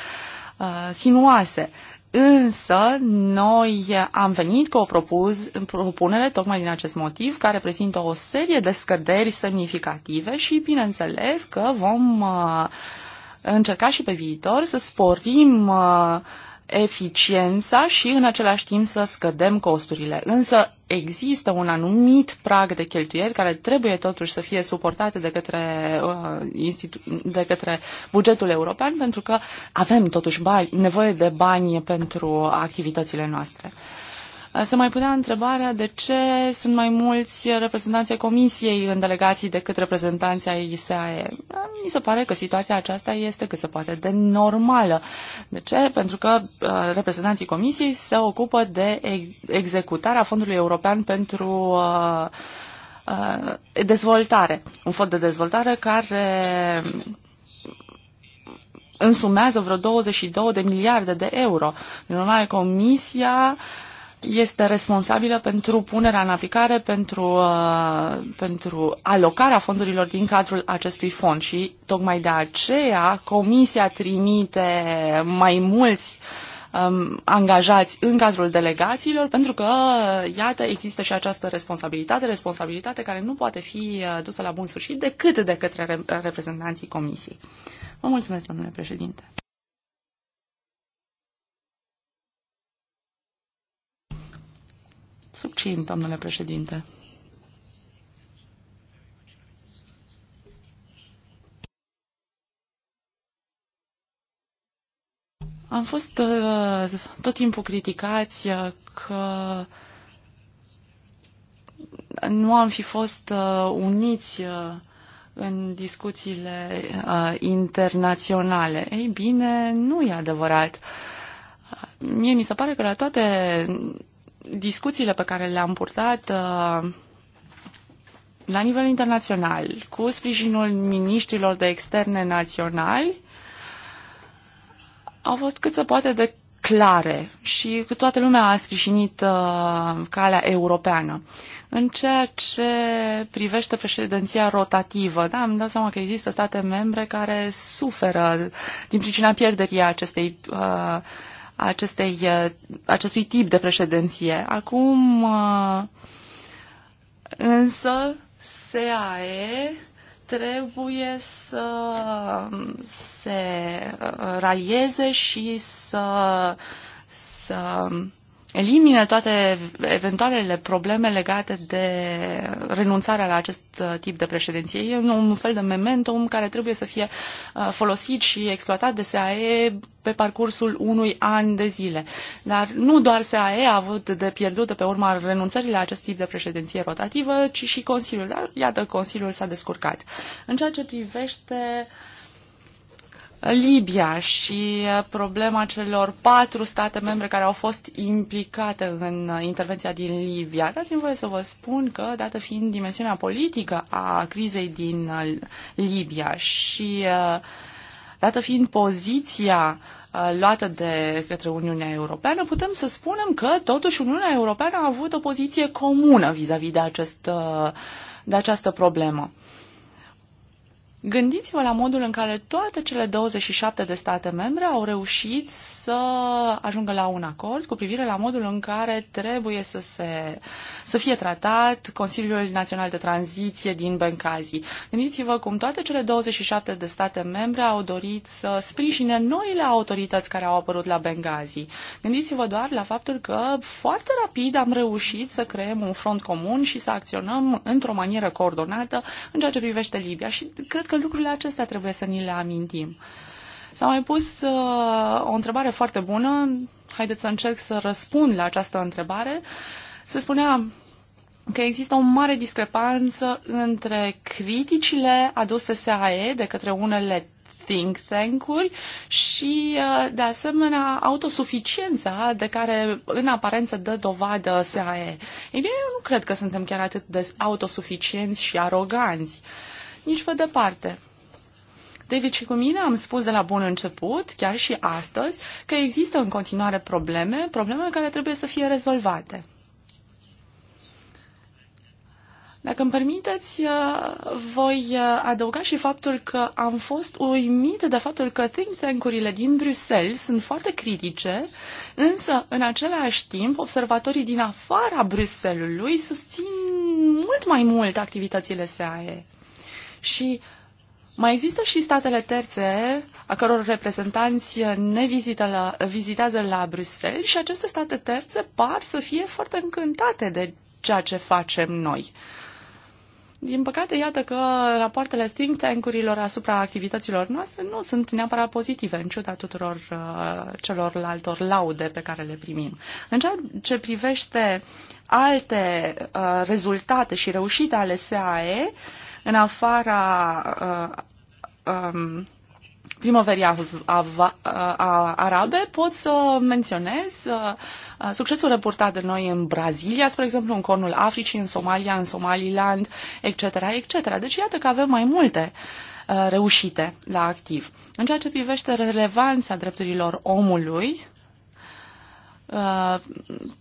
uh, sinuoase. Însă, noi am venit cu o propuz, propunere tocmai din acest motiv, care prezintă o serie de scăderi semnificative și, bineînțeles, că vom uh, încerca și pe viitor să sporim uh, eficiența și în același timp să scădem costurile. Însă există un anumit prag de cheltuieli care trebuie totuși să fie suportate de către, uh, de către bugetul european pentru că avem totuși bani, nevoie de bani pentru activitățile noastre. Se mai punea întrebarea de ce sunt mai mulți reprezentanții Comisiei în delegații decât reprezentanții ai ISAE. Mi se pare că situația aceasta este cât se poate de normală. De ce? Pentru că uh, reprezentanții Comisiei se ocupă de executarea Fondului European pentru uh, uh, dezvoltare. Un fond de dezvoltare care însumează vreo 22 de miliarde de euro. în urmare, Comisia uh, este responsabilă pentru punerea în aplicare, pentru, uh, pentru alocarea fondurilor din cadrul acestui fond și tocmai de aceea Comisia trimite mai mulți um, angajați în cadrul delegațiilor, pentru că, uh, iată, există și această responsabilitate, responsabilitate care nu poate fi uh, dusă la bun sfârșit decât de către reprezentanții Comisiei. Vă mulțumesc, domnule președinte. Subțin, domnule președinte. Am fost uh, tot timpul criticați uh, că nu am fi fost uh, uniți în discuțiile internaționale. Ei bine, nu e adevărat. Mie mi se pare că la toate discuțiile pe care le-am purtat uh, la nivel internațional cu sprijinul miniștrilor de externe naționali au fost cât se poate de clare și că toată lumea a sprijinit uh, calea europeană. În ceea ce privește președinția rotativă, da, am dat seama că există state membre care suferă din pricina pierderii acestei uh, acestei, uh, acestui tip de președinție. Acum uh, însă SAE trebuie să se raieze și să, să elimine toate eventualele probleme legate de renunțarea la acest uh, tip de președinție. E un fel de momentum care trebuie să fie uh, folosit și exploatat de SAE pe parcursul unui an de zile. Dar nu doar SAE a avut de pierdut pe urma renunțării la acest tip de președinție rotativă, ci și Consiliul. Dar iată, Consiliul s-a descurcat. În ceea ce privește uh, Libia și uh, problema celor patru state membre care au fost implicate în uh, intervenția din Libia. Dați-mi voie să vă spun că, dată fiind dimensiunea politică a crizei din uh, Libia și dată fiind poziția luată de către Uniunea Europeană, putem să spunem că totuși Uniunea Europeană a avut o poziție comună vis-a-vis -vis de, acest, de această problemă. Gândiți-vă la modul în care toate cele 27 de state membre au reușit să ajungă la un acord cu privire la modul în care trebuie să se uh, să fie tratat Consiliul Național de Tranziție din Benghazi. Gândiți-vă cum toate cele 27 de state membre au dorit să sprijine noile autorități care au apărut la Benghazi. Gândiți-vă doar la faptul că foarte rapid am reușit să creăm un front comun și să acționăm într-o manieră coordonată în ceea ce privește Libia și cred că lucrurile acestea trebuie să ni le amintim. S-a mai pus uh, o întrebare foarte bună. Haideți să încerc să răspund la această întrebare. Uh, se spunea că există o mare discrepanță între criticile aduse SAE de către unele think tank-uri și, uh, de asemenea, autosuficiența de care, în aparență, dă dovadă SAE. Ei bine, eu nu cred că suntem chiar atât de autosuficienți și aroganți. Nici pe departe. David și cu mine am spus de la bun început, chiar și astăzi, că există în continuare probleme, probleme care trebuie să fie rezolvate. Dacă îmi permiteți, uh, voi uh, adăuga și faptul că am fost uimită de faptul că think tank-urile din Bruxelles sunt foarte critice, însă, în același timp, observatorii din afara Bruxellesului susțin mult mai mult activitățile SAE. Și mai există și statele terțe a căror reprezentanți ne vizită la, vizitează la Bruxelles și aceste state terțe par să fie foarte încântate de ceea ce facem noi. Din păcate, iată că rapoartele think tank-urilor asupra activităților noastre nu sunt neapărat pozitive, în ciuda tuturor uh, celorlaltor laude pe care le primim. În ceea ce privește alte uh, rezultate și reușite ale SAE, în afara uh, um, primăverii arabe, pot să menționez uh, uh, succesul reportat de noi în Brazilia, spre exemplu, în cornul Africii, în Somalia, în Somaliland, etc., etc. Deci iată că avem mai multe uh, reușite la activ. În ceea ce privește relevanța drepturilor omului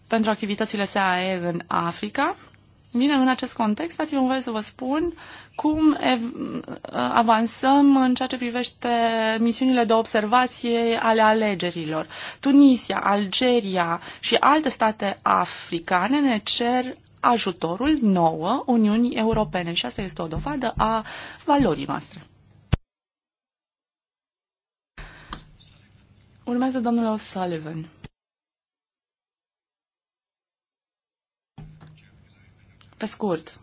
pentru activitățile SAE în Africa, mine în acest context, ați vă să vă spun cum avansăm în ceea ce privește misiunile de observație ale alegerilor. Tunisia, Algeria și alte state africane ne cer ajutorul nouă Uniunii Europene și asta este o dovadă a valorii noastre. Urmează domnul O'Sullivan. Pe scurt,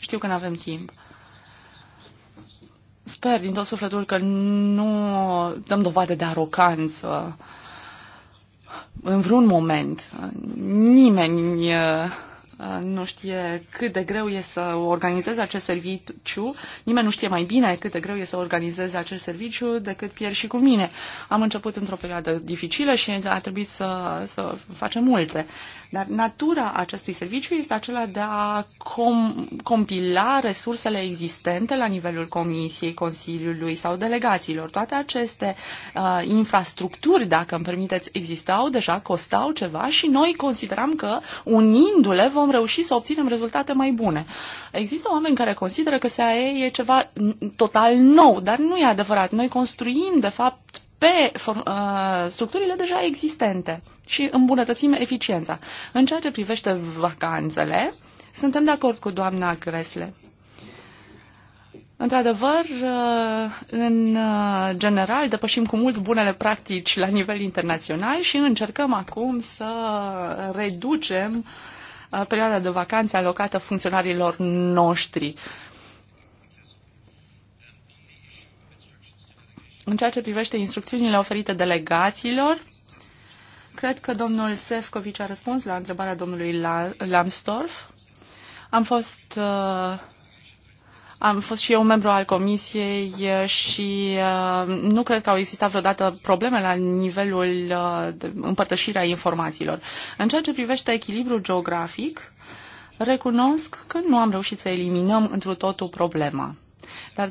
știu că nu avem timp. Sper din tot sufletul că nu dăm dovadă de aroganță în vreun moment. Nimeni uh, nu știe cât de greu e să organizeze acest serviciu, nimeni nu știe mai bine cât de greu e să organizeze acest serviciu decât pierd și cu mine. Am început într-o perioadă dificilă și a trebuit să, să facem multe. Dar natura acestui serviciu este acela de a com- compila resursele existente la nivelul Comisiei, Consiliului sau delegațiilor. Toate aceste uh, infrastructuri, dacă îmi permiteți, existau deja, costau ceva și noi consideram că unindu-le vom reuși să obținem rezultate mai bune. Există oameni care consideră că SAE e ceva total nou, dar nu e adevărat. Noi construim, de fapt, pe uh, structurile deja existente și îmbunătățim eficiența. În ceea ce privește vacanțele, suntem de acord cu doamna Gresle. Într-adevăr, uh, în uh, general, depășim cu mult bunele practici la nivel internațional și încercăm acum să reducem uh, perioada de vacanțe alocată funcționarilor noștri. În ceea ce privește instrucțiunile oferite delegațiilor, Cred că domnul Sefcovici a răspuns la întrebarea domnului Lamstorf. Am fost, uh, am fost și eu membru al comisiei uh, și uh, nu cred că au existat vreodată probleme la nivelul de împărtășirea informațiilor. În ceea ce privește echilibrul geografic, recunosc că nu am reușit să eliminăm întru totul problema. Dar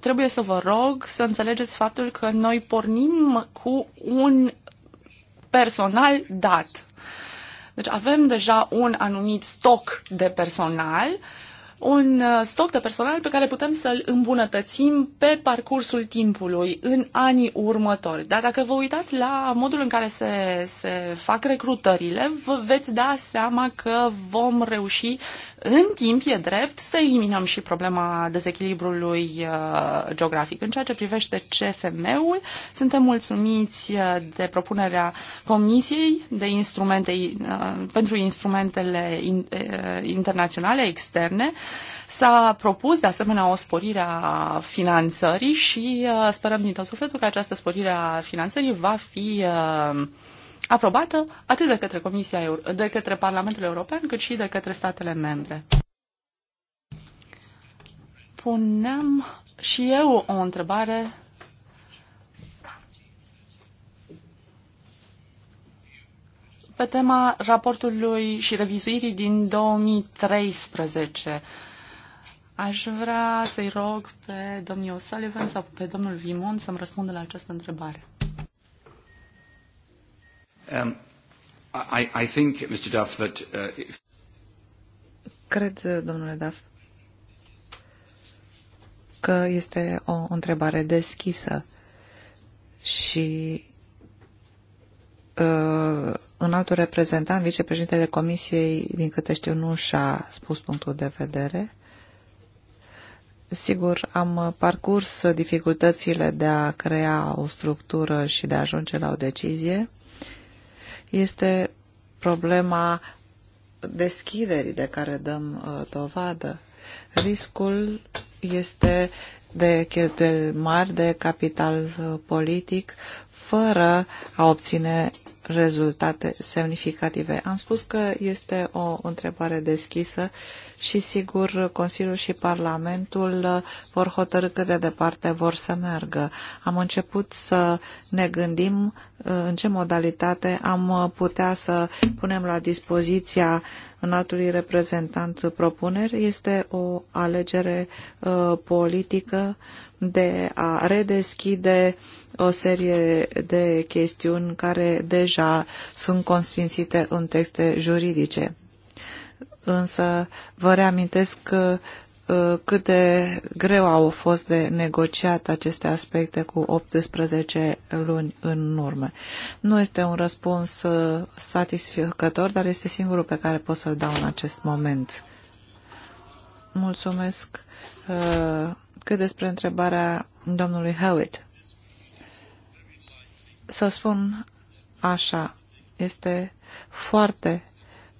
trebuie să vă rog să înțelegeți faptul că noi pornim cu un personal dat. Deci avem deja un anumit stoc de personal, un uh, stoc de personal pe care putem să-l îmbunătățim pe parcursul timpului, în anii următori. Dar dacă vă uitați la modul în care se, se fac recrutările, vă veți da seama că vom reuși în timp, e drept să eliminăm și problema dezechilibrului uh, geografic. În ceea ce privește CFM-ul, suntem mulțumiți uh, de propunerea Comisiei de instrumente, uh, pentru instrumentele internaționale externe. S-a propus de asemenea o sporire a finanțării și sperăm din tot sufletul că această sporire a finanțării va fi uh, aprobată atât de către Comisia Euro- de către Parlamentul European, cât și de către statele membre. Puneam și eu o întrebare pe tema raportului și revizuirii din 2013. Aș vrea să-i rog pe domnul Sullivan sau pe domnul Vimon să-mi răspundă la această întrebare. Um, I, think, Mr. Duff, that uh, if... Cred, domnule Duff, că este o întrebare deschisă și uh, în altul reprezentant, vicepreședintele Comisiei, din câte știu, nu și-a spus punctul de vedere. Sigur, am parcurs dificultățile de a crea o structură și de a ajunge la o decizie este problema deschiderii de care dăm uh, dovadă. Riscul este de cheltuieli mari de capital uh, politic fără a obține rezultate semnificative. Am spus că este o întrebare deschisă și sigur Consiliul și Parlamentul vor hotărâ cât de departe vor să meargă. Am început să ne gândim uh, în ce modalitate am putea să punem la dispoziția înaltului reprezentant propuneri. Este o alegere uh, politică de a redeschide uh, o serie de chestiuni care deja sunt consfințite în texte juridice. Însă vă reamintesc că uh, cât de greu au fost de negociat aceste aspecte cu 18 luni în urmă. Nu este un răspuns uh, satisfăcător, dar este singurul pe care pot să-l dau în acest moment. Mulțumesc. Uh, cât despre întrebarea domnului Howitt să spun așa, este foarte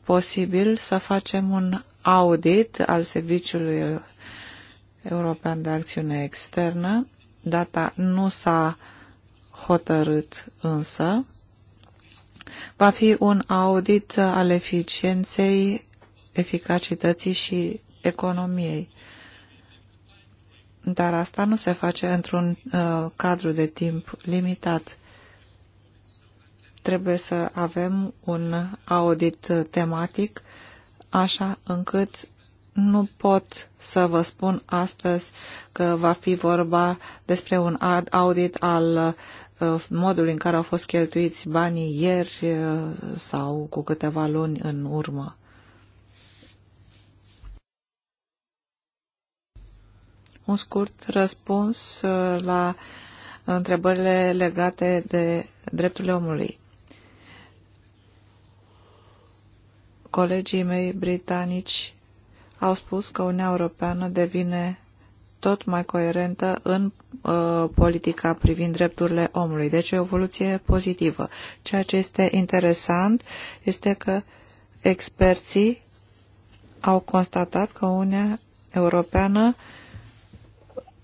posibil să facem un audit al Serviciului European de Acțiune Externă. Data nu s-a hotărât însă. Va fi un audit al eficienței, eficacității și economiei. Dar asta nu se face într-un uh, cadru de timp limitat trebuie să avem un audit tematic, așa încât nu pot să vă spun astăzi că va fi vorba despre un audit al uh, modului în care au fost cheltuiți banii ieri uh, sau cu câteva luni în urmă. Un scurt răspuns uh, la întrebările legate de drepturile omului. colegii mei britanici au spus că Uniunea Europeană devine tot mai coerentă în uh, politica privind drepturile omului. Deci o evoluție pozitivă. Ceea ce este interesant este că experții au constatat că Uniunea Europeană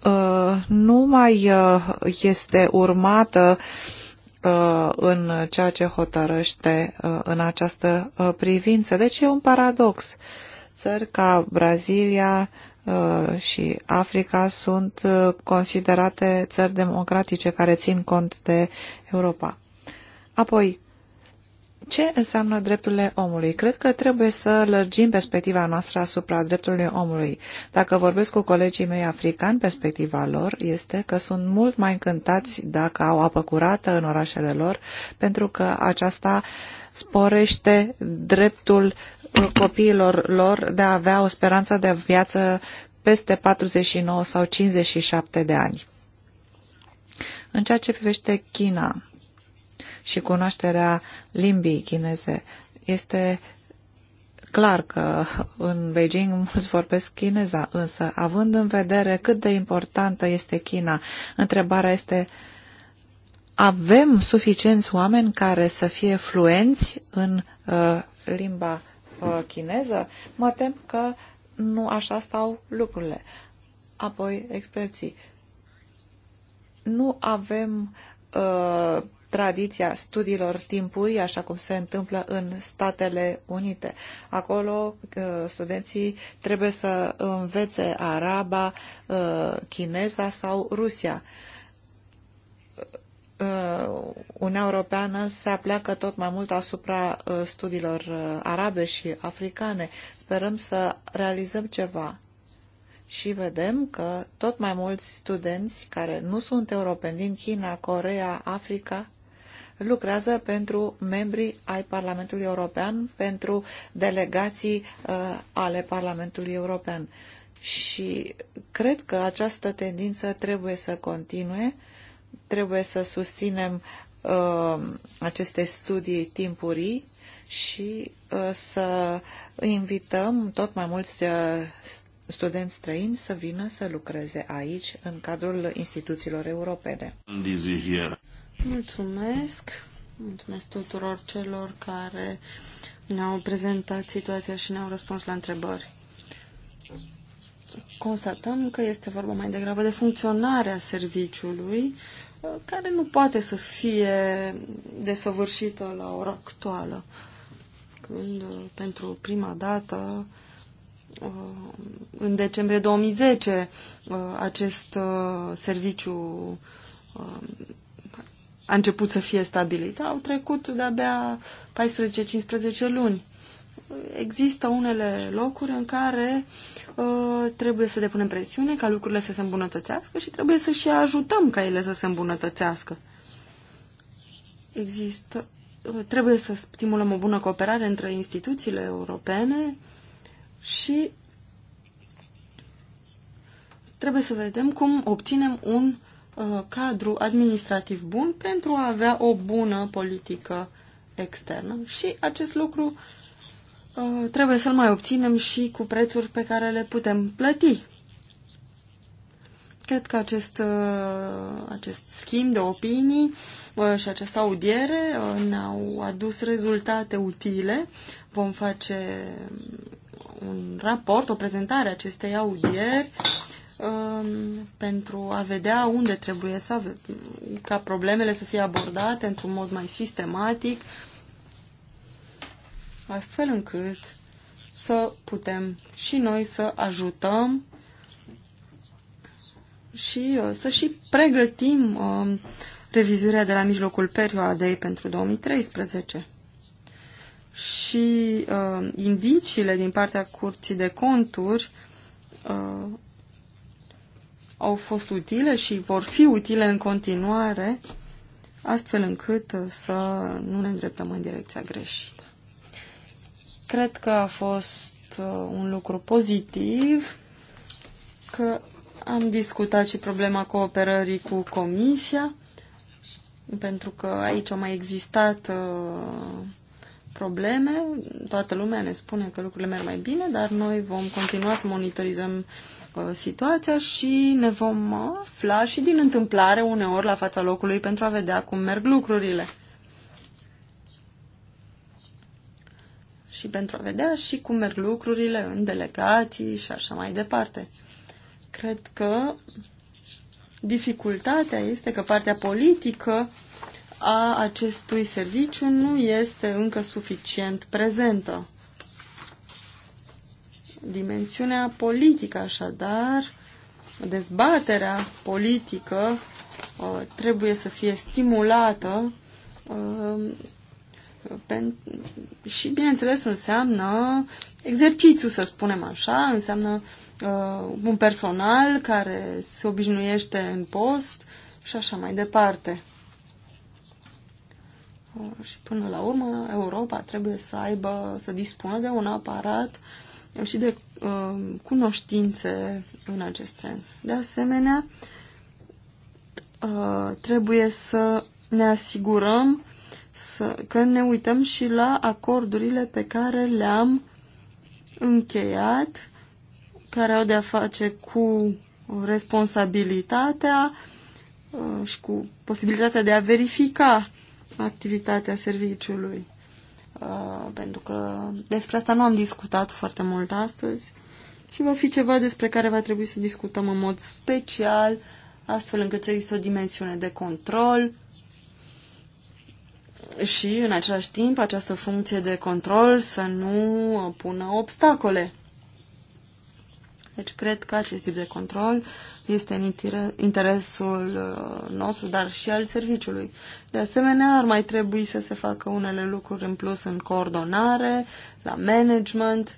uh, nu mai uh, este urmată uh, Uh, în ceea ce hotărăște uh, în această uh, privință. Deci e un paradox. Țări ca Brazilia și Africa sunt considerate țări democratice care țin cont de Europa. Apoi, ce înseamnă drepturile omului? Cred că trebuie să lărgim perspectiva noastră asupra drepturilor omului. Dacă vorbesc cu colegii mei africani, perspectiva lor este că sunt mult mai încântați dacă au apă curată în orașele lor, pentru că aceasta sporește dreptul copiilor lor de a avea o speranță de viață peste 49 sau 57 de ani. În ceea ce privește China, și cunoașterea limbii chineze. Este clar că în Beijing mulți vorbesc chineza, însă având în vedere cât de importantă este China, întrebarea este avem suficienți oameni care să fie fluenți în uh, limba uh, chineză? Mă tem că nu așa stau lucrurile. Apoi, experții. Nu avem uh, tradiția studiilor timpurii, așa cum se întâmplă în Statele Unite. Acolo uh, studenții trebuie să învețe araba, uh, chineza sau Rusia. Uh, Uniunea Europeană se apleacă tot mai mult asupra studiilor arabe și africane. Sperăm să realizăm ceva și vedem că tot mai mulți studenți care nu sunt europeni din China, Corea, Africa lucrează pentru membrii ai Parlamentului European, pentru delegații uh, ale Parlamentului European. Și cred că această tendință trebuie să continue, trebuie să susținem uh, aceste studii timpurii și uh, să invităm tot mai mulți uh, studenți străini să vină să lucreze aici, în cadrul instituțiilor europene. Mulțumesc. Mulțumesc tuturor celor care ne-au prezentat situația și ne-au răspuns la întrebări. Constatăm că este vorba mai degrabă de funcționarea serviciului, care nu poate să fie desăvârșită la ora actuală. Când pentru prima dată uh, în decembrie 2010 uh, acest uh, serviciu a început să fie stabilită, au trecut de-abia 14-15 luni. Există unele locuri în care uh, trebuie să depunem presiune ca lucrurile să se îmbunătățească și trebuie să și ajutăm ca ele să se îmbunătățească. Există, uh, trebuie să stimulăm o bună cooperare între instituțiile europene și trebuie să vedem cum obținem un Uh, cadru administrativ bun pentru a avea o bună politică externă. Și acest lucru uh, trebuie să-l mai obținem și cu prețuri pe care le putem plăti. Cred că acest, uh, acest schimb de opinii și această audiere ne-au adus rezultate utile. Vom face un raport, o prezentare acestei audieri Um, pentru a vedea unde trebuie să avem, ca problemele să fie abordate într-un mod mai sistematic, astfel încât să putem și noi să ajutăm și uh, să și pregătim um, revizuirea de la mijlocul perioadei pentru 2013. Și uh, indiciile din partea curții de conturi uh, au fost utile și vor fi utile în continuare, astfel încât uh, să nu ne îndreptăm în direcția greșită. Cred că a fost uh, un lucru pozitiv că am discutat și problema cooperării cu Comisia, pentru că aici au mai existat uh, probleme, toată lumea ne spune că lucrurile merg mai bine, dar noi vom continua să monitorizăm Uh, situația și ne vom afla și din întâmplare uneori la fața locului pentru a vedea cum merg lucrurile. Și pentru a vedea și cum merg lucrurile în delegații și așa mai departe. Cred că dificultatea este că partea politică a acestui serviciu nu este încă suficient prezentă. Dimensiunea politică, așadar, dezbaterea politică uh, trebuie să fie stimulată uh, și, bineînțeles, înseamnă exercițiu, să spunem așa, înseamnă uh, un personal care se obișnuiește în post și așa mai departe. Și până la urmă, Europa trebuie să aibă, să dispună de un aparat și de uh, cunoștințe în acest sens. De asemenea, uh, trebuie să ne asigurăm să, că ne uităm și la acordurile pe care le-am încheiat, care au de-a face cu responsabilitatea uh, și cu posibilitatea de a verifica activitatea serviciului. Uh, pentru că despre asta nu am discutat foarte mult astăzi și va fi ceva despre care va trebui să discutăm în mod special, astfel încât să există o dimensiune de control și, în același timp, această funcție de control să nu pună obstacole deci cred că acest tip de control este în interesul uh, nostru, dar și al serviciului. De asemenea, ar mai trebui să se facă unele lucruri în plus în coordonare, la management.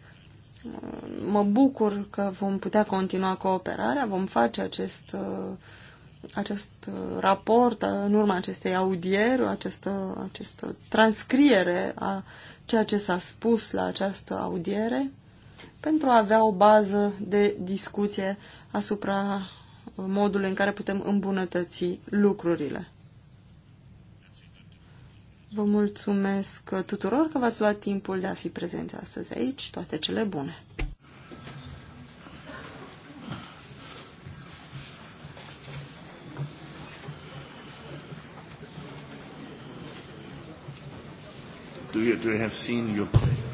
Uh, mă bucur că vom putea continua cooperarea, vom face acest, uh, acest raport în urma acestei audieri, această, această transcriere a ceea ce s-a spus la această audiere pentru a avea o bază de discuție asupra modului în care putem îmbunătăți lucrurile. Vă mulțumesc tuturor că v-ați luat timpul de a fi prezenți astăzi aici. Toate cele bune! Do you, do you have seen your play?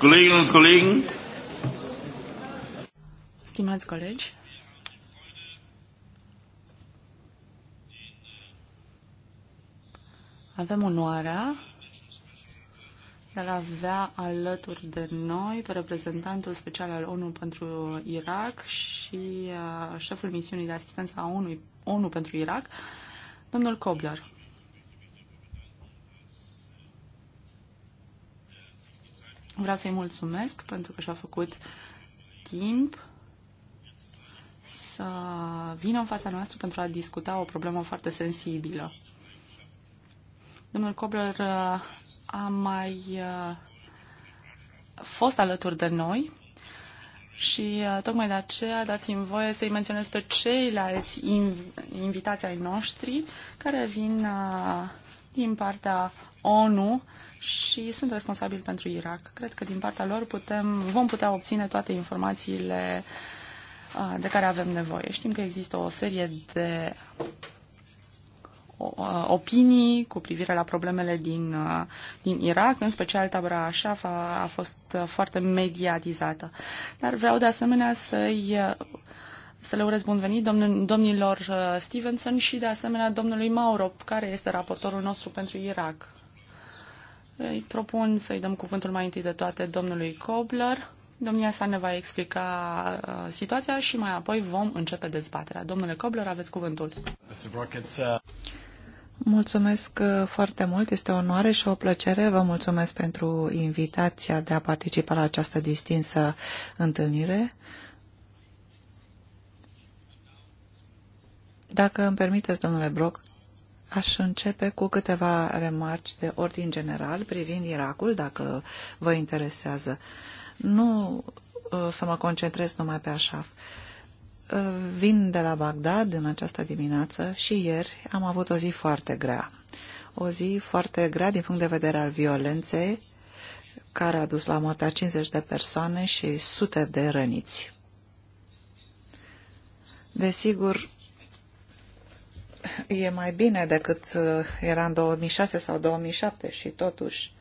Kolleginnen und Kollegen. Stimați colegi. Avem onoarea de a avea alături de noi pe reprezentantul special al ONU pentru Irak și uh, șeful misiunii de asistență a ONU, ONU pentru Irak, domnul Cobler. Vreau să-i mulțumesc pentru că și-a făcut timp să vină în fața noastră pentru a discuta o problemă foarte sensibilă. Domnul Cobler uh, a mai uh, fost alături de noi și uh, tocmai de aceea dați-mi voie să-i menționez pe ceilalți invitații ai noștri care vin din partea ONU și sunt responsabili pentru Irak. Cred că din partea lor putem, vom putea obține toate informațiile de care avem nevoie. Știm că există o serie de opinii cu privire la problemele din, din Irak, în special tabăra Ashraf a, a fost foarte mediatizată. Dar vreau de asemenea să-i să le urez bun venit domn, domnilor Stevenson și de asemenea domnului Maurop, care este raportorul nostru pentru Irak. Îi propun să-i dăm cuvântul mai întâi de toate domnului Cobler. Domnia sa ne va explica uh, situația și mai apoi vom începe dezbaterea. Domnule Cobler, aveți cuvântul. Uh, mulțumesc uh, foarte mult, este o onoare și o plăcere. Vă mulțumesc pentru invitația de a participa la această distinsă întâlnire. Dacă îmi permiteți, domnule Brock, Aș începe cu câteva remarci de ordin general privind Irakul, dacă vă interesează. Nu uh, să mă concentrez numai pe așa. Uh, vin de la Bagdad în această dimineață și ieri am avut o zi foarte grea. O zi foarte grea din punct de vedere al violenței, care a dus la moartea 50 de persoane și sute de răniți. Desigur, e mai bine decât uh, era în 2006 sau 2007 și totuși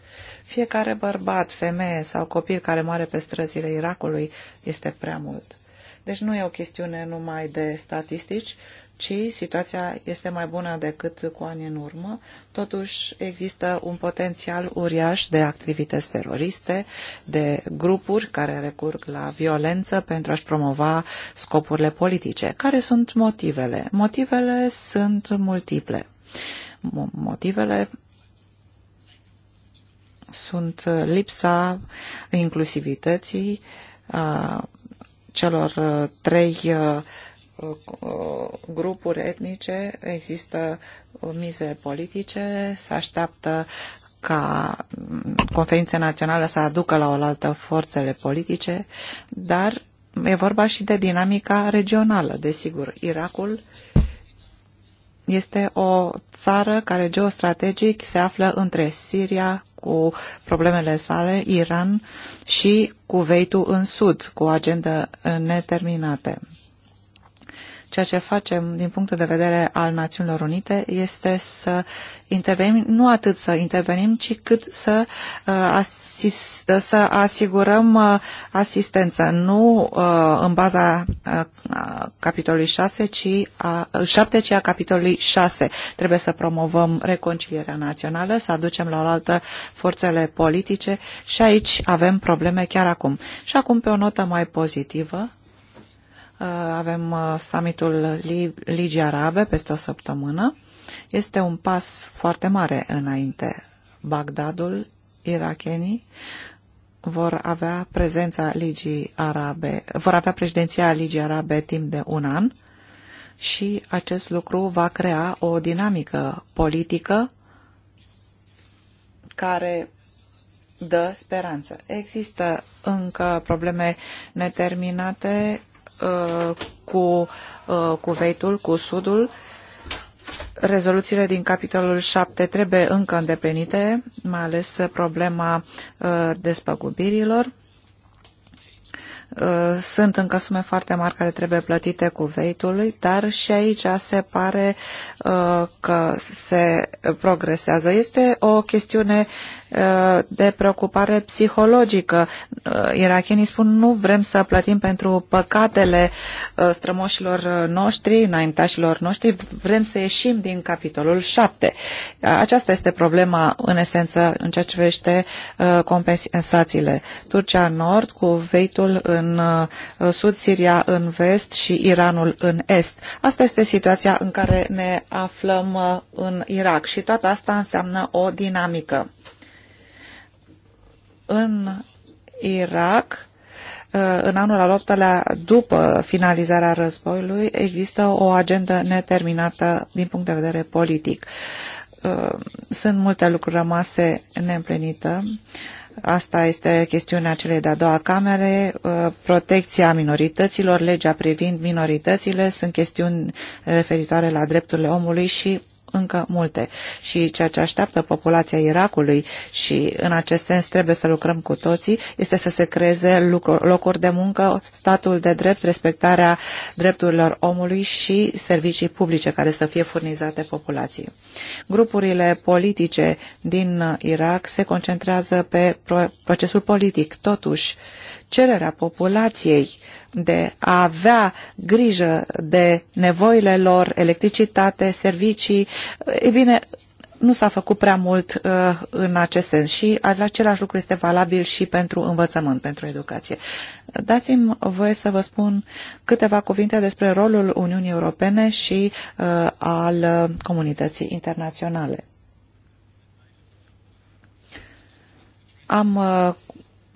fiecare bărbat, femeie sau copil care moare pe străzile Irakului este prea mult. Deci nu e o chestiune numai de statistici, ci situația este mai bună decât cu ani în urmă. Totuși există un potențial uriaș de activități teroriste, de grupuri care recurg la violență pentru a-și promova scopurile politice. Care sunt motivele? Motivele sunt multiple. Motivele sunt lipsa inclusivității a celor trei Uh, grupuri etnice, există mize politice, se așteaptă ca conferința națională să aducă la oaltă forțele politice, dar e vorba și de dinamica regională, desigur. Irakul este o țară care geostrategic se află între Siria cu problemele sale, Iran și cu Veitul în sud, cu agenda neterminate. Ceea ce facem din punct de vedere al Națiunilor Unite este să intervenim, nu atât să intervenim, ci cât să, uh, asist, să asigurăm uh, asistență, nu uh, în baza uh, capitolului 6, ci a, 7, uh, ci a capitolului 6. Trebuie să promovăm reconcilierea națională, să aducem la oaltă forțele politice și aici avem probleme chiar acum. Și acum, pe o notă mai pozitivă, Uh, avem uh, summitul Ligii Arabe peste o săptămână. Este un pas foarte mare înainte. Bagdadul, irachenii vor avea prezența Ligii Arabe, vor avea președinția Ligii Arabe timp de un an și acest lucru va crea o dinamică politică care dă speranță. Există încă probleme neterminate cu uh, Cuveitul, cu Sudul. Rezoluțiile din capitolul 7 trebuie încă îndeplinite, mai ales problema uh, despăgubirilor. Uh, sunt încă sume foarte mari care trebuie plătite Cuveitului, dar și aici se pare că se progresează. Este o chestiune uh, Uh, de preocupare psihologică. Uh, Irachienii spun nu vrem să plătim pentru păcatele uh, strămoșilor noștri, înaintașilor noștri, vrem să ieșim din capitolul 7. Aceasta este problema în esență în ceea ce privește compensațiile. Turcia nord cu veitul în sud, Siria în vest și Iranul în est. Asta este situația în care ne aflăm în Irak și toată asta înseamnă o dinamică în Irak, uh, în anul al optelea după finalizarea războiului, există o agendă neterminată din punct de vedere politic. Uh, sunt multe lucruri rămase neîmplinită. Asta este chestiunea celei de-a doua camere. Uh, protecția minorităților, legea privind minoritățile sunt chestiuni referitoare la drepturile omului și încă multe și ceea ce așteaptă populația Irakului și în acest sens trebuie să lucrăm cu toții este să se creeze locuri de muncă, statul de drept, respectarea drepturilor omului și servicii publice care să fie furnizate populației. Grupurile politice din Irak se concentrează pe procesul politic. Totuși, cererea populației de a avea grijă de nevoile lor, electricitate, servicii, e bine, nu s-a făcut prea mult uh, în acest sens și același lucru este valabil și pentru învățământ, pentru educație. Dați-mi voie să vă spun câteva cuvinte despre rolul Uniunii Europene și uh, al uh, comunității internaționale. Am uh,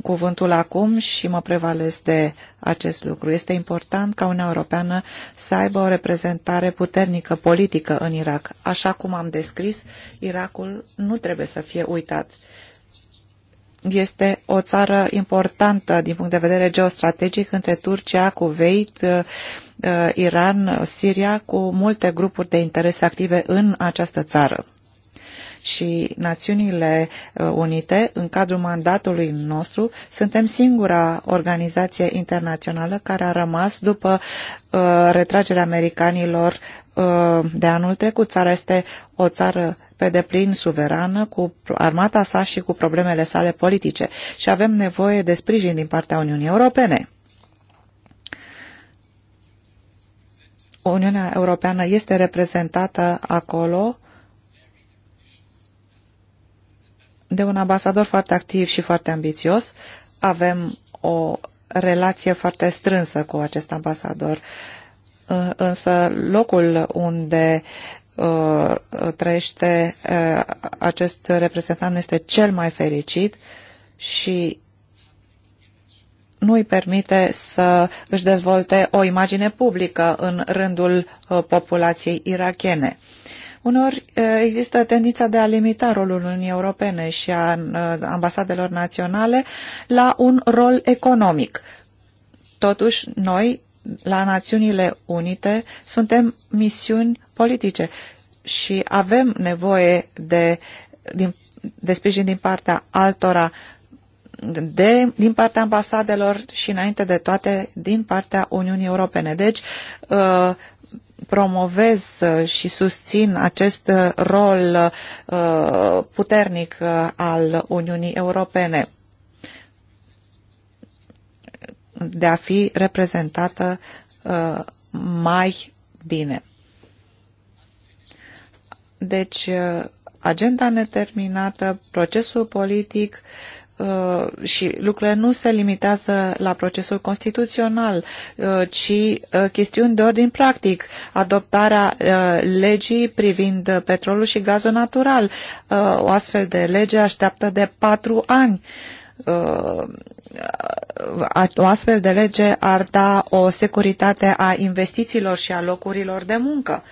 cuvântul acum și mă prevalez de acest lucru. Este important ca Uniunea Europeană să aibă o reprezentare puternică politică în Irak. Așa cum am descris, Irakul nu trebuie să fie uitat. Este o țară importantă din punct de vedere geostrategic între Turcia, Kuwait, uh, uh, Iran, Siria, cu multe grupuri de interese active în această țară și Națiunile uh, Unite, în cadrul mandatului nostru, suntem singura organizație internațională care a rămas după uh, retragerea americanilor uh, de anul trecut. Țara este o țară pe deplin suverană cu armata sa și cu problemele sale politice și avem nevoie de sprijin din partea Uniunii Europene. Uniunea Europeană este reprezentată acolo de un ambasador foarte activ și foarte ambițios. Avem o relație foarte strânsă cu acest ambasador, însă locul unde uh, trăiește uh, acest reprezentant este cel mai fericit și nu îi permite să își dezvolte o imagine publică în rândul uh, populației irachene. Uh, unor există tendința de a limita rolul Uniunii Europene și a ambasadelor naționale la un rol economic. Totuși, noi, la Națiunile Unite, suntem misiuni politice și avem nevoie de, din, de sprijin din partea altora de, din partea ambasadelor și, înainte de toate, din partea Uniunii Europene. Deci, promovez uh, și susțin acest uh, rol uh, puternic al Uniunii Europene de a fi reprezentată mai bine. Deci, agenda neterminată, procesul politic, uh, Uh, și lucrurile nu se limitează la procesul constituțional, uh, ci uh, chestiuni de ordin practic, adoptarea legii privind petrolul și gazul natural. O astfel de lege așteaptă de patru ani o astfel de lege ar da o securitate a investițiilor și a locurilor de muncă.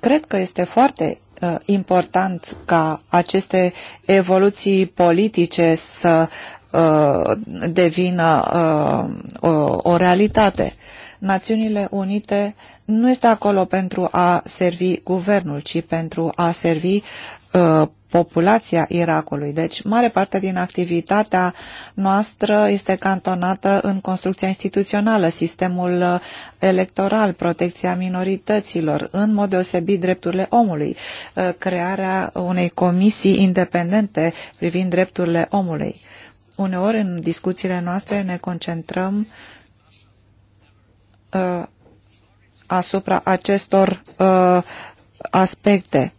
Cred că este foarte Uh, important ca aceste evoluții politice să uh, devină uh, o realitate. Națiunile Unite nu este acolo pentru a servi guvernul, ci pentru a servi populația Irakului. Deci, mare parte din activitatea noastră este cantonată în construcția instituțională, sistemul uh, electoral, protecția minorităților, în mod deosebit drepturile omului, uh, crearea unei comisii independente privind drepturile omului. Uneori, în discuțiile noastre, ne concentrăm uh, asupra acestor aspecte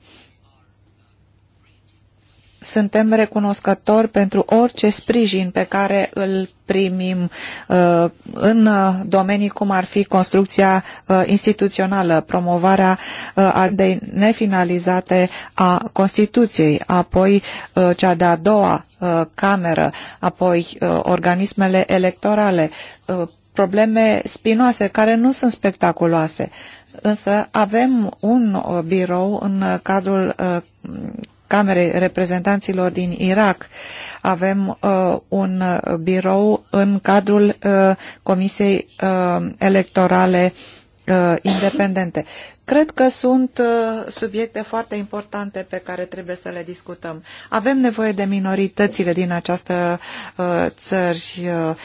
suntem recunoscători pentru orice sprijin pe care îl primim uh, în domenii cum ar fi construcția uh, instituțională, promovarea uh, nefinalizate a Constituției, apoi uh, cea de-a doua uh, cameră, apoi uh, organismele electorale, probleme spinoase care nu sunt spectaculoase. Însă avem un birou în cadrul Camerei Reprezentanților din Irak. Avem uh, un birou în cadrul uh, Comisiei uh, Electorale uh, Independente. Cred că sunt uh, subiecte foarte importante pe care trebuie să le discutăm. Avem nevoie de minoritățile din această uh, țări. Uh,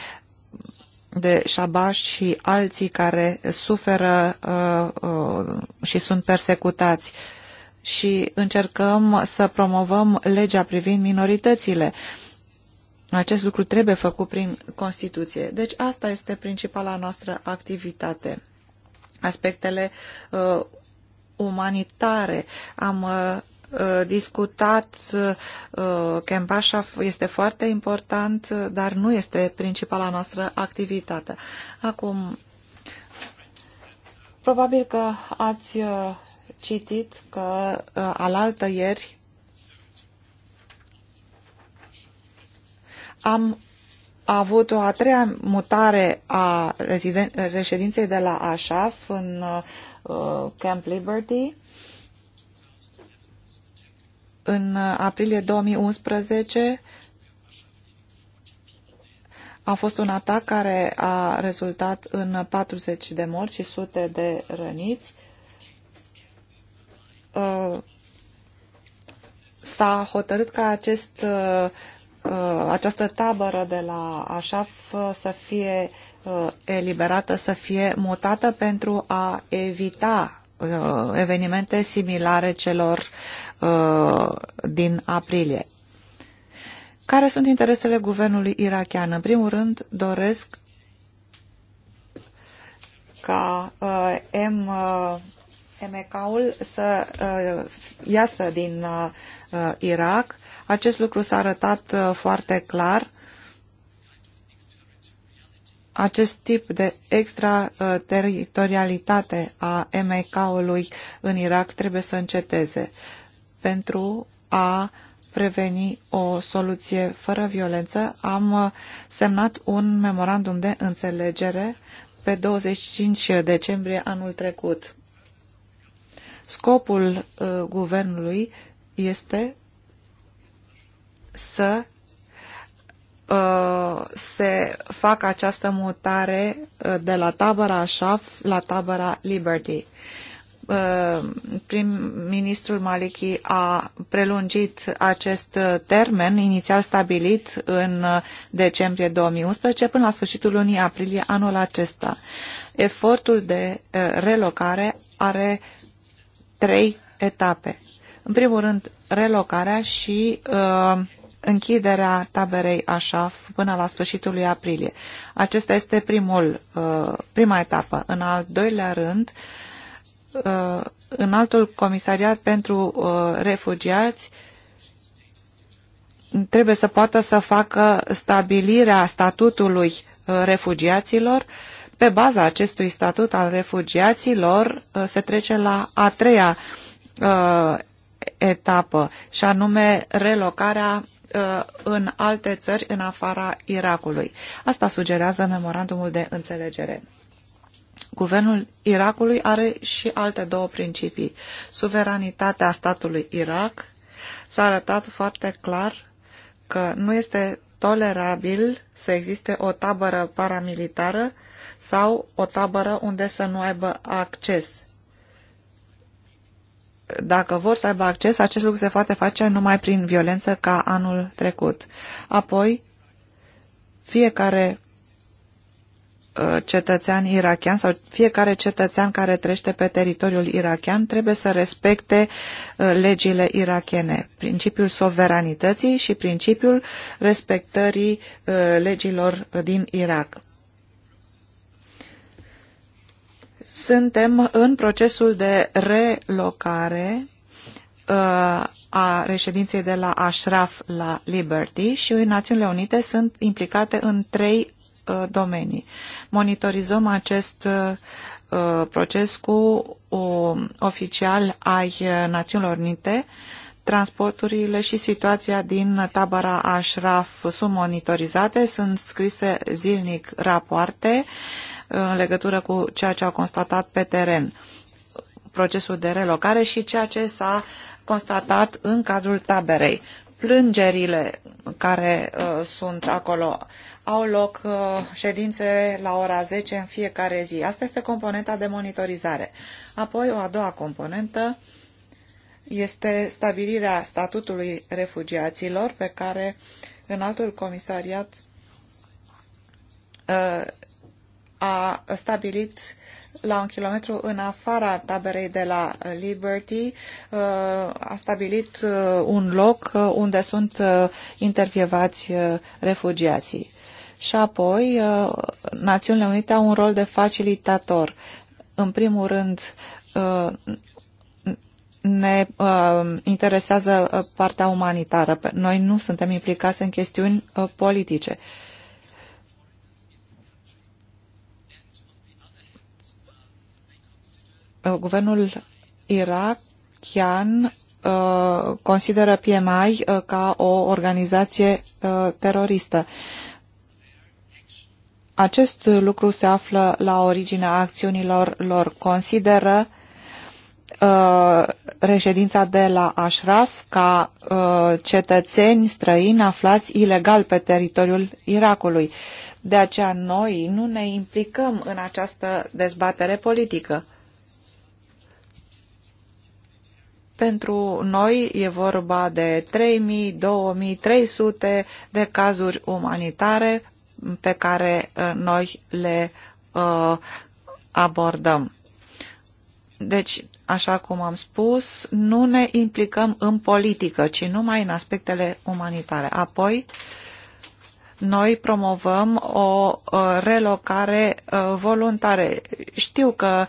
de Shabash și alții care suferă uh, uh, și sunt persecutați. Uh, și încercăm să promovăm legea privind minoritățile. Acest lucru trebuie făcut prin Constituție. Deci asta este principala noastră activitate. Aspectele uh, umanitare. Am uh, discutat, uh, Ashraf este foarte important, dar nu este principala noastră activitate. Acum, probabil că ați uh, citit că uh, alaltă ieri am avut o a treia mutare a reședinței de la Ashaf în uh, Camp Liberty. În aprilie 2011 a fost un atac care a rezultat în 40 de morți și sute de răniți. Uh, s-a hotărât ca acest, uh, uh, această tabără de la Așaf să fie eliberată, să fie mutată pentru a evita evenimente similare celor din aprilie. Care sunt interesele guvernului irachian? În primul rând, doresc ca uh, M. MK-ul să uh, iasă din uh, uh, Irak. Acest lucru s-a arătat uh, foarte clar. Acest tip de extraterritorialitate a MK-ului în Irak trebuie să înceteze pentru a preveni o soluție fără violență. Am uh, semnat un memorandum de înțelegere pe 25 decembrie anul trecut Scopul uh, guvernului este să uh, se facă această mutare uh, de la tabăra Shaf la tabăra Liberty. Uh, prim-ministrul Maliki a prelungit acest uh, termen inițial stabilit în uh, decembrie 2011 până la sfârșitul lunii aprilie anul acesta. Efortul de relocare are trei etape. În primul rând, relocarea și uh, închiderea taberei Așaf până la sfârșitul lui aprilie. Acesta este primul, uh, prima etapă. În al doilea rând, uh, în altul comisariat pentru uh, refugiați trebuie să poată să facă stabilirea statutului uh, refugiaților uh, pe baza acestui statut al refugiaților uh, se trece la a treia uh, etapă, și anume relocarea uh, în alte țări în afara Irakului. Asta sugerează memorandumul de înțelegere. Guvernul Irakului are și alte două principii. Suveranitatea statului Irak s-a arătat foarte clar că nu este tolerabil să existe o tabără paramilitară sau o tabără unde să nu aibă acces. Dacă vor să aibă acces, acest lucru se poate face numai prin violență ca anul trecut. Apoi, fiecare uh, cetățean irachian sau fiecare cetățean care trește pe teritoriul irachian trebuie să respecte uh, legile irachiene, principiul suveranității și principiul respectării uh, legilor din Irak. Suntem în procesul de relocare uh, a reședinței de la Ashraf la Liberty și în Națiunile Unite sunt implicate în trei uh, domenii. Monitorizăm acest uh, proces cu um, oficial ai Națiunilor Unite. Transporturile și situația din tabăra Ashraf sunt monitorizate, sunt scrise zilnic rapoarte uh, în legătură cu ceea ce au constatat pe teren procesul de relocare și ceea ce s-a constatat în cadrul taberei. Plângerile care uh, sunt acolo au loc uh, ședințe la ora 10 în fiecare zi. Asta este componenta de monitorizare. Apoi o a doua componentă este stabilirea statutului refugiaților pe care în altul comisariat uh, a stabilit la un kilometru în afara taberei de la Liberty, uh, a stabilit uh, un loc uh, unde sunt intervievați refugiații. Și apoi, Națiunile Unite au un rol de facilitator. În primul rând, ne interesează partea umanitară. Noi nu suntem implicați în chestiuni politice. Uh, guvernul irachian uh, consideră PMI uh, ca o organizație teroristă. Acest lucru se află la originea acțiunilor lor. Consideră reședința de la Ashraf ca cetățeni străini aflați ilegal pe teritoriul Irakului. De aceea noi nu ne implicăm în această dezbatere politică. Pentru noi e vorba de 3.000, 2.300 de cazuri umanitare pe care uh, noi le uh, abordăm. Deci, așa cum am spus, nu ne implicăm în politică, ci numai în aspectele umanitare. Apoi, noi promovăm o uh, relocare uh, voluntare. Știu că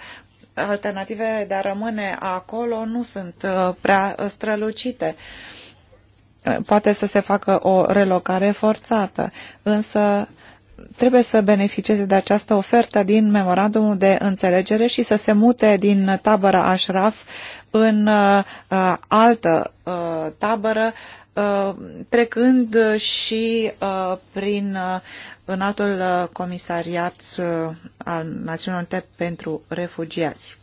alternativele de a rămâne acolo nu sunt uh, prea strălucite. Poate să se facă o relocare forțată, însă trebuie să beneficieze de această ofertă din memorandumul de înțelegere și să se mute din tabăra Ashraf în uh, uh altă uh, tabără Uh, trecând și uh, prin uh, înaltul comisariat al Națiunilor Unite pentru Refugiați.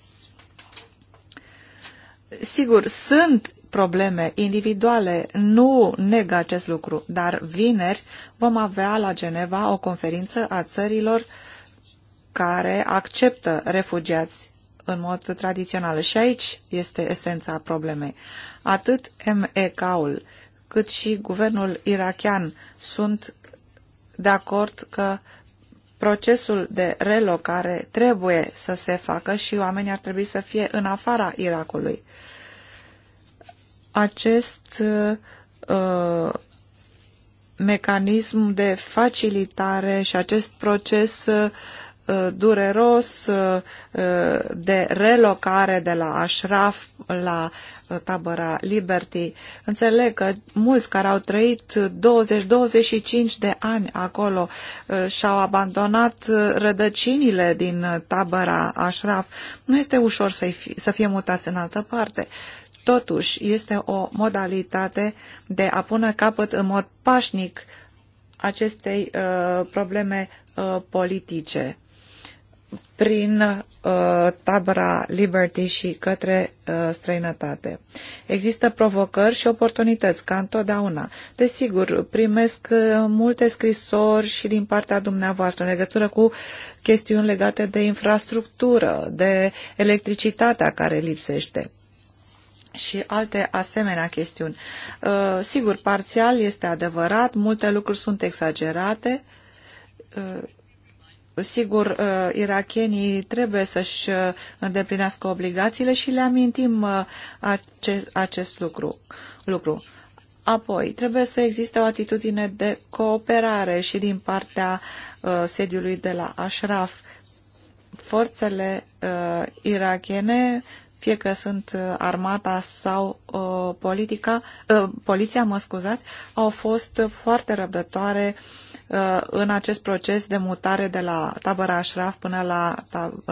Sigur, sunt probleme individuale, nu neg acest lucru, dar vineri vom avea la Geneva o conferință a țărilor care acceptă refugiați în mod tradițional. Și aici este esența problemei. Atât MEK-ul cât și guvernul irachian sunt de acord că procesul de relocare trebuie să se facă și oamenii ar trebui să fie în afara Irakului. Acest uh, mecanism de facilitare și acest proces uh, dureros uh, uh, de relocare de la Ashraf la Uh, tabăra Liberty. Înțeleg că mulți care au trăit 20-25 de ani acolo uh, și-au abandonat uh, rădăcinile din tabăra Ashraf. Nu este ușor să, fi, să fie mutați în altă parte. Totuși, este o modalitate de a pune capăt în mod pașnic acestei uh, probleme uh, politice prin uh, tabăra Liberty și către uh, străinătate. Există provocări și oportunități, ca întotdeauna. Desigur, primesc uh, multe scrisori și din partea dumneavoastră în legătură cu chestiuni legate de infrastructură, de electricitatea care lipsește și alte asemenea chestiuni. Uh, sigur, parțial este adevărat, multe lucruri sunt exagerate, uh, Sigur, uh, irakienii trebuie să-și uh, îndeplinească obligațiile și le amintim uh, acest, lucru. lucru. Apoi, trebuie să existe o atitudine de cooperare și din partea sediului de la Ashraf. Forțele uh, fie că sunt armata sau politica, poliția, mă scuzați, au fost foarte răbdătoare Uh, în acest proces de mutare de la tabăra Ashraf până la,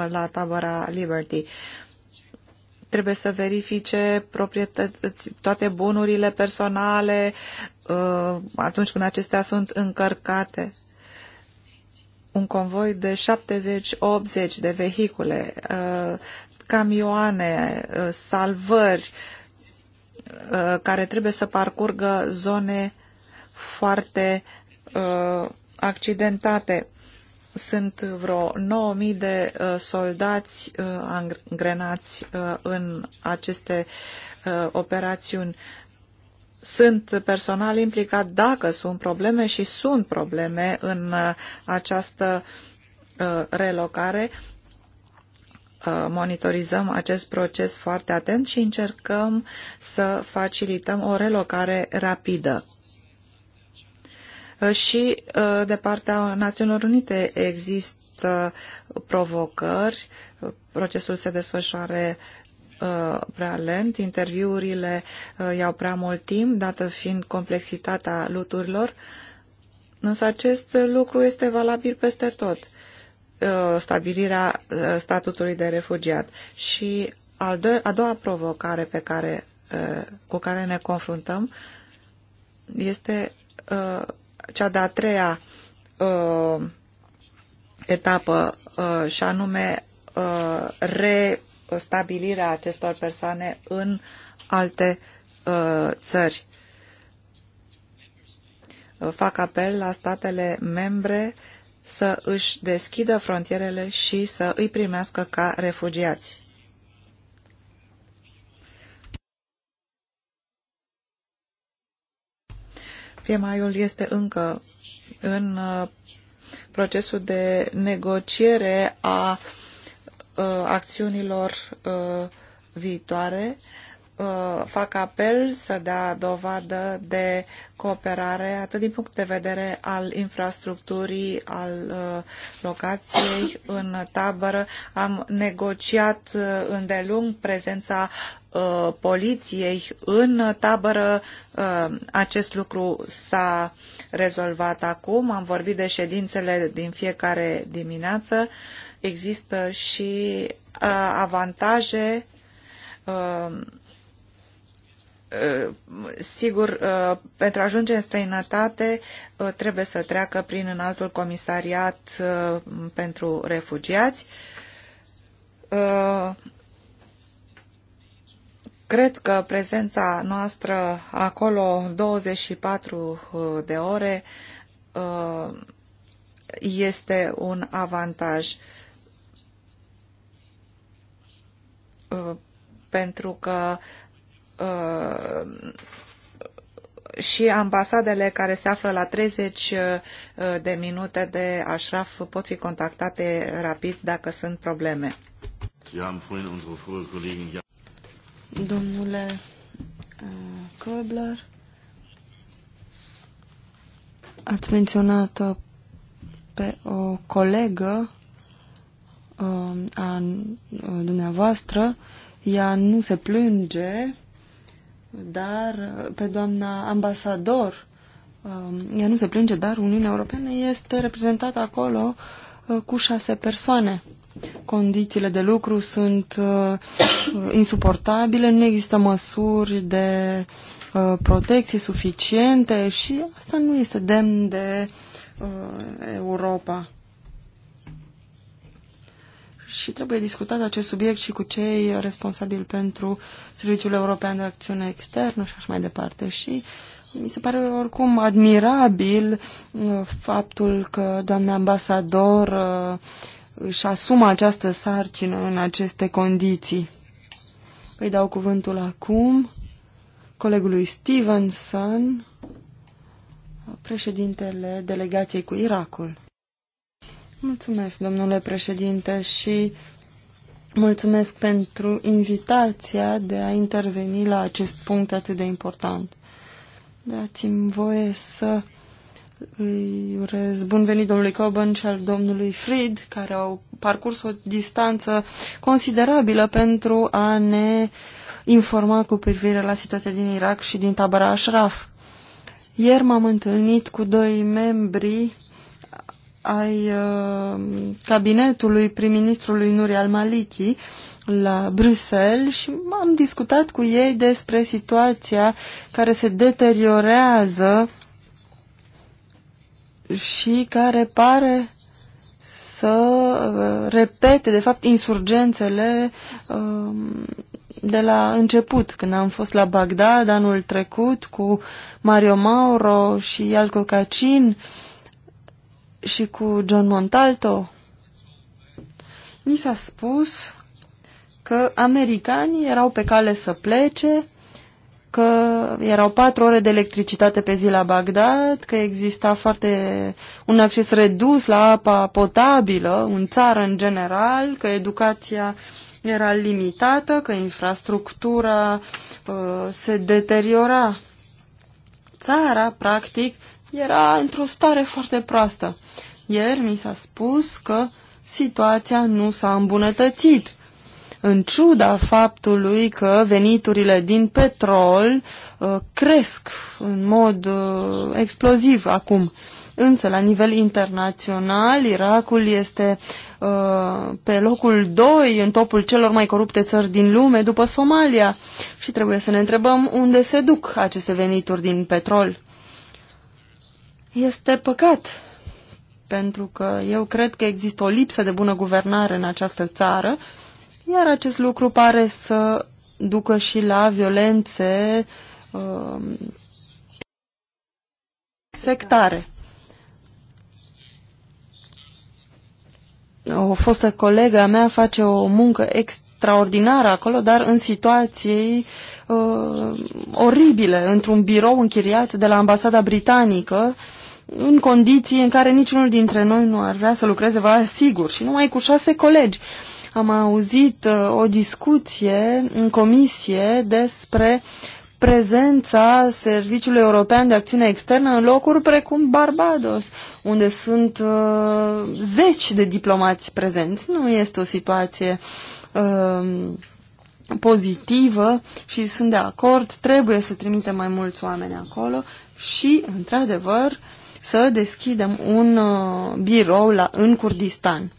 la tabăra Liberty trebuie să verifice proprietăți, toate bunurile personale uh, atunci când acestea sunt încărcate. Un convoi de 70-80 de vehicule, uh, camioane, salvări care trebuie să parcurgă zone foarte uh, accidentate. Sunt vreo 9.000 de uh, soldați uh, angrenați uh, în aceste uh, operațiuni. Sunt personal implicat dacă sunt probleme și sunt probleme în uh, această uh, relocare. Uh, monitorizăm acest proces foarte atent și încercăm să facilităm o relocare rapidă și uh, de partea Națiunilor Unite există provocări, procesul se desfășoare uh, prea lent, interviurile uh, iau prea mult timp, dată fiind complexitatea luturilor, însă acest lucru este valabil peste tot stabilirea statutului de refugiat. Și a doua provocare pe care, cu care ne confruntăm este cea de-a treia uh, etapă uh, și anume uh, restabilirea acestor persoane în alte uh, țări. Uh, fac apel la statele membre să își deschidă frontierele și să îi primească ca refugiați. PMI-ul este încă în uh, procesul de negociere a uh, acțiunilor uh, viitoare Uh, fac apel să dea dovadă de cooperare atât din punct de vedere al infrastructurii, al uh, locației în tabără. Am negociat uh, îndelung prezența poliției în tabără. Acest lucru s-a rezolvat acum. Am vorbit de ședințele din fiecare dimineață. Există și avantaje Sigur, uh, pentru a ajunge în străinătate uh, trebuie să treacă prin înaltul comisariat uh, pentru refugiați. Cred că prezența noastră acolo 24 de ore este un avantaj pentru că uh, Uh, și ambasadele care se află la 30 uh, de minute de Ashraf pot fi contactate rapid dacă sunt probleme. Domnule uh, Köbler, ați menționat pe o colegă a dumneavoastră, ea nu se plânge dar uh, pe doamna ambasador, um, ea nu se plânge, dar Uniunea Europeană este reprezentată acolo uh, cu șase persoane. Condițiile de lucru sunt uh, insuportabile, nu există măsuri de protecție suficiente și asta nu este demn de Europa și trebuie discutat acest subiect și cu cei responsabili pentru Serviciul European de Acțiune Externă și așa mai departe. Și mi se pare oricum admirabil uh, faptul că doamna ambasador uh, își asumă această sarcină în aceste condiții. Îi dau cuvântul acum colegului Stevenson, președintele delegației cu Irakul. Mulțumesc, domnule președinte, și mulțumesc pentru invitația de a interveni la acest punct atât de important. Dați-mi voie să îi urez bun venit domnului Coban și al domnului Fried, care au parcurs o distanță considerabilă pentru a ne informa cu privire la situația din Irak și din tabăra Ashraf. Ieri m-am întâlnit cu doi membri ai uh, cabinetului prim-ministrului Nuri al-Maliki la Bruxelles și am discutat cu ei despre situația care se deteriorează și care pare să uh, repete, de fapt, insurgențele uh, de la început, când am fost la Bagdad anul trecut cu Mario Mauro și Ialco Cacin, și cu John Montalto, ni s-a spus că americanii erau pe cale să plece, că erau patru ore de electricitate pe zi la Bagdad, că exista foarte un acces redus la apa potabilă în țară în general, că educația era limitată, că infrastructura uh, se deteriora. Țara, practic, era într-o stare foarte proastă. Ieri mi s-a spus că situația nu s-a îmbunătățit. În ciuda faptului că veniturile din petrol uh, cresc în mod uh, exploziv acum. Însă, la nivel internațional, Irakul este uh, pe locul 2 în topul celor mai corupte țări din lume, după Somalia. Și trebuie să ne întrebăm unde se duc aceste venituri din petrol. Este păcat, pentru că eu cred că există o lipsă de bună guvernare în această țară, iar acest lucru pare să ducă și la violențe uh, sectare. O fostă colega mea face o muncă extraordinară acolo, dar în situații uh, oribile, într-un birou închiriat de la ambasada britanică, uh, în condiții în care niciunul dintre noi nu ar vrea să lucreze, vă asigur, și numai cu șase colegi. Am auzit uh, o discuție în comisie despre prezența Serviciului European de Acțiune Externă în locuri precum Barbados, unde sunt uh, zeci de diplomați prezenți. Nu este o situație uh, pozitivă și sunt de acord, trebuie să trimitem mai mulți oameni acolo și, într-adevăr, uh, să deschidem un uh, birou la, în Kurdistan.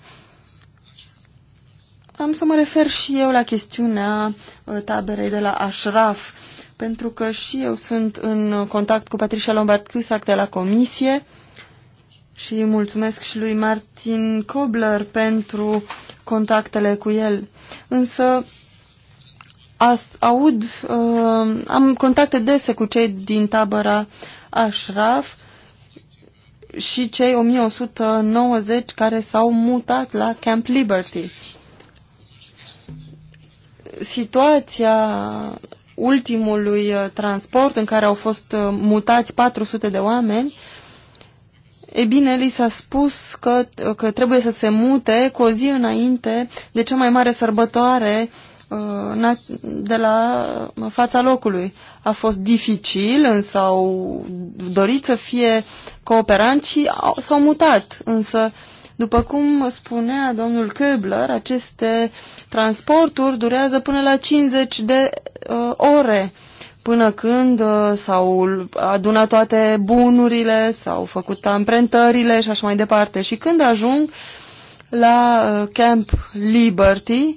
Am să mă refer și eu la chestiunea uh, taberei de la Ashraf, pentru că și eu sunt în contact cu Patricia Lombard-Cusac de la Comisie și mulțumesc și lui Martin Kobler pentru contactele cu el. Însă as, aud, uh, am contacte dese cu cei din tabăra Ashraf și cei 1190 care s-au mutat la Camp Liberty. Situația ultimului uh, transport în care au fost uh, mutați 400 de oameni, e bine, li s-a spus că, uh, că trebuie să se mute cu o zi înainte de cea mai mare sărbătoare uh, Uh, de la fața locului. A fost dificil, însă au dorit să fie cooperanți și s-au mutat. Însă, după cum spunea domnul Köbler, aceste transporturi durează până la 50 de uh, ore până când uh, s-au adunat toate bunurile, s-au făcut amprentările și așa mai departe. Și când ajung la uh, Camp Liberty, uh,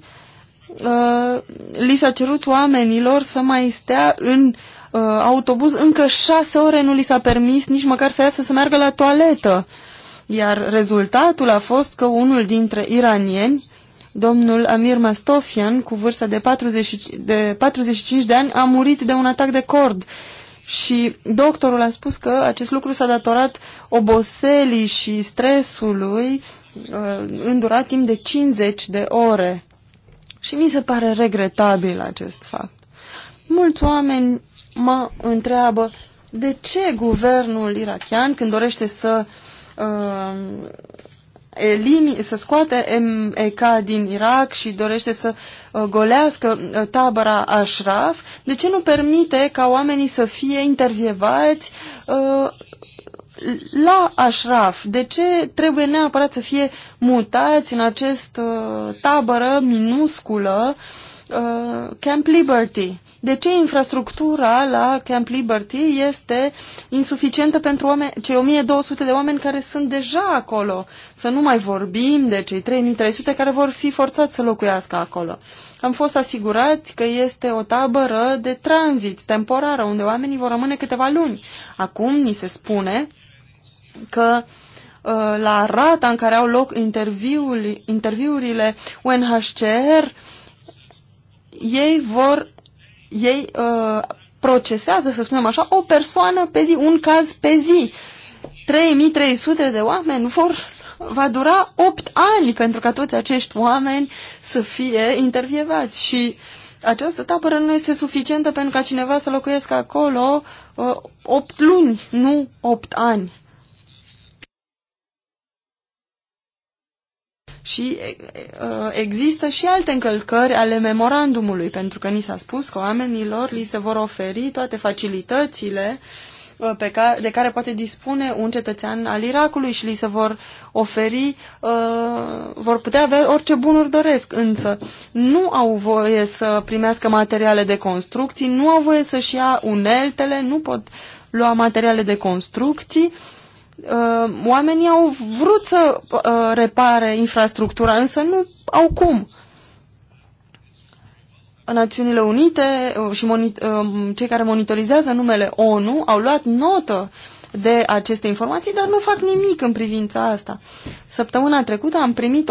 Uh, li s-a cerut oamenilor să mai stea în uh, autobuz încă șase ore, nu li s-a permis nici măcar să iasă să meargă la toaletă. Iar rezultatul a fost că unul dintre iranieni, domnul Amir Mastofian, cu vârsta de de 45 de ani, a murit de un atac de cord. Și doctorul a spus că acest lucru s-a datorat oboselii și stresului uh, îndurat timp de 50 de ore. Și mi se pare regretabil acest fapt. Mulți oameni mă întreabă de ce guvernul irachian, când dorește să uh, elimi, să scoate MEK din Irak și dorește să uh, golească uh, tabăra Ashraf, de ce nu permite ca oamenii să fie intervievați uh, la Ashraf, de ce trebuie neapărat să fie mutați în acest uh, tabără minusculă uh, Camp Liberty? De ce infrastructura la Camp Liberty este insuficientă pentru oameni, cei 1200 de oameni care sunt deja acolo? Să nu mai vorbim de cei 3300 care vor fi forțați să locuiască acolo. Am fost asigurați că este o tabără de tranzit temporară, unde oamenii vor rămâne câteva luni. Acum ni se spune că uh, la rata în care au loc interviurile UNHCR, ei vor, ei uh, procesează, să spunem așa, o persoană pe zi, un caz pe zi. 3300 de oameni vor, va dura 8 ani pentru ca toți acești oameni să fie intervievați și această tabără nu este suficientă pentru ca cineva să locuiască acolo uh, 8 luni, nu 8 ani. Și uh, există și alte încălcări ale memorandumului, pentru că ni s-a spus că oamenilor li se vor oferi toate facilitățile uh, pe care, de care poate dispune un cetățean al Irakului și li se vor oferi, uh, vor putea avea orice bunuri doresc, însă nu au voie să primească materiale de construcții, nu au voie să-și ia uneltele, nu pot lua materiale de construcții, uh, oamenii au vrut să uh, repare infrastructura, însă nu au cum. Națiunile Unite uh, și uh, cei care monitorizează numele ONU au luat notă de aceste informații, dar nu fac nimic în privința asta. Săptămâna trecută am primit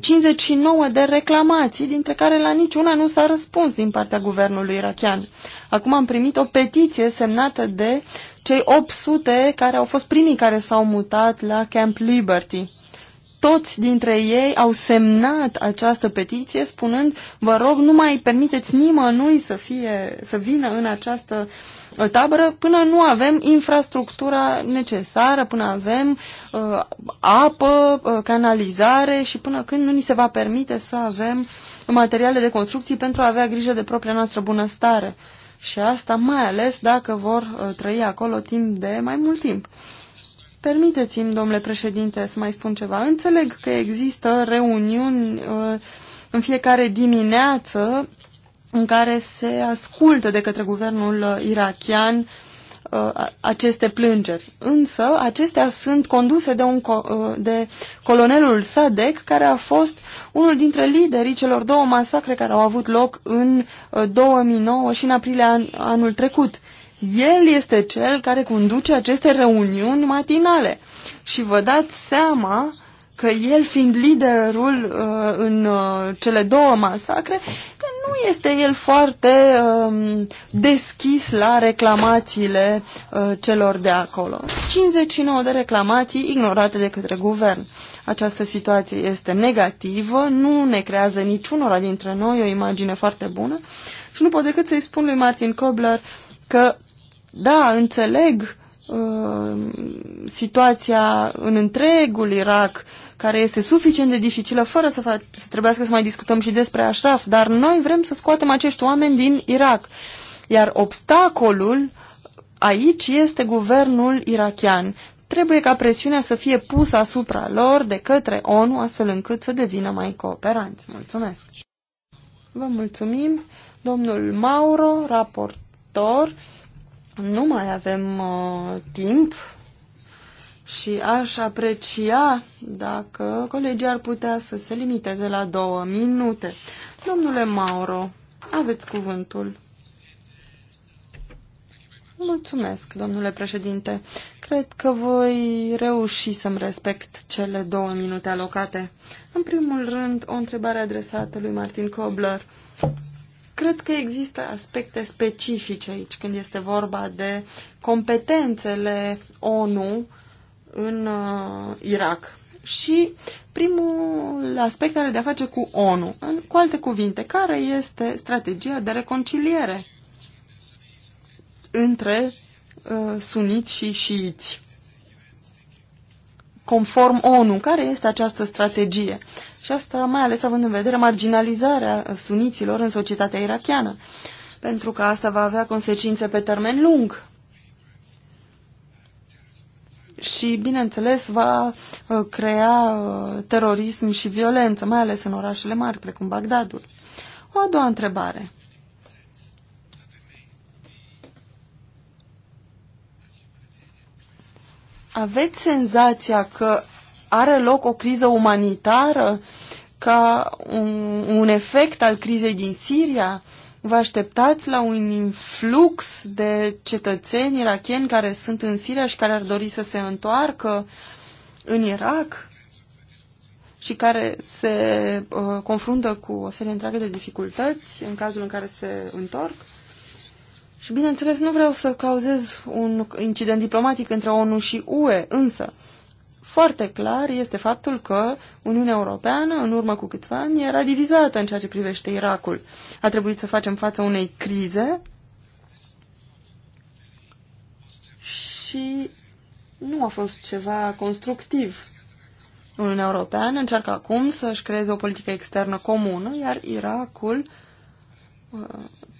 59 de reclamații, dintre care la niciuna nu s-a răspuns din partea guvernului irachian. Acum am primit o petiție semnată de cei 800 care au fost primii care s-au mutat la Camp Liberty. Toți dintre ei au semnat această petiție spunând, vă rog, nu mai permiteți nimănui să, fie, să vină în această uh, tabără până nu avem infrastructura necesară, până avem uh, apă, uh, canalizare și până când nu ni se va permite să avem materiale de construcții pentru a avea grijă de propria noastră bunăstare. Uh, și asta mai ales dacă vor uh, trăi acolo timp de mai mult timp. Permiteți-mi, domnule președinte, să mai spun ceva. Înțeleg că există reuniuni uh, în fiecare dimineață în care se ascultă de către guvernul irachian Uh, aceste plângeri. Însă, acestea sunt conduse de, un co- uh, de colonelul Sadek, care a fost unul dintre liderii celor două masacre care au avut loc în 2009 uh, și în aprilie an- anul trecut. El este cel care conduce aceste reuniuni matinale. Și vă dați seama uh, că el fiind liderul uh, în uh, cele două masacre, că nu este el foarte uh, deschis la reclamațiile uh, celor de acolo. 59 de reclamații ignorate de către guvern. Această situație este negativă, nu ne creează niciunora dintre noi o imagine foarte bună și nu pot decât să-i spun lui Martin Kobler că, da, înțeleg Uh, situația în întregul Irak, care este suficient de dificilă, fără să, fa- să trebuiască să mai discutăm și despre Ashraf, dar noi vrem să scoatem acești oameni din Irak. Iar obstacolul aici este guvernul irachian. Trebuie ca presiunea să fie pusă asupra lor de către ONU, astfel încât să devină mai cooperanți. Mulțumesc! Vă mulțumim, domnul Mauro, raportor nu mai avem uh, timp și aș aprecia dacă colegii ar putea să se limiteze la două minute. Domnule Mauro, aveți cuvântul. Mulțumesc, domnule președinte. Cred că voi reuși să-mi respect cele două minute alocate. În primul rând, o întrebare adresată lui Martin Kobler. Cred că există aspecte specifice aici când este vorba de competențele ONU în uh, Irak. Și primul aspect are de a face cu ONU. În, cu alte cuvinte, care este strategia de reconciliere între uh, suniți și șiiți? Conform ONU, care este această strategie? Și asta mai ales având în vedere marginalizarea suniților în societatea irachiană, pentru că asta va avea consecințe pe termen lung. Și, bineînțeles, va uh, crea uh, terorism și violență, mai ales în orașele mari, precum Bagdadul. O a doua întrebare. Aveți senzația că are loc o criză umanitară ca un, un efect al crizei din Siria? Vă așteptați la un influx de cetățeni iracheni care sunt în Siria și care ar dori să se întoarcă în Irak și care se uh, confruntă cu o serie întreagă de dificultăți în cazul în care se întorc? Și bineînțeles, nu vreau să cauzez un incident diplomatic între ONU și UE, însă foarte clar este faptul că Uniunea Europeană, în urmă cu câțiva ani, era divizată în ceea ce privește Irakul. A trebuit să facem față unei crize și nu a fost ceva constructiv. Uniunea Europeană încearcă acum să-și creeze o politică externă comună, iar Irakul uh,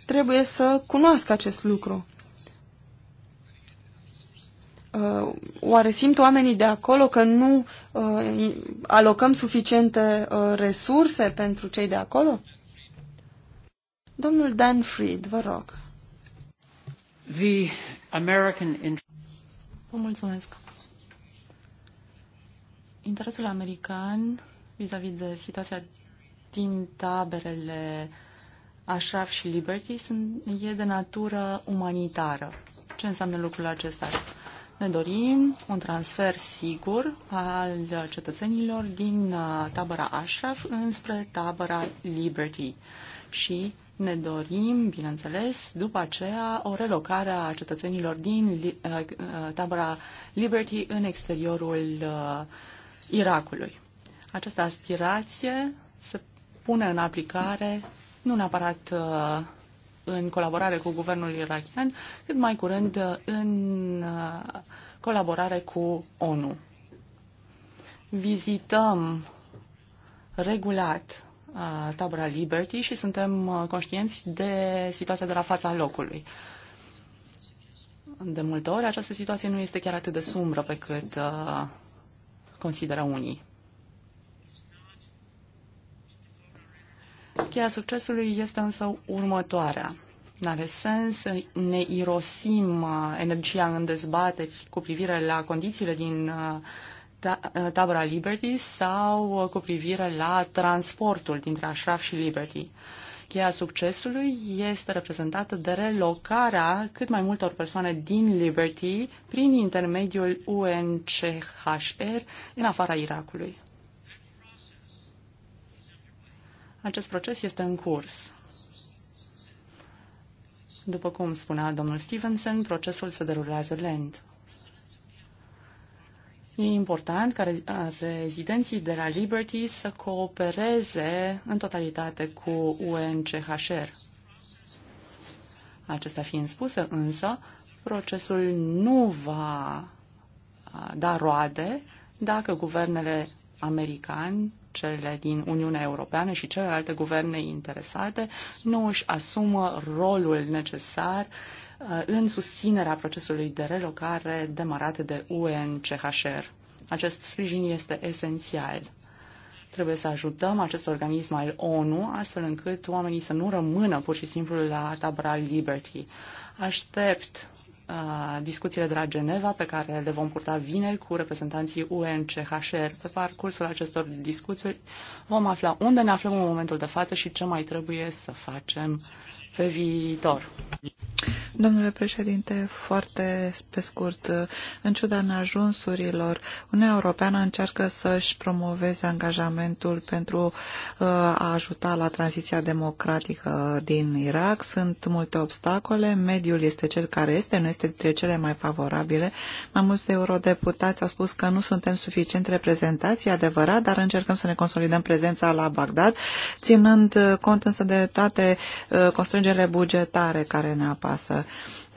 trebuie să cunoască acest lucru. Uh, oare simt oamenii de acolo că nu uh, alocăm suficiente uh, resurse pentru cei de acolo? Domnul Dan Fried, vă rog. The American Vă mulțumesc. Interesul american vis-a-vis -vis de situația din taberele Ashraf și Liberty sunt, e de natură umanitară. Ce înseamnă lucrul acesta? Ne dorim un transfer sigur al cetățenilor din uh, tabăra Ashraf înspre tabăra Liberty și ne dorim, bineînțeles, după aceea o relocare a cetățenilor din uh, uh, tabăra Liberty în exteriorul Irakului. Această aspirație se pune în aplicare nu neapărat în colaborare cu guvernul irakian, cât mai curând în uh, colaborare cu ONU. Vizităm regulat uh, tabăra Liberty și suntem uh, conștienți de situația de la fața locului. De multe ori, această situație nu este chiar atât de sumbră pe cât uh, consideră unii. Cheia succesului este însă următoarea. N-are sens să ne irosim uh, energia în dezbateri cu privire la condițiile din uh, uh, tabăra Liberty sau cu privire la transportul dintre Ashraf și Liberty. Cheia succesului este reprezentată de relocarea cât mai multor persoane din Liberty prin intermediul UNCHR în afara Irakului. Acest proces este în curs. După cum spunea domnul Stevenson, procesul se derulează lent. E important ca rezidenții de la Liberty să coopereze în totalitate cu UNCHR. Acesta fiind spusă, însă, procesul nu va da roade dacă guvernele american, cele din Uniunea Europeană și celelalte guverne interesate nu își asumă rolul necesar uh, în susținerea procesului de relocare demarat de UNCHR. Acest sprijin este esențial. Trebuie să ajutăm acest organism al ONU astfel încât oamenii să nu rămână pur și simplu la tabra Liberty. Aștept Uh, discuțiile de la Geneva pe care le vom purta vineri cu reprezentanții UNCHR. Pe parcursul acestor discuții vom afla unde ne aflăm în momentul de față și ce mai trebuie să facem pe viitor. Domnule președinte, foarte pe scurt, în ciuda neajunsurilor, Uniunea Europeană încearcă să-și promoveze angajamentul pentru uh, a ajuta la tranziția democratică din Irak. Sunt multe obstacole, mediul este cel care este, nu este dintre cele mai favorabile. Mai mulți eurodeputați au spus că nu suntem suficient reprezentați, e adevărat, dar încercăm să ne consolidăm prezența la Bagdad, ținând uh, cont însă de toate uh, constrângerile bugetare care ne apar pasă.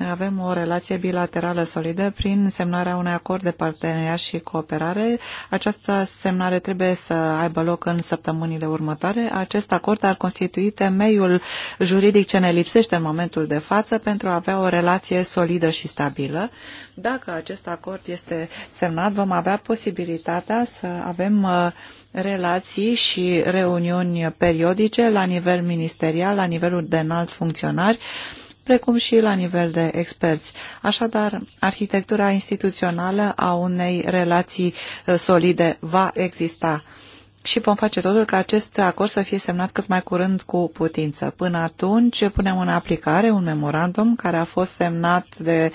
Avem o relație bilaterală solidă prin semnarea unui acord de parteneriat și cooperare. Această semnare trebuie să aibă loc în săptămânile următoare. Acest acord ar constitui temeiul juridic ce ne lipsește în momentul de față pentru a avea o relație solidă și stabilă. Dacă acest acord este semnat, vom avea posibilitatea să avem uh, relații și reuniuni periodice la nivel ministerial, la nivelul de înalt funcționari, uh, precum și la nivel de experți. Așadar, arhitectura instituțională a unei relații uh, solide va exista și vom face totul ca acest acord să fie semnat cât mai curând cu putință. Până atunci punem în aplicare un memorandum care a fost semnat de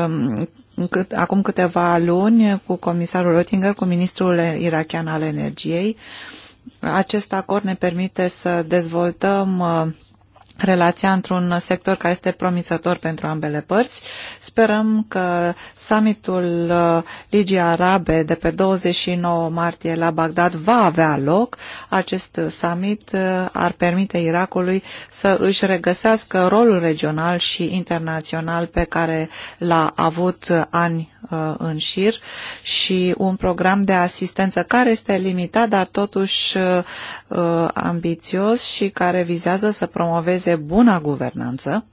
um, cât, acum câteva luni cu comisarul Oettinger, cu ministrul irachian al energiei. Acest acord ne permite să dezvoltăm uh, relația într-un sector care este promițător pentru ambele părți. Sperăm că summitul uh, Ligii Arabe de pe 29 martie la Bagdad va avea loc. Acest summit uh, ar permite Irakului să își regăsească rolul regional și internațional pe care l-a avut uh, ani Uh, în șir și un program de asistență care este limitat, dar totuși uh, ambițios și care vizează să promoveze buna guvernanță,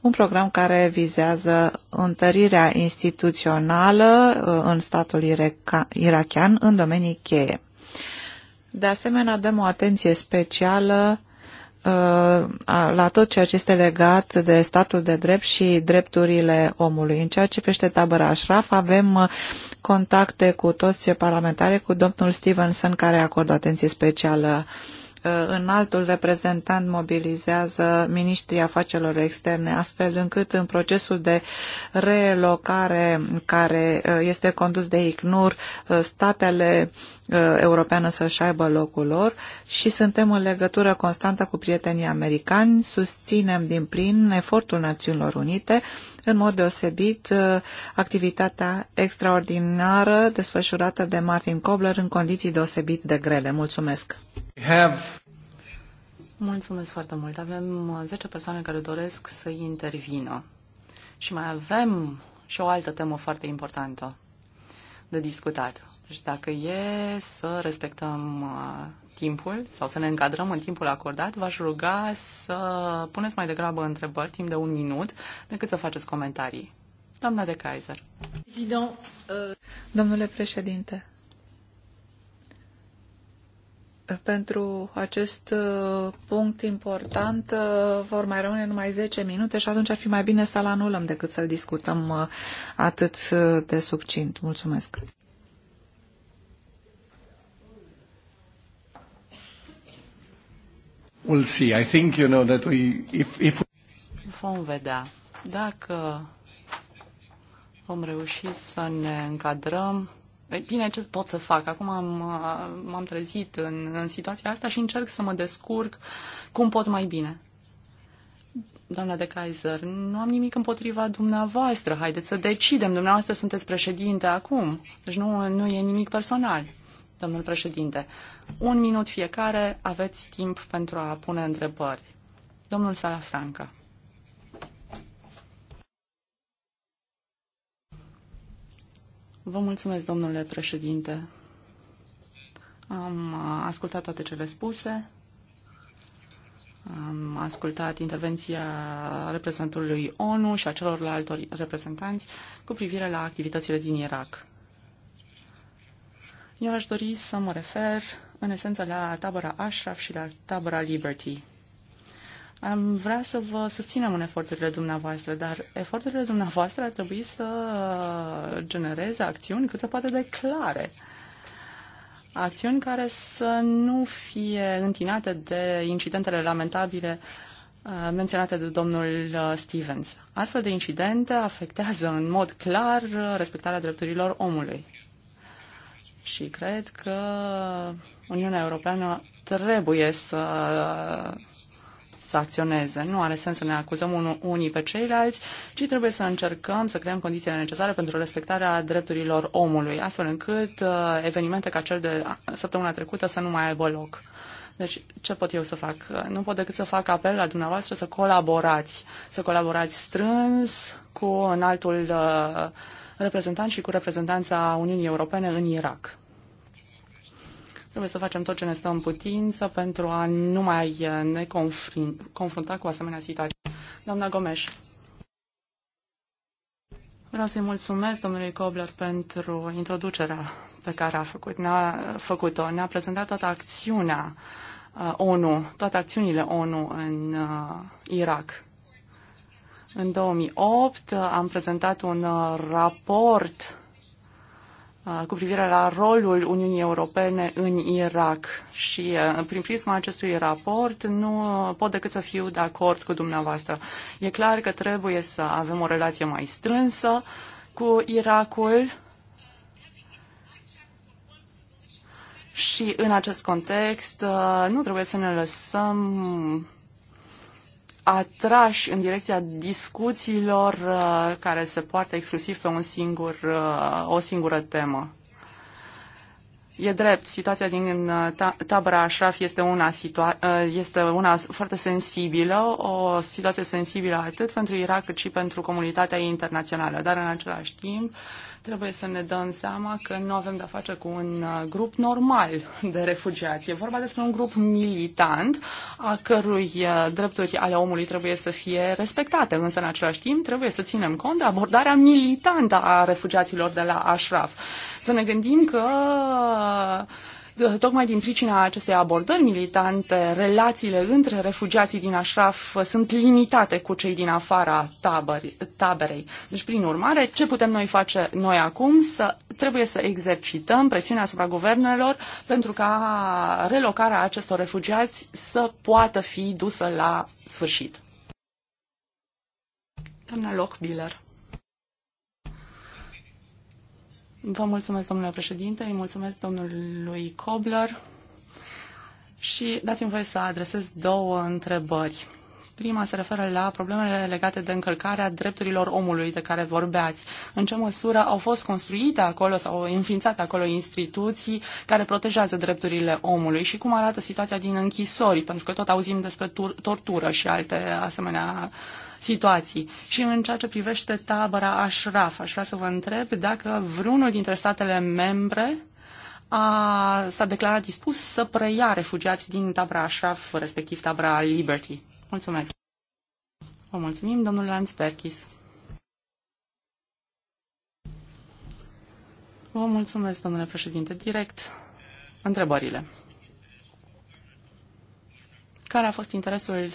un program care vizează întărirea instituțională uh, în statul irachian în domenii cheie. De asemenea, dăm o atenție specială la tot ceea ce este legat de statul de drept și drepturile omului. În ceea ce privește tabăra Ashraf, avem uh, contacte cu toți parlamentare, cu domnul Stevenson, care acordă atenție specială uh, altul reprezentant mobilizează ministrii afacerilor externe, astfel încât în procesul de relocare care uh, este condus de ICNUR, statele Uh, europeană să-și aibă locul lor și suntem în legătură constantă cu prietenii americani, susținem din plin efortul Națiunilor Unite, în mod deosebit uh, activitatea extraordinară desfășurată de Martin Kobler în condiții deosebit de grele. Mulțumesc! Have... Mulțumesc foarte mult. Avem 10 uh, persoane care doresc să intervină. Și mai avem și o altă temă foarte importantă de discutat. Deci dacă e să respectăm uh, timpul sau să ne încadrăm în timpul acordat, v-aș ruga să puneți mai degrabă întrebări timp de un minut decât să faceți comentarii. Doamna de Kaiser. Domnule președinte, pentru acest uh, punct important uh, vor mai rămâne numai 10 minute și atunci ar fi mai bine să-l anulăm decât să-l discutăm atât de succint. Mulțumesc. We'll see. I think, you know, that we, if, if... Vom vedea. Dacă vom reuși să ne încadrăm Bine, ce pot să fac? Acum am, m-am trezit în, în situația asta și încerc să mă descurc cum pot mai bine. Doamna de Kaiser, nu am nimic împotriva dumneavoastră. Haideți să decidem. Dumneavoastră sunteți președinte acum. Deci nu, nu e nimic personal domnul președinte. Un minut fiecare, aveți timp pentru a pune întrebări. Domnul Salafranca. Vă mulțumesc, domnule președinte. Am uh, ascultat toate cele spuse. Am ascultat intervenția reprezentantului ONU și a celorlalți reprezentanți cu privire la activitățile din Irak. Eu aș dori să mă refer în esență la tabăra Ashraf și la tabăra Liberty. Am vrea să vă susținem în eforturile dumneavoastră, dar eforturile dumneavoastră ar trebui să genereze acțiuni cât se poate de clare. Acțiuni care să nu fie întinate de incidentele lamentabile uh, menționate de domnul uh, Stevens. Astfel de incidente afectează în mod clar uh, respectarea drepturilor omului. Și cred că Uniunea Europeană trebuie să, să acționeze. Nu are sens să ne acuzăm unii pe ceilalți, ci trebuie să încercăm să creăm condițiile necesare pentru respectarea drepturilor omului, astfel încât uh, evenimente ca cel de săptămâna trecută să nu mai aibă loc. Deci, ce pot eu să fac? Nu pot decât să fac apel la dumneavoastră să colaborați, să colaborați strâns cu înaltul uh, reprezentant și cu reprezentanța Uniunii Europene în Irak. Trebuie să facem tot ce ne stă în putință pentru a nu mai ne confrunta cu asemenea situații. Doamna Gomes. Vreau să-i mulțumesc domnului Cobler pentru introducerea pe care a făcut, ne-a făcut-o. Ne-a prezentat toată acțiunea uh, ONU, toate acțiunile ONU în uh, Irak. În 2008 uh, am prezentat un uh, raport uh, cu privire la rolul Uniunii Europene în Irak și prin prisma acestui raport nu pot decât să fiu de acord cu dumneavoastră. E clar că trebuie să avem o relație mai strânsă cu Irakul și în acest context nu trebuie să ne lăsăm atrași în direcția discuțiilor uh, care se poartă exclusiv pe un singur, uh, o singură temă. E drept, situația din uh, tabăra Ashraf este una, situa- este una foarte sensibilă, o situație sensibilă atât pentru Irak cât și pentru comunitatea internațională, dar în același timp uh, Trebuie să ne dăm seama că nu avem de-a face cu un uh, grup normal de refugiați. E vorba despre un grup militant a cărui uh, drepturi ale omului trebuie să fie respectate, însă în același timp trebuie să ținem cont de abordarea militantă a refugiaților de la Ashraf. Să ne gândim că uh, Tocmai din pricina acestei abordări militante, relațiile între refugiații din Ashraf sunt limitate cu cei din afara tabări, taberei. Deci, prin urmare, ce putem noi face noi acum? Să, trebuie să exercităm presiunea asupra guvernelor pentru ca relocarea acestor refugiați să poată fi dusă la sfârșit. Doamna Lochbiller. Vă mulțumesc, domnule președinte, îi mulțumesc domnului Cobler și dați-mi voie să adresez două întrebări. Prima se referă la problemele legate de încălcarea drepturilor omului de care vorbeați. În ce măsură au fost construite acolo sau înființate acolo instituții care protejează drepturile omului și cum arată situația din închisori, pentru că tot auzim despre tortură și alte asemenea uh, situații. Și în ceea ce privește tabăra Ashraf, aș vrea să vă întreb dacă vreunul dintre statele membre a, s-a declarat dispus să preia refugiații din tabra Ashraf, respectiv tabra Liberty. Mulțumesc. Vă mulțumim, domnul Lanzbergis. Vă mulțumesc, domnule președinte. Direct întrebările. Care a fost interesul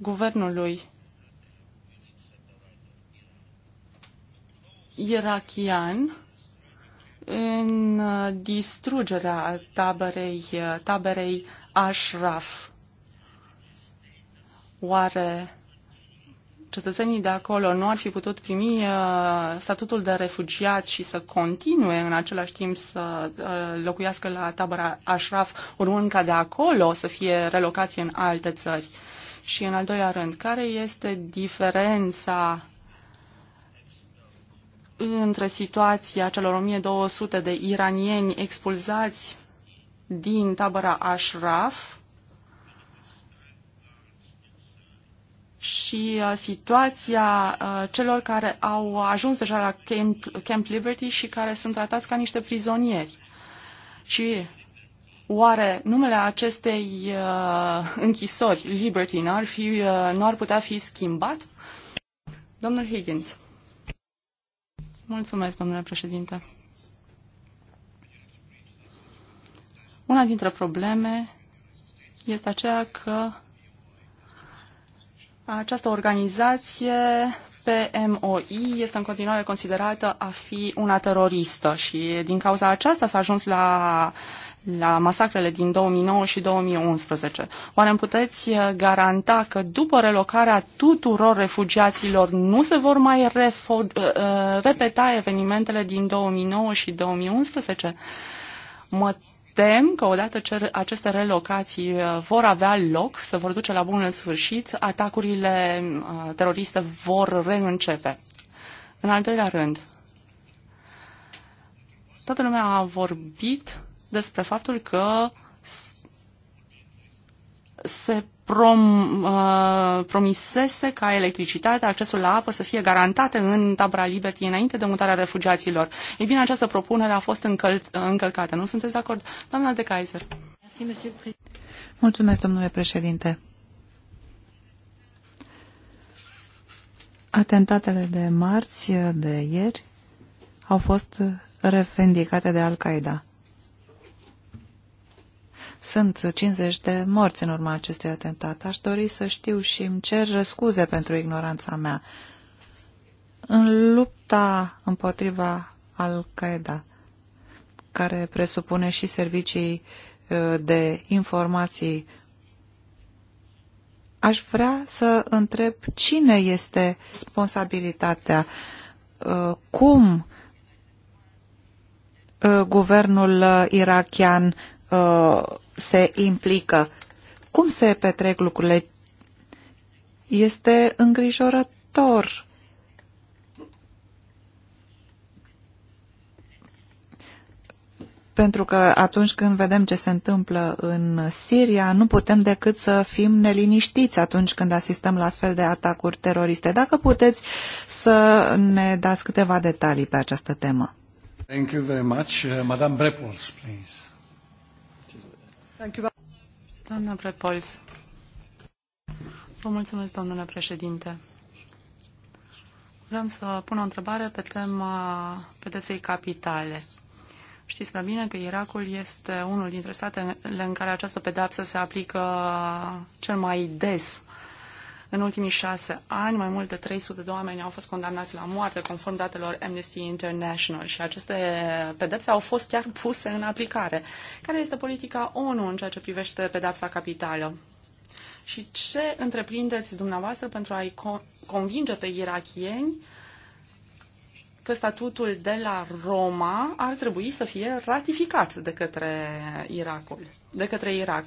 guvernului irachian în distrugerea taberei, taberei Ashraf. Oare cetățenii de acolo nu ar fi putut primi uh, statutul de refugiat și să continue în același timp să uh, locuiască la tabăra Ashraf, urmând ca de acolo să fie relocați în alte țări? Și în al doilea rând, care este diferența între situația celor 1200 de iranieni expulzați din tabăra Ashraf și uh, situația uh, celor care au ajuns deja la Camp, Camp Liberty și care sunt tratați ca niște prizonieri. Și Oare numele acestei uh, închisori, Liberty, n-ar, fi, uh, n-ar putea fi schimbat? Domnul Higgins. Mulțumesc, domnule președinte. Una dintre probleme este aceea că această organizație PMOI este în continuare considerată a fi una teroristă și din cauza aceasta s-a ajuns la uh, la masacrele din 2009 și 2011. Oare îmi puteți uh, garanta că după relocarea tuturor refugiaților nu se vor mai uh, uh, repeta evenimentele din 2009 și 2011? Mă tem că odată ce aceste relocații vor avea loc, se vor duce la bun sfârșit, atacurile teroriste vor reîncepe. În al doilea rând, toată lumea a vorbit despre faptul că se prom, uh, promisese ca electricitatea, accesul la apă să fie garantate în tabra Liberty înainte de mutarea refugiaților. Ei bine, această propunere a fost încăl- încălcată. Nu sunteți de acord? Doamna de Kaiser. Mulțumesc, domnule președinte. Atentatele de marți, de ieri, au fost revendicate de Al-Qaeda. Sunt 50 de morți în urma acestui atentat. Aș dori să știu și îmi cer scuze pentru ignoranța mea. În lupta împotriva Al-Qaeda, care presupune și servicii uh, de informații, aș vrea să întreb cine este responsabilitatea, uh, cum uh, guvernul irachian se implică. Cum se petrec lucrurile? Este îngrijorător. Pentru că atunci când vedem ce se întâmplă în Siria, nu putem decât să fim neliniștiți atunci când asistăm la astfel de atacuri teroriste. Dacă puteți să ne dați câteva detalii pe această temă. Thank you very much. Uh, Madame Brepols, please mulțumesc, președinte. Vreau să pun o întrebare pe tema pedeței capitale. Știți prea bine că Irakul este unul dintre statele în care această pedeapsă se aplică cel mai des în ultimii șase ani, mai mult de 300 de oameni au fost condamnați la moarte, conform datelor Amnesty International, și aceste pedepse au fost chiar puse în aplicare. Care este politica ONU în ceea ce privește pedepsa capitală? Și ce întreprindeți dumneavoastră pentru a-i convinge pe irachieni că statutul de la Roma ar trebui să fie ratificat de către Irakul, de către Irak?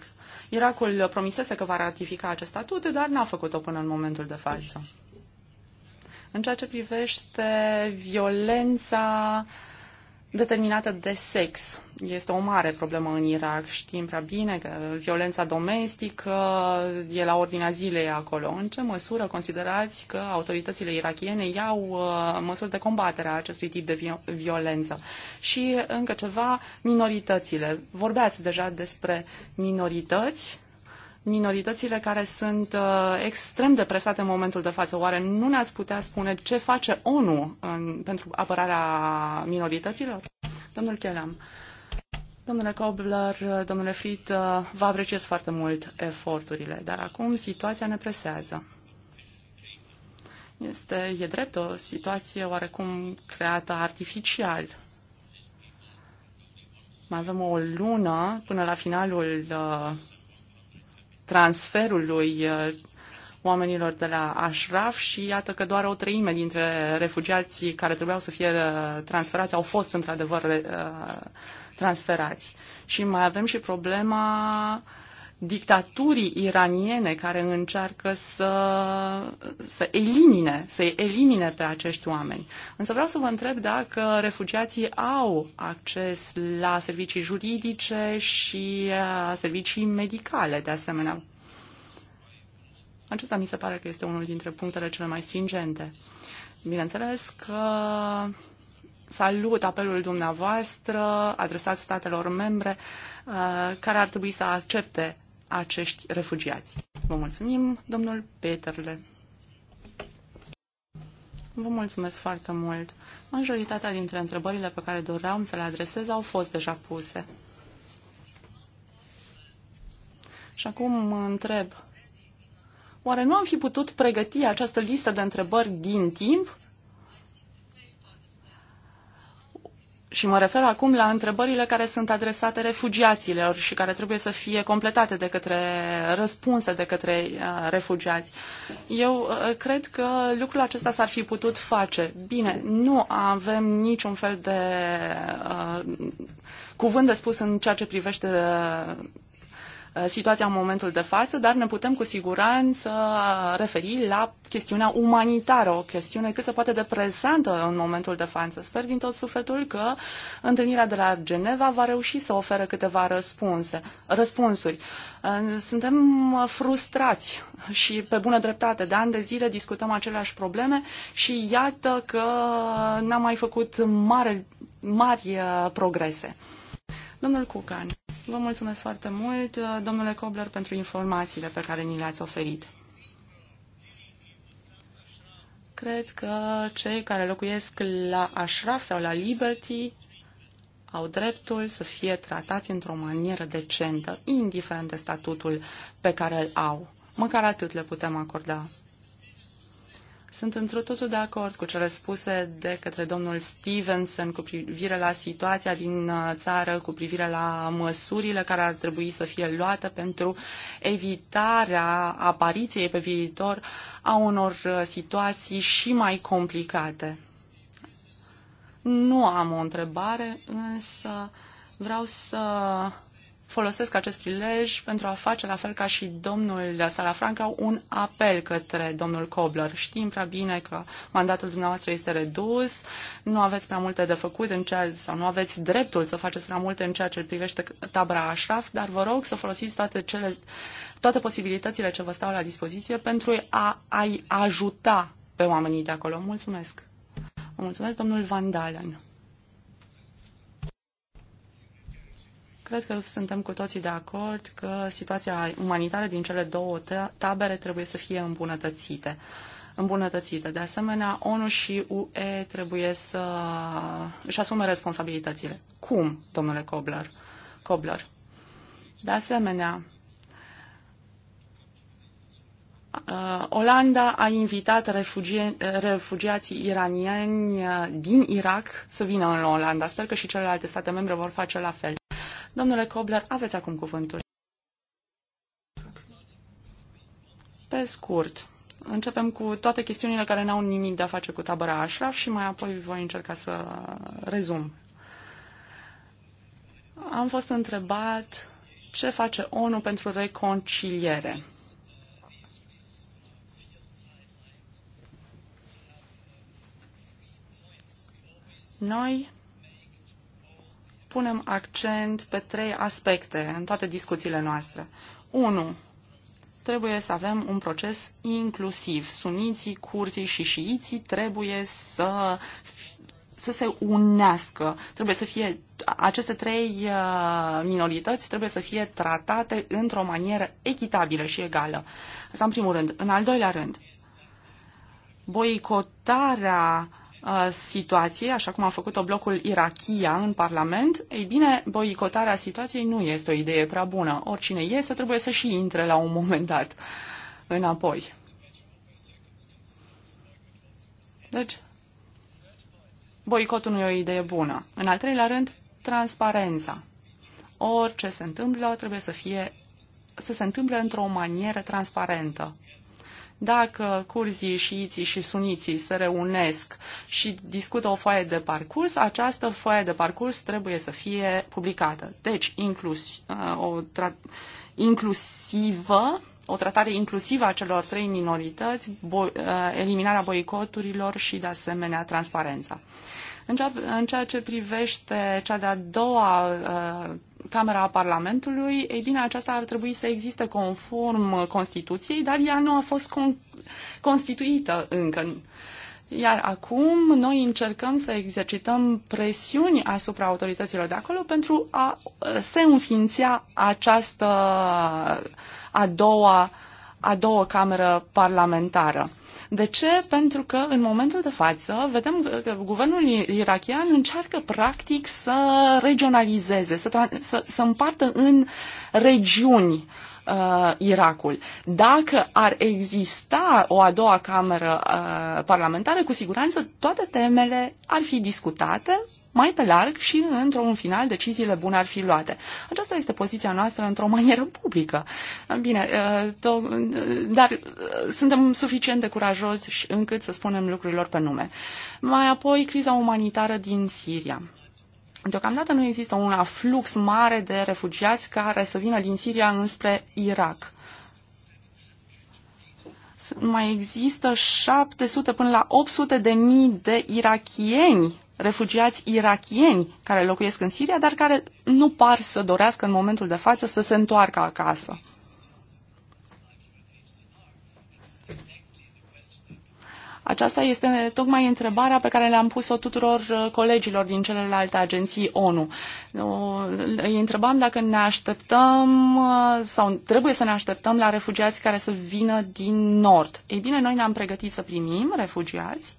Irakul promisese că va ratifica acest statut, dar n-a făcut-o până în momentul de față. În ceea ce privește violența uh, determinată de sex. Este o mare problemă în Irak. Știm prea bine că violența domestică e la ordinea zilei acolo. În ce măsură considerați că autoritățile irakiene iau uh, măsuri de combatere a acestui tip de violență? Și încă ceva, minoritățile. Vorbeați deja despre minorități minoritățile care sunt uh, extrem de presate în momentul de față. Oare nu ne-ați putea spune ce face ONU în, pentru apărarea minorităților? Domnul Chelam. Domnule Cobler, domnule Frit, uh, vă apreciez foarte mult eforturile, dar acum situația ne presează. Este, e drept o situație oarecum creată artificial. Mai avem o lună până la finalul uh, transferului uh, oamenilor de la Ashraf și iată că doar o treime dintre refugiații care trebuiau să fie uh, transferați au fost într-adevăr uh, transferați. Și mai avem și problema dictaturii iraniene care încearcă să, să elimine, să elimine pe acești oameni. Însă vreau să vă întreb dacă refugiații au acces la servicii juridice și uh, servicii medicale de asemenea. Acesta mi se pare că este unul dintre punctele cele mai stringente. Bineînțeles că salut apelul dumneavoastră adresat statelor membre uh, care ar trebui să accepte acești refugiați. Vă mulțumim, domnul Peterle. Vă mulțumesc foarte mult. Majoritatea dintre întrebările pe care doream să le adresez au fost deja puse. Și acum mă întreb, oare nu am fi putut pregăti această listă de întrebări din timp Și mă refer acum la întrebările care sunt adresate refugiaților și care trebuie să fie completate de către răspunse de către uh, refugiați. Eu uh, cred că lucrul acesta s-ar fi putut face. Bine, nu avem niciun fel de uh, cuvânt de spus în ceea ce privește uh, Uh, situația în momentul de față, dar ne putem cu siguranță referi la chestiunea umanitară, o chestiune cât se poate de presantă în momentul de față. Sper din tot sufletul că întâlnirea de la Geneva va reuși să ofere câteva răspunse, răspunsuri. Uh, suntem frustrați și pe bună dreptate. De ani de zile discutăm aceleași probleme și iată că n-am mai făcut mare, mari uh, progrese. Domnul Cucan, vă mulțumesc foarte mult, domnule Cobler, pentru informațiile pe care ni le-ați oferit. Cred că cei care locuiesc la Ashraf sau la Liberty au dreptul să fie tratați într-o manieră decentă, indiferent de statutul pe care îl au. Măcar atât le putem acorda. Sunt într totul de acord cu cele spuse de către domnul Stevenson cu privire la situația din uh, țară, cu privire la măsurile care ar trebui să fie luate pentru evitarea apariției pe viitor a unor uh, situații și mai complicate. Nu am o întrebare, însă vreau să folosesc acest prilej pentru a face, la fel ca și domnul Salafranca, un apel către domnul Cobler. Știm prea bine că mandatul dumneavoastră este redus, nu aveți prea multe de făcut în ceea, sau nu aveți dreptul să faceți prea multe în ceea ce privește tabra Ashraf, dar vă rog să folosiți toate cele toate posibilitățile ce vă stau la dispoziție pentru a, a ajuta pe oamenii de acolo. Mulțumesc! mulțumesc, domnul Van Dalen. Cred că suntem cu toții de acord că situația umanitară din cele două tabere trebuie să fie îmbunătățite. îmbunătățite. De asemenea, ONU și UE trebuie să își asume responsabilitățile. Cum, domnule Cobler? Cobler. De asemenea, uh, Olanda a invitat refugie, refugiații iranieni uh, din Irak să vină în Olanda. Sper că și celelalte state membre vor face la fel. Domnule Cobler, aveți acum cuvântul. Pe scurt, începem cu toate chestiunile care n-au nimic de a face cu tabăra Ashraf și mai apoi voi încerca să rezum. Am fost întrebat ce face ONU pentru reconciliere. Noi punem accent pe trei aspecte în toate discuțiile noastre. 1. Trebuie să avem un proces inclusiv. Suniții, curzii și șiiții trebuie să să se unească. Trebuie să fie aceste trei uh, minorități trebuie să fie tratate într-o manieră echitabilă și egală. Asta în primul rând. În al doilea rând, boicotarea uh, Uh, situației, așa cum a făcut-o blocul Irachia în Parlament, ei bine, boicotarea situației nu este o idee prea bună. Oricine iese trebuie să și intre la un moment dat înapoi. Deci, boicotul nu e o idee bună. În al treilea rând, transparența. Orice se întâmplă trebuie să fie să se întâmple într-o manieră transparentă. Dacă curzii, șiiții și suniții se reunesc și discută o foaie de parcurs, această foaie de parcurs trebuie să fie publicată. Deci, inclus, uh, o tra- inclusivă o tratare inclusivă a celor trei minorități, bo- uh, eliminarea boicoturilor și, de asemenea, transparența. În ceea, ce privește cea de-a doua uh, Camera a Parlamentului, ei bine, aceasta ar trebui să existe conform Constituției, dar ea nu a fost con- constituită încă. Iar acum noi încercăm să exercităm presiuni asupra autorităților de acolo pentru a se înființa această a doua uh, a doua cameră parlamentară. De ce? Pentru că în momentul de față vedem că guvernul irachian încearcă practic să regionalizeze, să, să, să împartă în regiuni uh, uh, Irakul. Dacă ar exista o a doua cameră uh, parlamentară, cu siguranță toate temele ar fi discutate mai pe larg și, într-un final, deciziile bune ar fi luate. Aceasta este poziția noastră într-o [LAUGHS] manieră publică. Bine, uh, to- dar uh, suntem suficient de curajoși încât să spunem lucrurilor pe nume. Mai apoi, criza umanitară din Siria. Deocamdată nu există un aflux mare de refugiați care să vină din Siria înspre Irak. Mai există 700 până la 800 de mii de irachieni, refugiați irachieni care locuiesc în Siria, dar care nu par să dorească în momentul de față să se întoarcă acasă. Aceasta este tocmai întrebarea pe care le-am pus-o tuturor uh, colegilor din celelalte agenții ONU. Îi întrebam dacă ne așteptăm uh, sau trebuie să ne așteptăm la refugiați care să vină din Nord. Ei bine, noi ne-am pregătit să primim refugiați,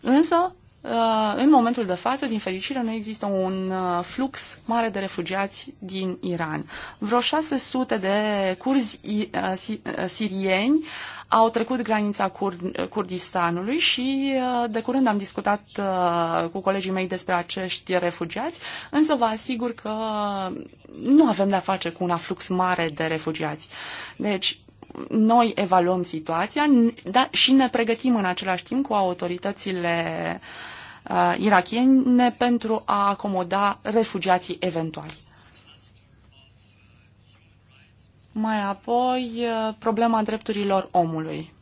însă uh, în momentul de față, din fericire, nu există un flux mare de refugiați din Iran. Vreo 600 de curzi sirieni au trecut granița Cur- Kurdistanului și uh, de curând am discutat uh, cu colegii mei despre acești refugiați, însă vă asigur că nu avem de-a face cu un aflux mare de refugiați. Deci, noi evaluăm situația da, și ne pregătim în același timp cu autoritățile uh, irachiene pentru a acomoda refugiații eventuali. Mai apoi, uh, problema drepturilor omului.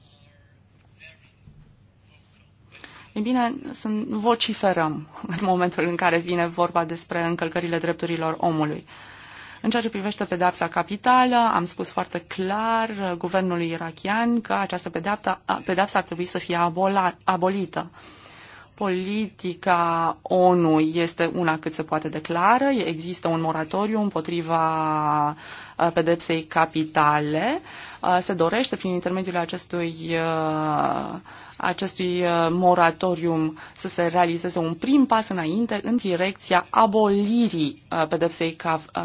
Ei bine, sunt, vociferăm [LAUGHS] în momentul în care vine vorba despre încălcările drepturilor omului. În ceea ce privește pedapsa capitală, am spus foarte clar uh, guvernului irachian că această pedapsă ar trebui să fie abola, abolită. Politica ONU este una cât se poate declară, există un moratoriu împotriva uh, Uh, pedepsei capitale. Uh, se dorește prin intermediul acestui, uh, acestui moratorium să se realizeze un prim pas înainte în direcția abolirii pedepsei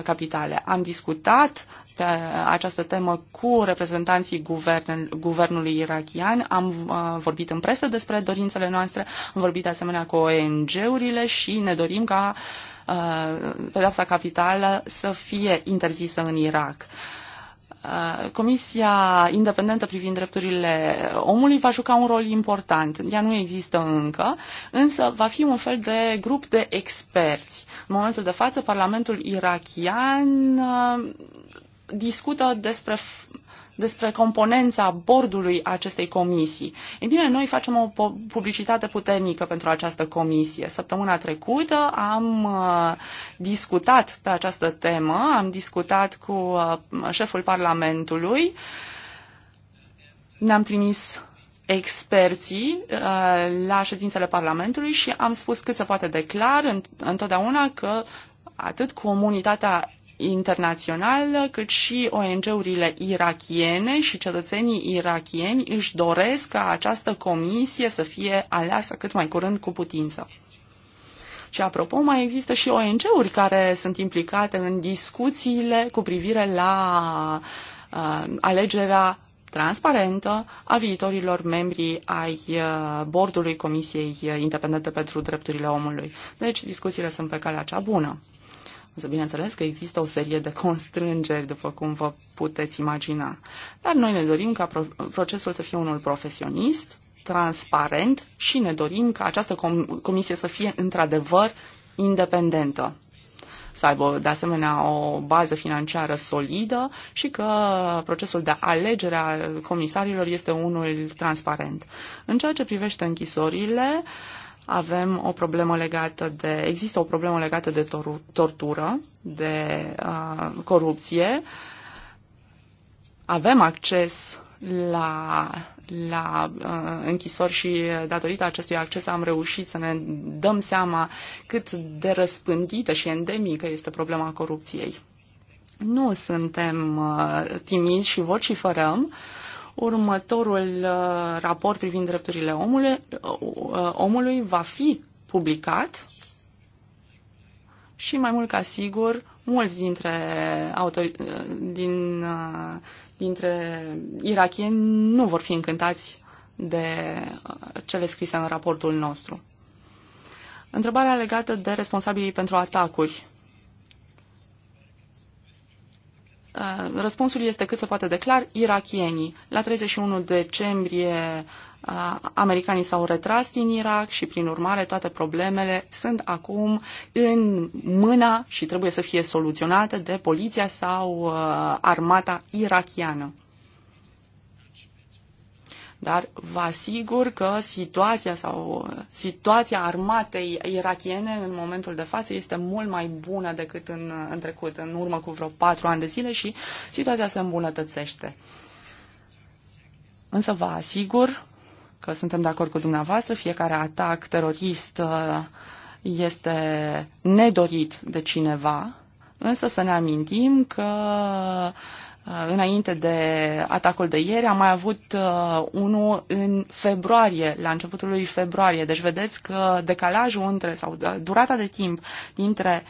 capitale. Am discutat pe această temă cu reprezentanții guvern, guvernului irachian. Am vorbit în presă despre dorințele noastre, am vorbit asemenea cu ONG-urile și ne dorim ca uh, Uh, pedeapsa capitală să fie interzisă în Irak. Uh, Comisia independentă privind drepturile omului va juca un rol important. Ea nu există încă, însă va fi un fel de grup de experți. În momentul de față, Parlamentul irachian uh, discută despre despre componența bordului acestei comisii. Ei bine, noi facem o publicitate puternică pentru această comisie. Săptămâna trecută am uh, discutat pe această temă, am discutat cu uh, șeful Parlamentului, ne-am trimis experții uh, la ședințele Parlamentului și am spus cât se poate declar întotdeauna că atât comunitatea internațională, cât și ONG-urile irakiene și cetățenii irakieni își doresc ca această comisie să fie aleasă cât mai curând cu putință. Și apropo, mai există și ONG-uri care sunt implicate în discuțiile cu privire la uh, alegerea transparentă a viitorilor membri ai uh, bordului Comisiei Independente pentru Drepturile Omului. Deci discuțiile sunt pe calea cea bună. Însă, bineînțeles că există o serie de constrângeri, după cum vă puteți imagina. Dar noi ne dorim ca procesul să fie unul profesionist, transparent și ne dorim ca această com- comisie să fie într-adevăr independentă să aibă de asemenea o bază financiară solidă și că procesul de alegere a comisarilor este unul transparent. În ceea ce privește închisorile, uh, avem o problemă legată de, există o problemă legată de tor- tortură, de uh, corupție. Avem acces la, la uh, închisori și datorită acestui acces am reușit să ne dăm seama cât de răspândită și endemică este problema corupției. Nu suntem uh, timizi și vociferăm, uh, Următorul uh, raport privind drepturile omului, uh, omului va fi publicat și mai mult ca sigur, mulți dintre, autor, uh, din, dintre irachieni nu vor fi încântați de cele scrise în raportul nostru. Întrebarea legată de responsabilii pentru atacuri. Uh, răspunsul este cât se poate de clar, irachienii. La 31 decembrie uh, americanii s-au retras din Irak și, prin urmare, toate problemele sunt acum în mâna și trebuie să fie soluționate de poliția sau uh, armata irachiană. Dar vă asigur că situația sau situația armatei irachiene în momentul de față este mult mai bună decât în, în trecut, în urmă cu vreo patru ani de zile și situația se îmbunătățește. Însă vă asigur că suntem de acord cu dumneavoastră, fiecare atac terorist uh, este nedorit de cineva, însă să ne amintim că uh, Uh, înainte de atacul de ieri, am mai avut uh, unul în februarie, la începutul lui februarie. Deci vedeți că decalajul între sau uh, durata de timp dintre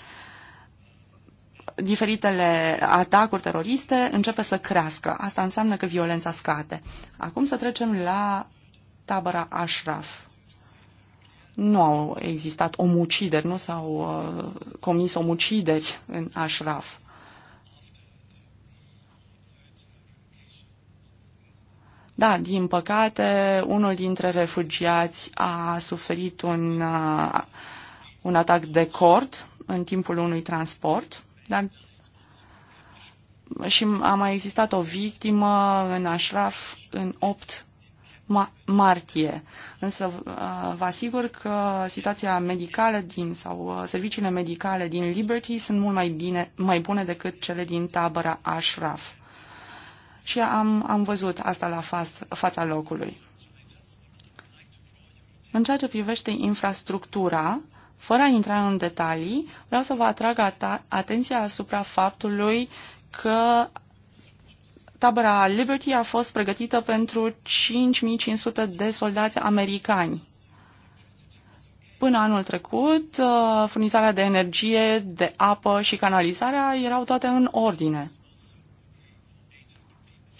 diferitele atacuri teroriste începe să crească. Asta înseamnă că violența scade. Acum să trecem la tabăra Ashraf. Nu au existat omucideri, nu s-au uh, comis omucideri în Ashraf. Da, din păcate, unul dintre refugiați a suferit un, uh, un atac de cord în timpul unui transport, dar și a mai existat o victimă în Ashraf în 8 ma- martie. Însă uh, vă asigur că situația medicală din sau uh, serviciile medicale din Liberty sunt mult mai bine mai bune decât cele din tabăra Ashraf și am, am văzut asta la faț, fața locului. În ceea ce privește infrastructura, fără a intra în detalii, vreau să vă atrag atenția asupra faptului că tabăra Liberty a fost pregătită pentru 5500 de soldați americani. Până anul trecut, uh, furnizarea de energie, de apă și canalizarea erau toate în ordine.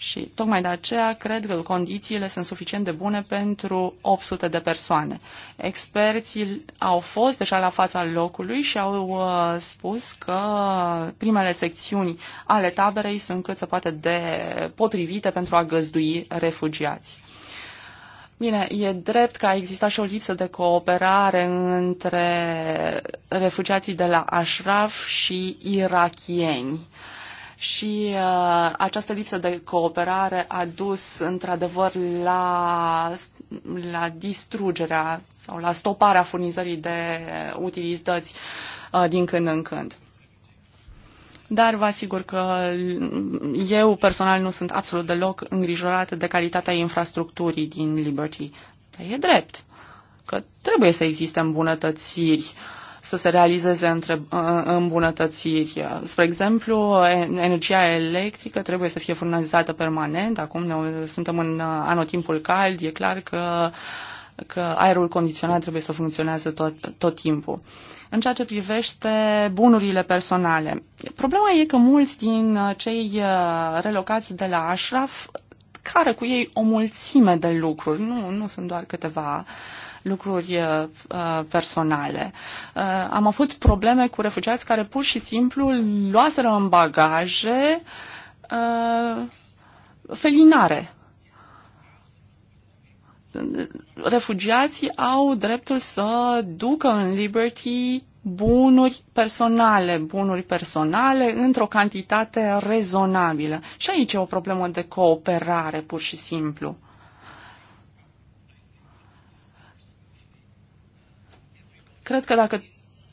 Și tocmai de aceea cred că condițiile sunt suficient de bune pentru 800 de persoane. Experții au fost deja la fața locului și au uh, spus că primele secțiuni ale taberei sunt cât se poate de potrivite pentru a găzdui refugiați. Bine, e drept că a existat și o lipsă de cooperare între refugiații de la Ashraf și irachieni și uh, această lipsă de cooperare a dus într-adevăr la, la distrugerea sau la stoparea furnizării de utilități uh, din când în când. Dar vă asigur că eu personal nu sunt absolut deloc îngrijorată de calitatea infrastructurii din Liberty. Dar e drept că trebuie să existe îmbunătățiri uh, să se realizeze între, ă, îmbunătățiri. Spre exemplu, energia electrică trebuie să fie furnizată permanent. Acum ne, suntem în ă, anotimpul cald, e clar că, că aerul condiționat trebuie să funcționeze tot, tot timpul în ceea ce privește bunurile personale. Problema e că mulți din ă, cei relocați de la Ashraf care cu ei o mulțime de lucruri, nu, nu sunt doar câteva uh, lucruri uh, uh, personale. Uh, am avut probleme cu refugiați care pur și simplu luaseră în bagaje felinare refugiații au dreptul să ducă în Liberty bunuri personale, bunuri personale într-o cantitate rezonabilă. Și aici e o problemă de cooperare, pur și simplu. Cred că dacă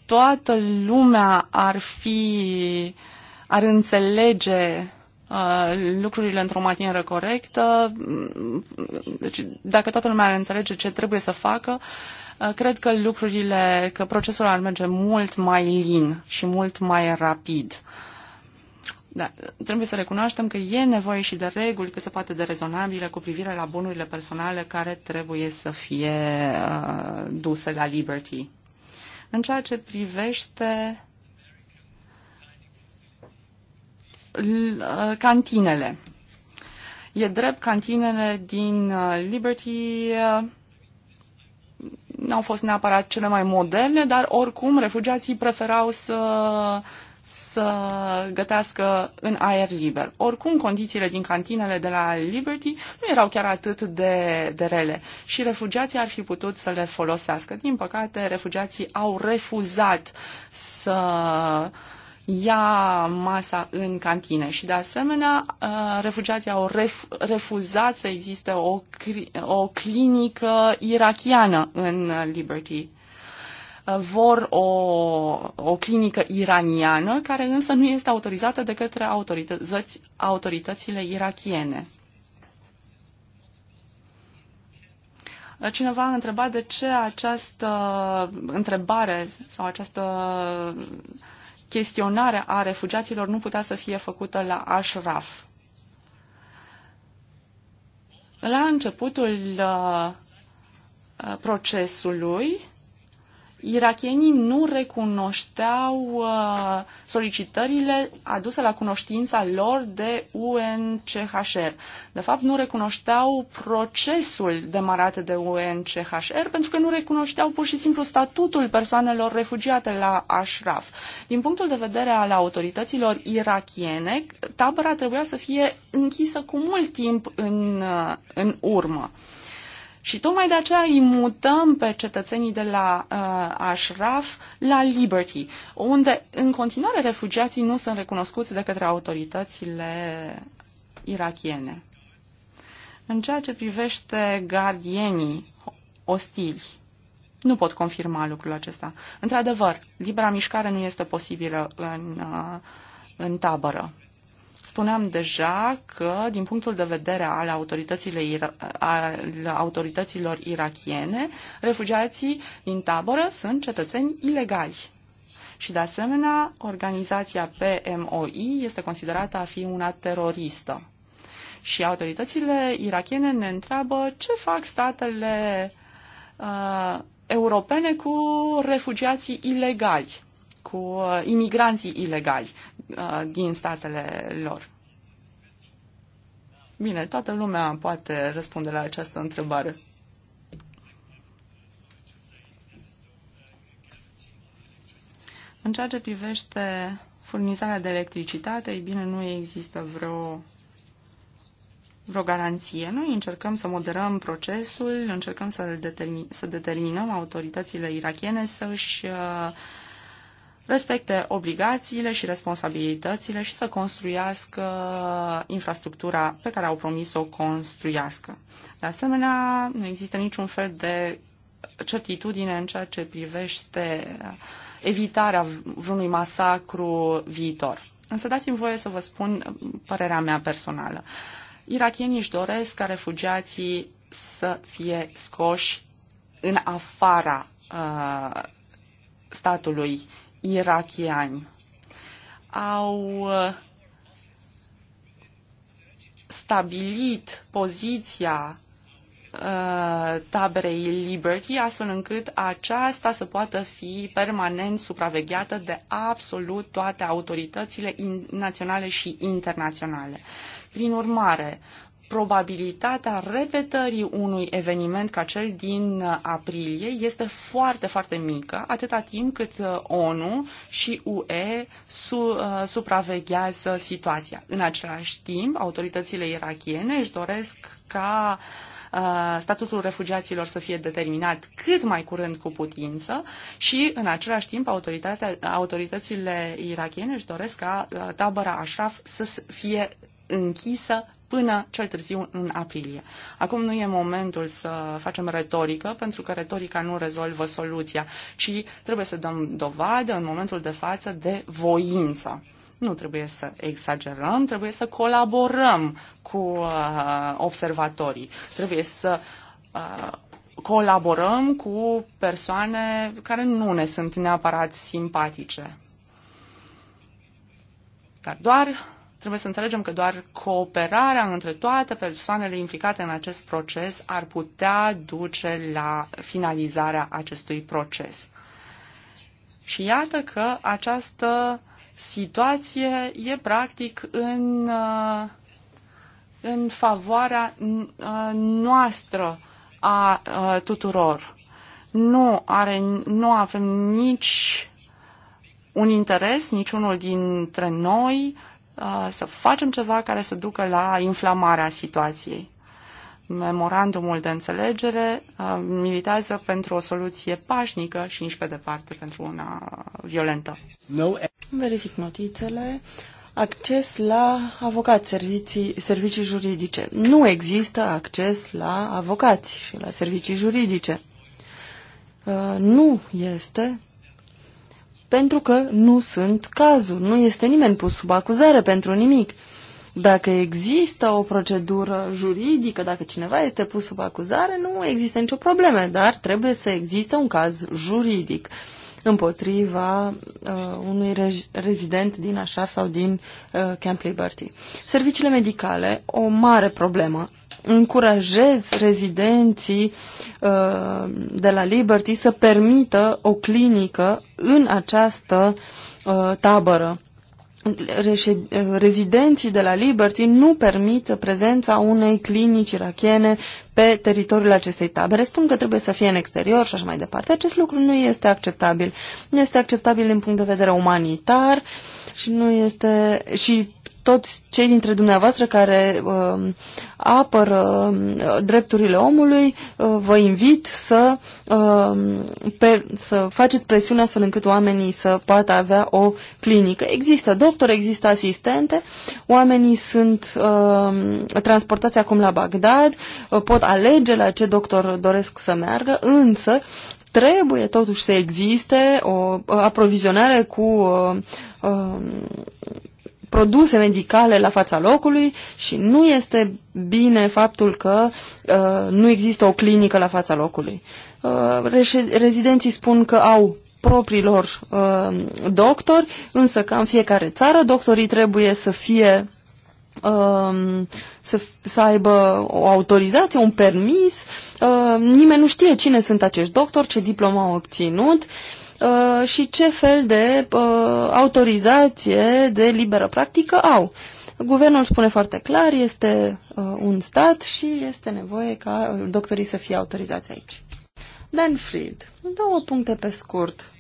toată lumea ar fi, ar înțelege uh, lucrurile într-o manieră corectă. Mm, deci, dacă toată lumea înțelege ce trebuie să facă, uh, cred că lucrurile, că procesul ar merge mult mai lin și mult mai rapid. Da, trebuie să recunoaștem că e nevoie și de reguli cât se poate de rezonabile cu privire la bunurile personale care trebuie să fie uh, duse la Liberty. În ceea ce privește uh, cantinele. E drept, cantinele din uh, Liberty uh, n-au fost neapărat cele mai moderne, dar oricum refugiații preferau să să gătească în aer liber. Oricum, condițiile din cantinele de la Liberty nu erau chiar atât de, de rele și refugiații ar fi putut să le folosească. Din păcate, refugiații au refuzat să ia masa în cantine și de asemenea uh, refugiații au ref- refuzat să existe o, o clinică irachiană în Liberty vor o, o clinică iraniană, care însă nu este autorizată de către autorități, autoritățile irachiene. Cineva a întrebat de ce această întrebare sau această chestionare a refugiaților nu putea să fie făcută la Ashraf. La începutul uh, uh, procesului, irachienii nu recunoșteau uh, solicitările aduse la cunoștința lor de UNCHR. De fapt, nu recunoșteau procesul demarat de UNCHR pentru că nu recunoșteau pur și simplu statutul persoanelor refugiate la Ashraf. Din punctul de vedere al autorităților irachiene, tabăra trebuia să fie închisă cu mult timp în, uh, în urmă. Și tocmai de aceea îi mutăm pe cetățenii de la uh, Ashraf la Liberty, unde în continuare refugiații nu sunt recunoscuți de către autoritățile irachiene. În ceea ce privește gardienii ostili, nu pot confirma lucrul acesta. Într-adevăr, libera mișcare nu este posibilă în, uh, în tabără. Spuneam deja că, din punctul de vedere al, autorităților, al autorităților irachiene, refugiații din tabără sunt cetățeni ilegali. Și, de asemenea, organizația PMOI este considerată a fi una teroristă. Și autoritățile irachiene ne întreabă ce fac statele uh, europene cu refugiații ilegali, cu uh, imigranții ilegali. Uh, din statele lor. Bine, toată lumea poate răspunde la această întrebare. În ceea ce privește furnizarea de electricitate, ei bine, nu există vreo, vreo garanție. Noi încercăm să moderăm procesul, încercăm să, determin, să determinăm autoritățile irachiene să și uh, respecte obligațiile și responsabilitățile și să construiască infrastructura pe care au promis să o construiască. De asemenea, nu există niciun fel de certitudine în ceea ce privește evitarea vreunui masacru viitor. Însă dați-mi voie să vă spun părerea mea personală. Irachienii își doresc ca refugiații să fie scoși în afara uh, statului irachiani au uh, stabilit poziția uh, taberei Liberty, astfel încât aceasta să poată fi permanent supravegheată de absolut toate autoritățile naționale și internaționale. Prin urmare, probabilitatea repetării unui eveniment ca cel din uh, aprilie este foarte, foarte mică, atâta timp cât uh, ONU și UE su, uh, supraveghează situația. În același timp, autoritățile irachiene își doresc ca statutul refugiaților să fie determinat cât mai curând cu putință și, în același timp, autoritățile irachiene își doresc ca tabăra Ashraf să fie închisă până cel târziu în aprilie. Acum nu e momentul să facem retorică, pentru că retorica nu rezolvă soluția, ci trebuie să dăm dovadă în momentul de față de voință. Nu trebuie să exagerăm, trebuie să colaborăm cu uh, observatorii. Trebuie să uh, colaborăm cu persoane care nu ne sunt neapărat simpatice. Dar doar Trebuie să înțelegem că doar cooperarea între toate persoanele implicate în acest proces ar putea duce la finalizarea acestui proces. Și iată că această situație e practic în, în favoarea uh, noastră a uh, tuturor. Nu, are, nu avem nici un interes, niciunul dintre noi, Uh, să facem ceva care să ducă la inflamarea situației. Memorandumul de înțelegere uh, militează pentru o soluție pașnică și nici pe departe pentru una violentă. No. Verific notițele. Acces la avocați, servicii, servicii juridice. Nu există acces la avocați și la servicii juridice. Uh, nu este pentru că nu sunt cazuri, nu este nimeni pus sub acuzare pentru nimic. Dacă există o procedură juridică, dacă cineva este pus sub acuzare, nu există nicio problemă, dar trebuie să existe un caz juridic împotriva uh, unui rej- rezident din Așaf sau din uh, Camp Liberty. Serviciile medicale, o mare problemă încurajez rezidenții uh, de la Liberty să permită o clinică în această uh, tabără. Uh, rezidenții de la Liberty nu permit prezența unei clinici irachiene pe teritoriul acestei tabere. Spun că trebuie să fie în exterior și așa mai departe. Acest lucru nu este acceptabil. Nu este acceptabil din punct de vedere umanitar și nu este și toți cei dintre dumneavoastră care uh, apără uh, drepturile omului, uh, vă invit să, uh, pe, să faceți presiune astfel încât oamenii să poată avea o clinică. Există doctori, există asistente, oamenii sunt uh, transportați acum la Bagdad, uh, pot alege la ce doctor doresc să meargă, însă trebuie totuși să existe o uh, aprovizionare cu uh, uh, produse medicale la fața locului și nu este bine faptul că uh, nu există o clinică la fața locului. Uh, rezidenții spun că au propriilor uh, doctori, însă ca în fiecare țară, doctorii trebuie să fie um, să, să aibă o autorizație, un permis. Uh, nimeni nu știe cine sunt acești doctori, ce diplomă au obținut. Uh, și ce fel de uh, autorizație de liberă practică au. Guvernul spune foarte clar, este uh, un stat și este nevoie ca uh, doctorii să fie autorizați aici. Dan Fried, două puncte pe scurt.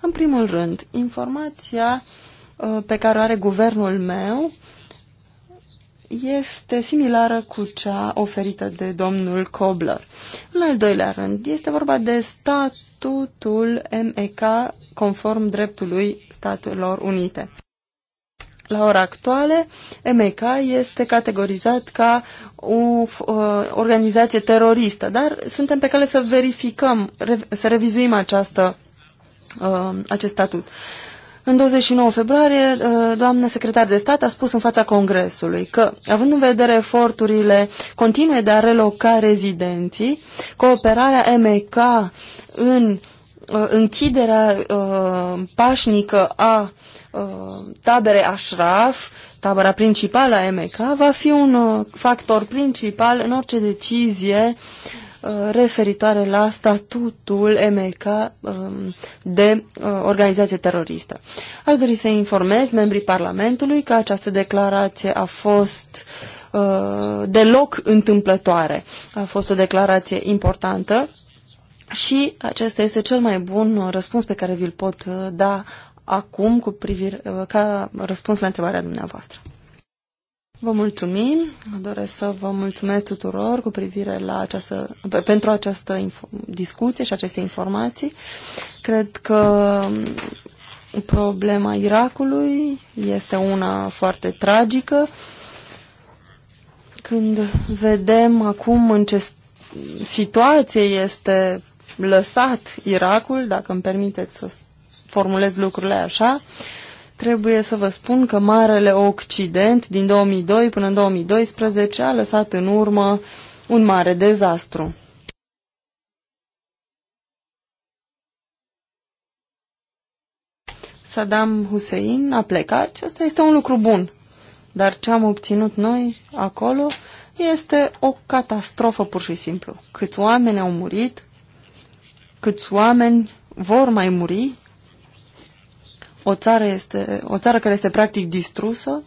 În primul rând, informația uh, pe care o are guvernul meu uh, este similară cu cea oferită de domnul Kobler. În al doilea rând, este vorba de statutul MEK conform dreptului Statelor Unite. La ora actuală, MEK este categorizat ca o uh, organizație teroristă, dar suntem pe cale să verificăm, să revizuim această, uh, acest statut. Uh, în 29 februarie, uh, doamna secretar de stat a spus în fața Congresului că, având în vedere eforturile continue de a reloca rezidenții, cooperarea MK în uh, închiderea uh, pașnică a uh, taberei Ashraf, tabăra principală a MK, va fi un uh, factor principal în orice decizie uh, Uh, referitoare la statutul MK um, de uh, organizație teroristă. Aș dori să informez membrii Parlamentului că această declarație a fost uh, deloc întâmplătoare. A fost o declarație importantă și acesta este cel mai bun răspuns pe care vi-l pot da acum cu privire, ca răspuns la întrebarea dumneavoastră. Vă mulțumim. Doresc să vă mulțumesc tuturor cu privire la această, pentru această discuție și aceste informații. Cred că problema Irakului este una foarte tragică. Când vedem acum în ce situație este lăsat Irakul, dacă îmi permiteți să formulez lucrurile așa, uh, trebuie să vă spun că Marele Occident din 2002 până în 2012 a lăsat în urmă un mare dezastru. Saddam Hussein a plecat și asta este un lucru bun. Dar ce am obținut noi acolo este o catastrofă pur și simplu. Câți oameni au murit, câți oameni vor mai muri o țară, este, o țară care este practic distrusă,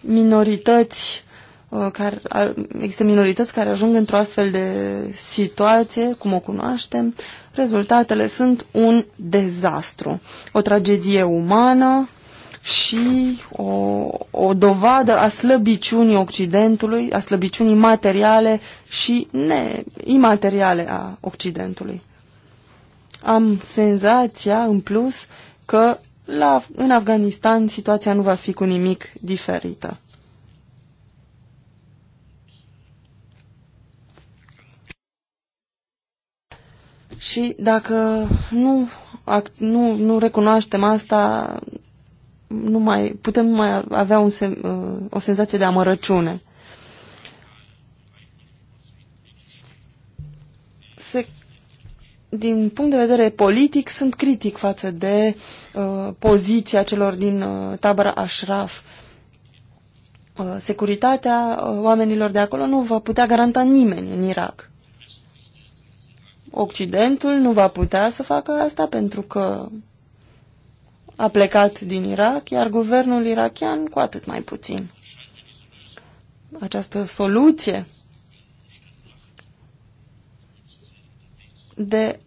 minorități uh, care, există minorități care ajung într-o astfel de situație, cum o cunoaștem, rezultatele sunt un dezastru, o tragedie umană și o, o dovadă a slăbiciunii Occidentului, a slăbiciunii materiale și ne, imateriale a Occidentului. Am senzația, în plus, că la, în Afganistan situația nu va fi cu nimic diferită. Și dacă nu, nu, nu recunoaștem asta, nu mai, putem mai avea un sem, uh, o senzație de amărăciune. Se din punct de vedere politic, sunt critic față de uh, poziția celor din uh, tabăra Ashraf. Uh, securitatea uh, oamenilor de acolo nu va putea garanta nimeni în Irak. Occidentul nu va putea să facă asta pentru că a plecat din Irak, iar guvernul irachian cu atât mai puțin. Această soluție de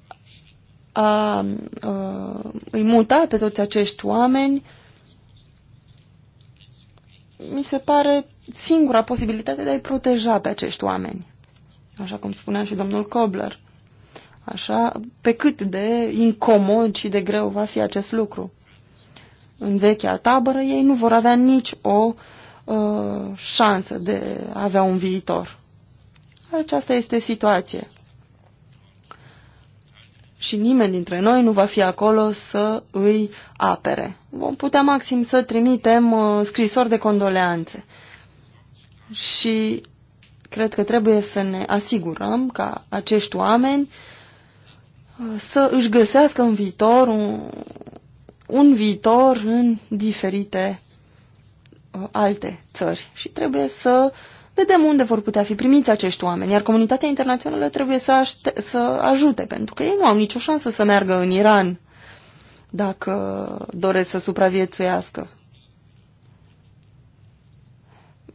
a uh, îi muta pe toți acești oameni mi se pare singura posibilitate de a-i proteja pe acești oameni. Așa cum spunea și domnul Kobler. Așa, pe cât de incomod și de greu va fi acest lucru. În vechea tabără ei nu vor avea nici o uh, șansă de a avea un viitor. Aceasta este situație și nimeni dintre noi nu va fi acolo să îi apere. Vom putea maxim să trimitem uh, scrisori de condoleanțe. Și cred că trebuie să ne asigurăm ca acești oameni uh, să își găsească în viitor un, un viitor în diferite uh, alte țări. Și trebuie să uh, vedem unde vor putea fi primiți acești oameni, iar comunitatea internațională trebuie să, aște- să ajute, pentru că ei nu au nicio șansă să meargă în Iran dacă doresc să supraviețuiască.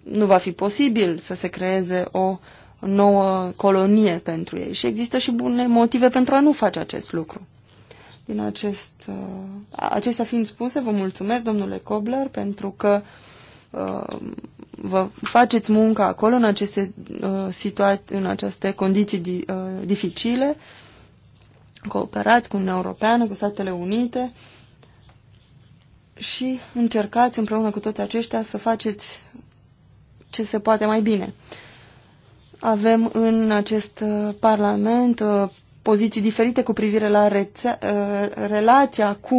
Nu va fi posibil să se creeze o nouă colonie pentru ei și există și bune motive pentru a nu face acest lucru. Din acest, uh, acestea fiind spuse, vă mulțumesc, domnule Cobler, pentru că uh, vă faceți munca acolo în aceste uh, situații, în aceste condiții di, uh, dificile, cooperați cu Uniunea Europeană, cu Statele Unite și încercați împreună cu toți aceștia să faceți ce se poate mai bine. Avem în acest uh, Parlament uh, poziții diferite cu privire la rețea, uh, relația cu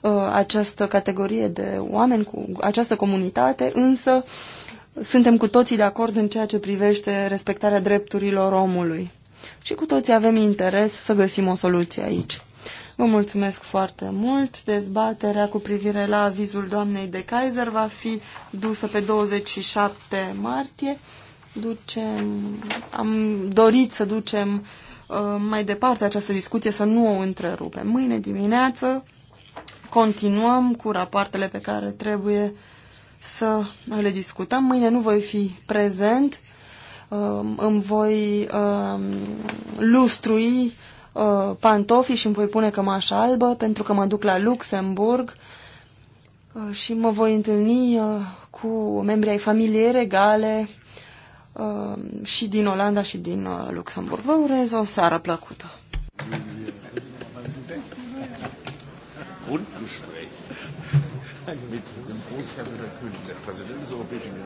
uh, această categorie de oameni, cu această comunitate, însă uh, suntem cu toții de acord în ceea ce privește respectarea drepturilor omului. Și cu toții avem interes să găsim o soluție aici. Vă mulțumesc foarte mult. Dezbaterea cu privire la avizul doamnei de Kaiser va fi dusă pe 27 martie. Ducem, am dorit să ducem uh, mai departe această discuție, să nu o întrerupem. Mâine dimineață continuăm cu rapoartele pe care trebuie să le discutăm. Mâine nu voi fi prezent, um, îmi voi um, lustrui uh, pantofii și îmi voi pune cămașa albă pentru că mă duc la Luxemburg uh, și mă voi întâlni uh, cu membrii ai familiei regale um, și din Olanda și din Luxemburg. Vă urez o seară plăcută! Und mit dem Großherrn der König, der Präsident des Europäischen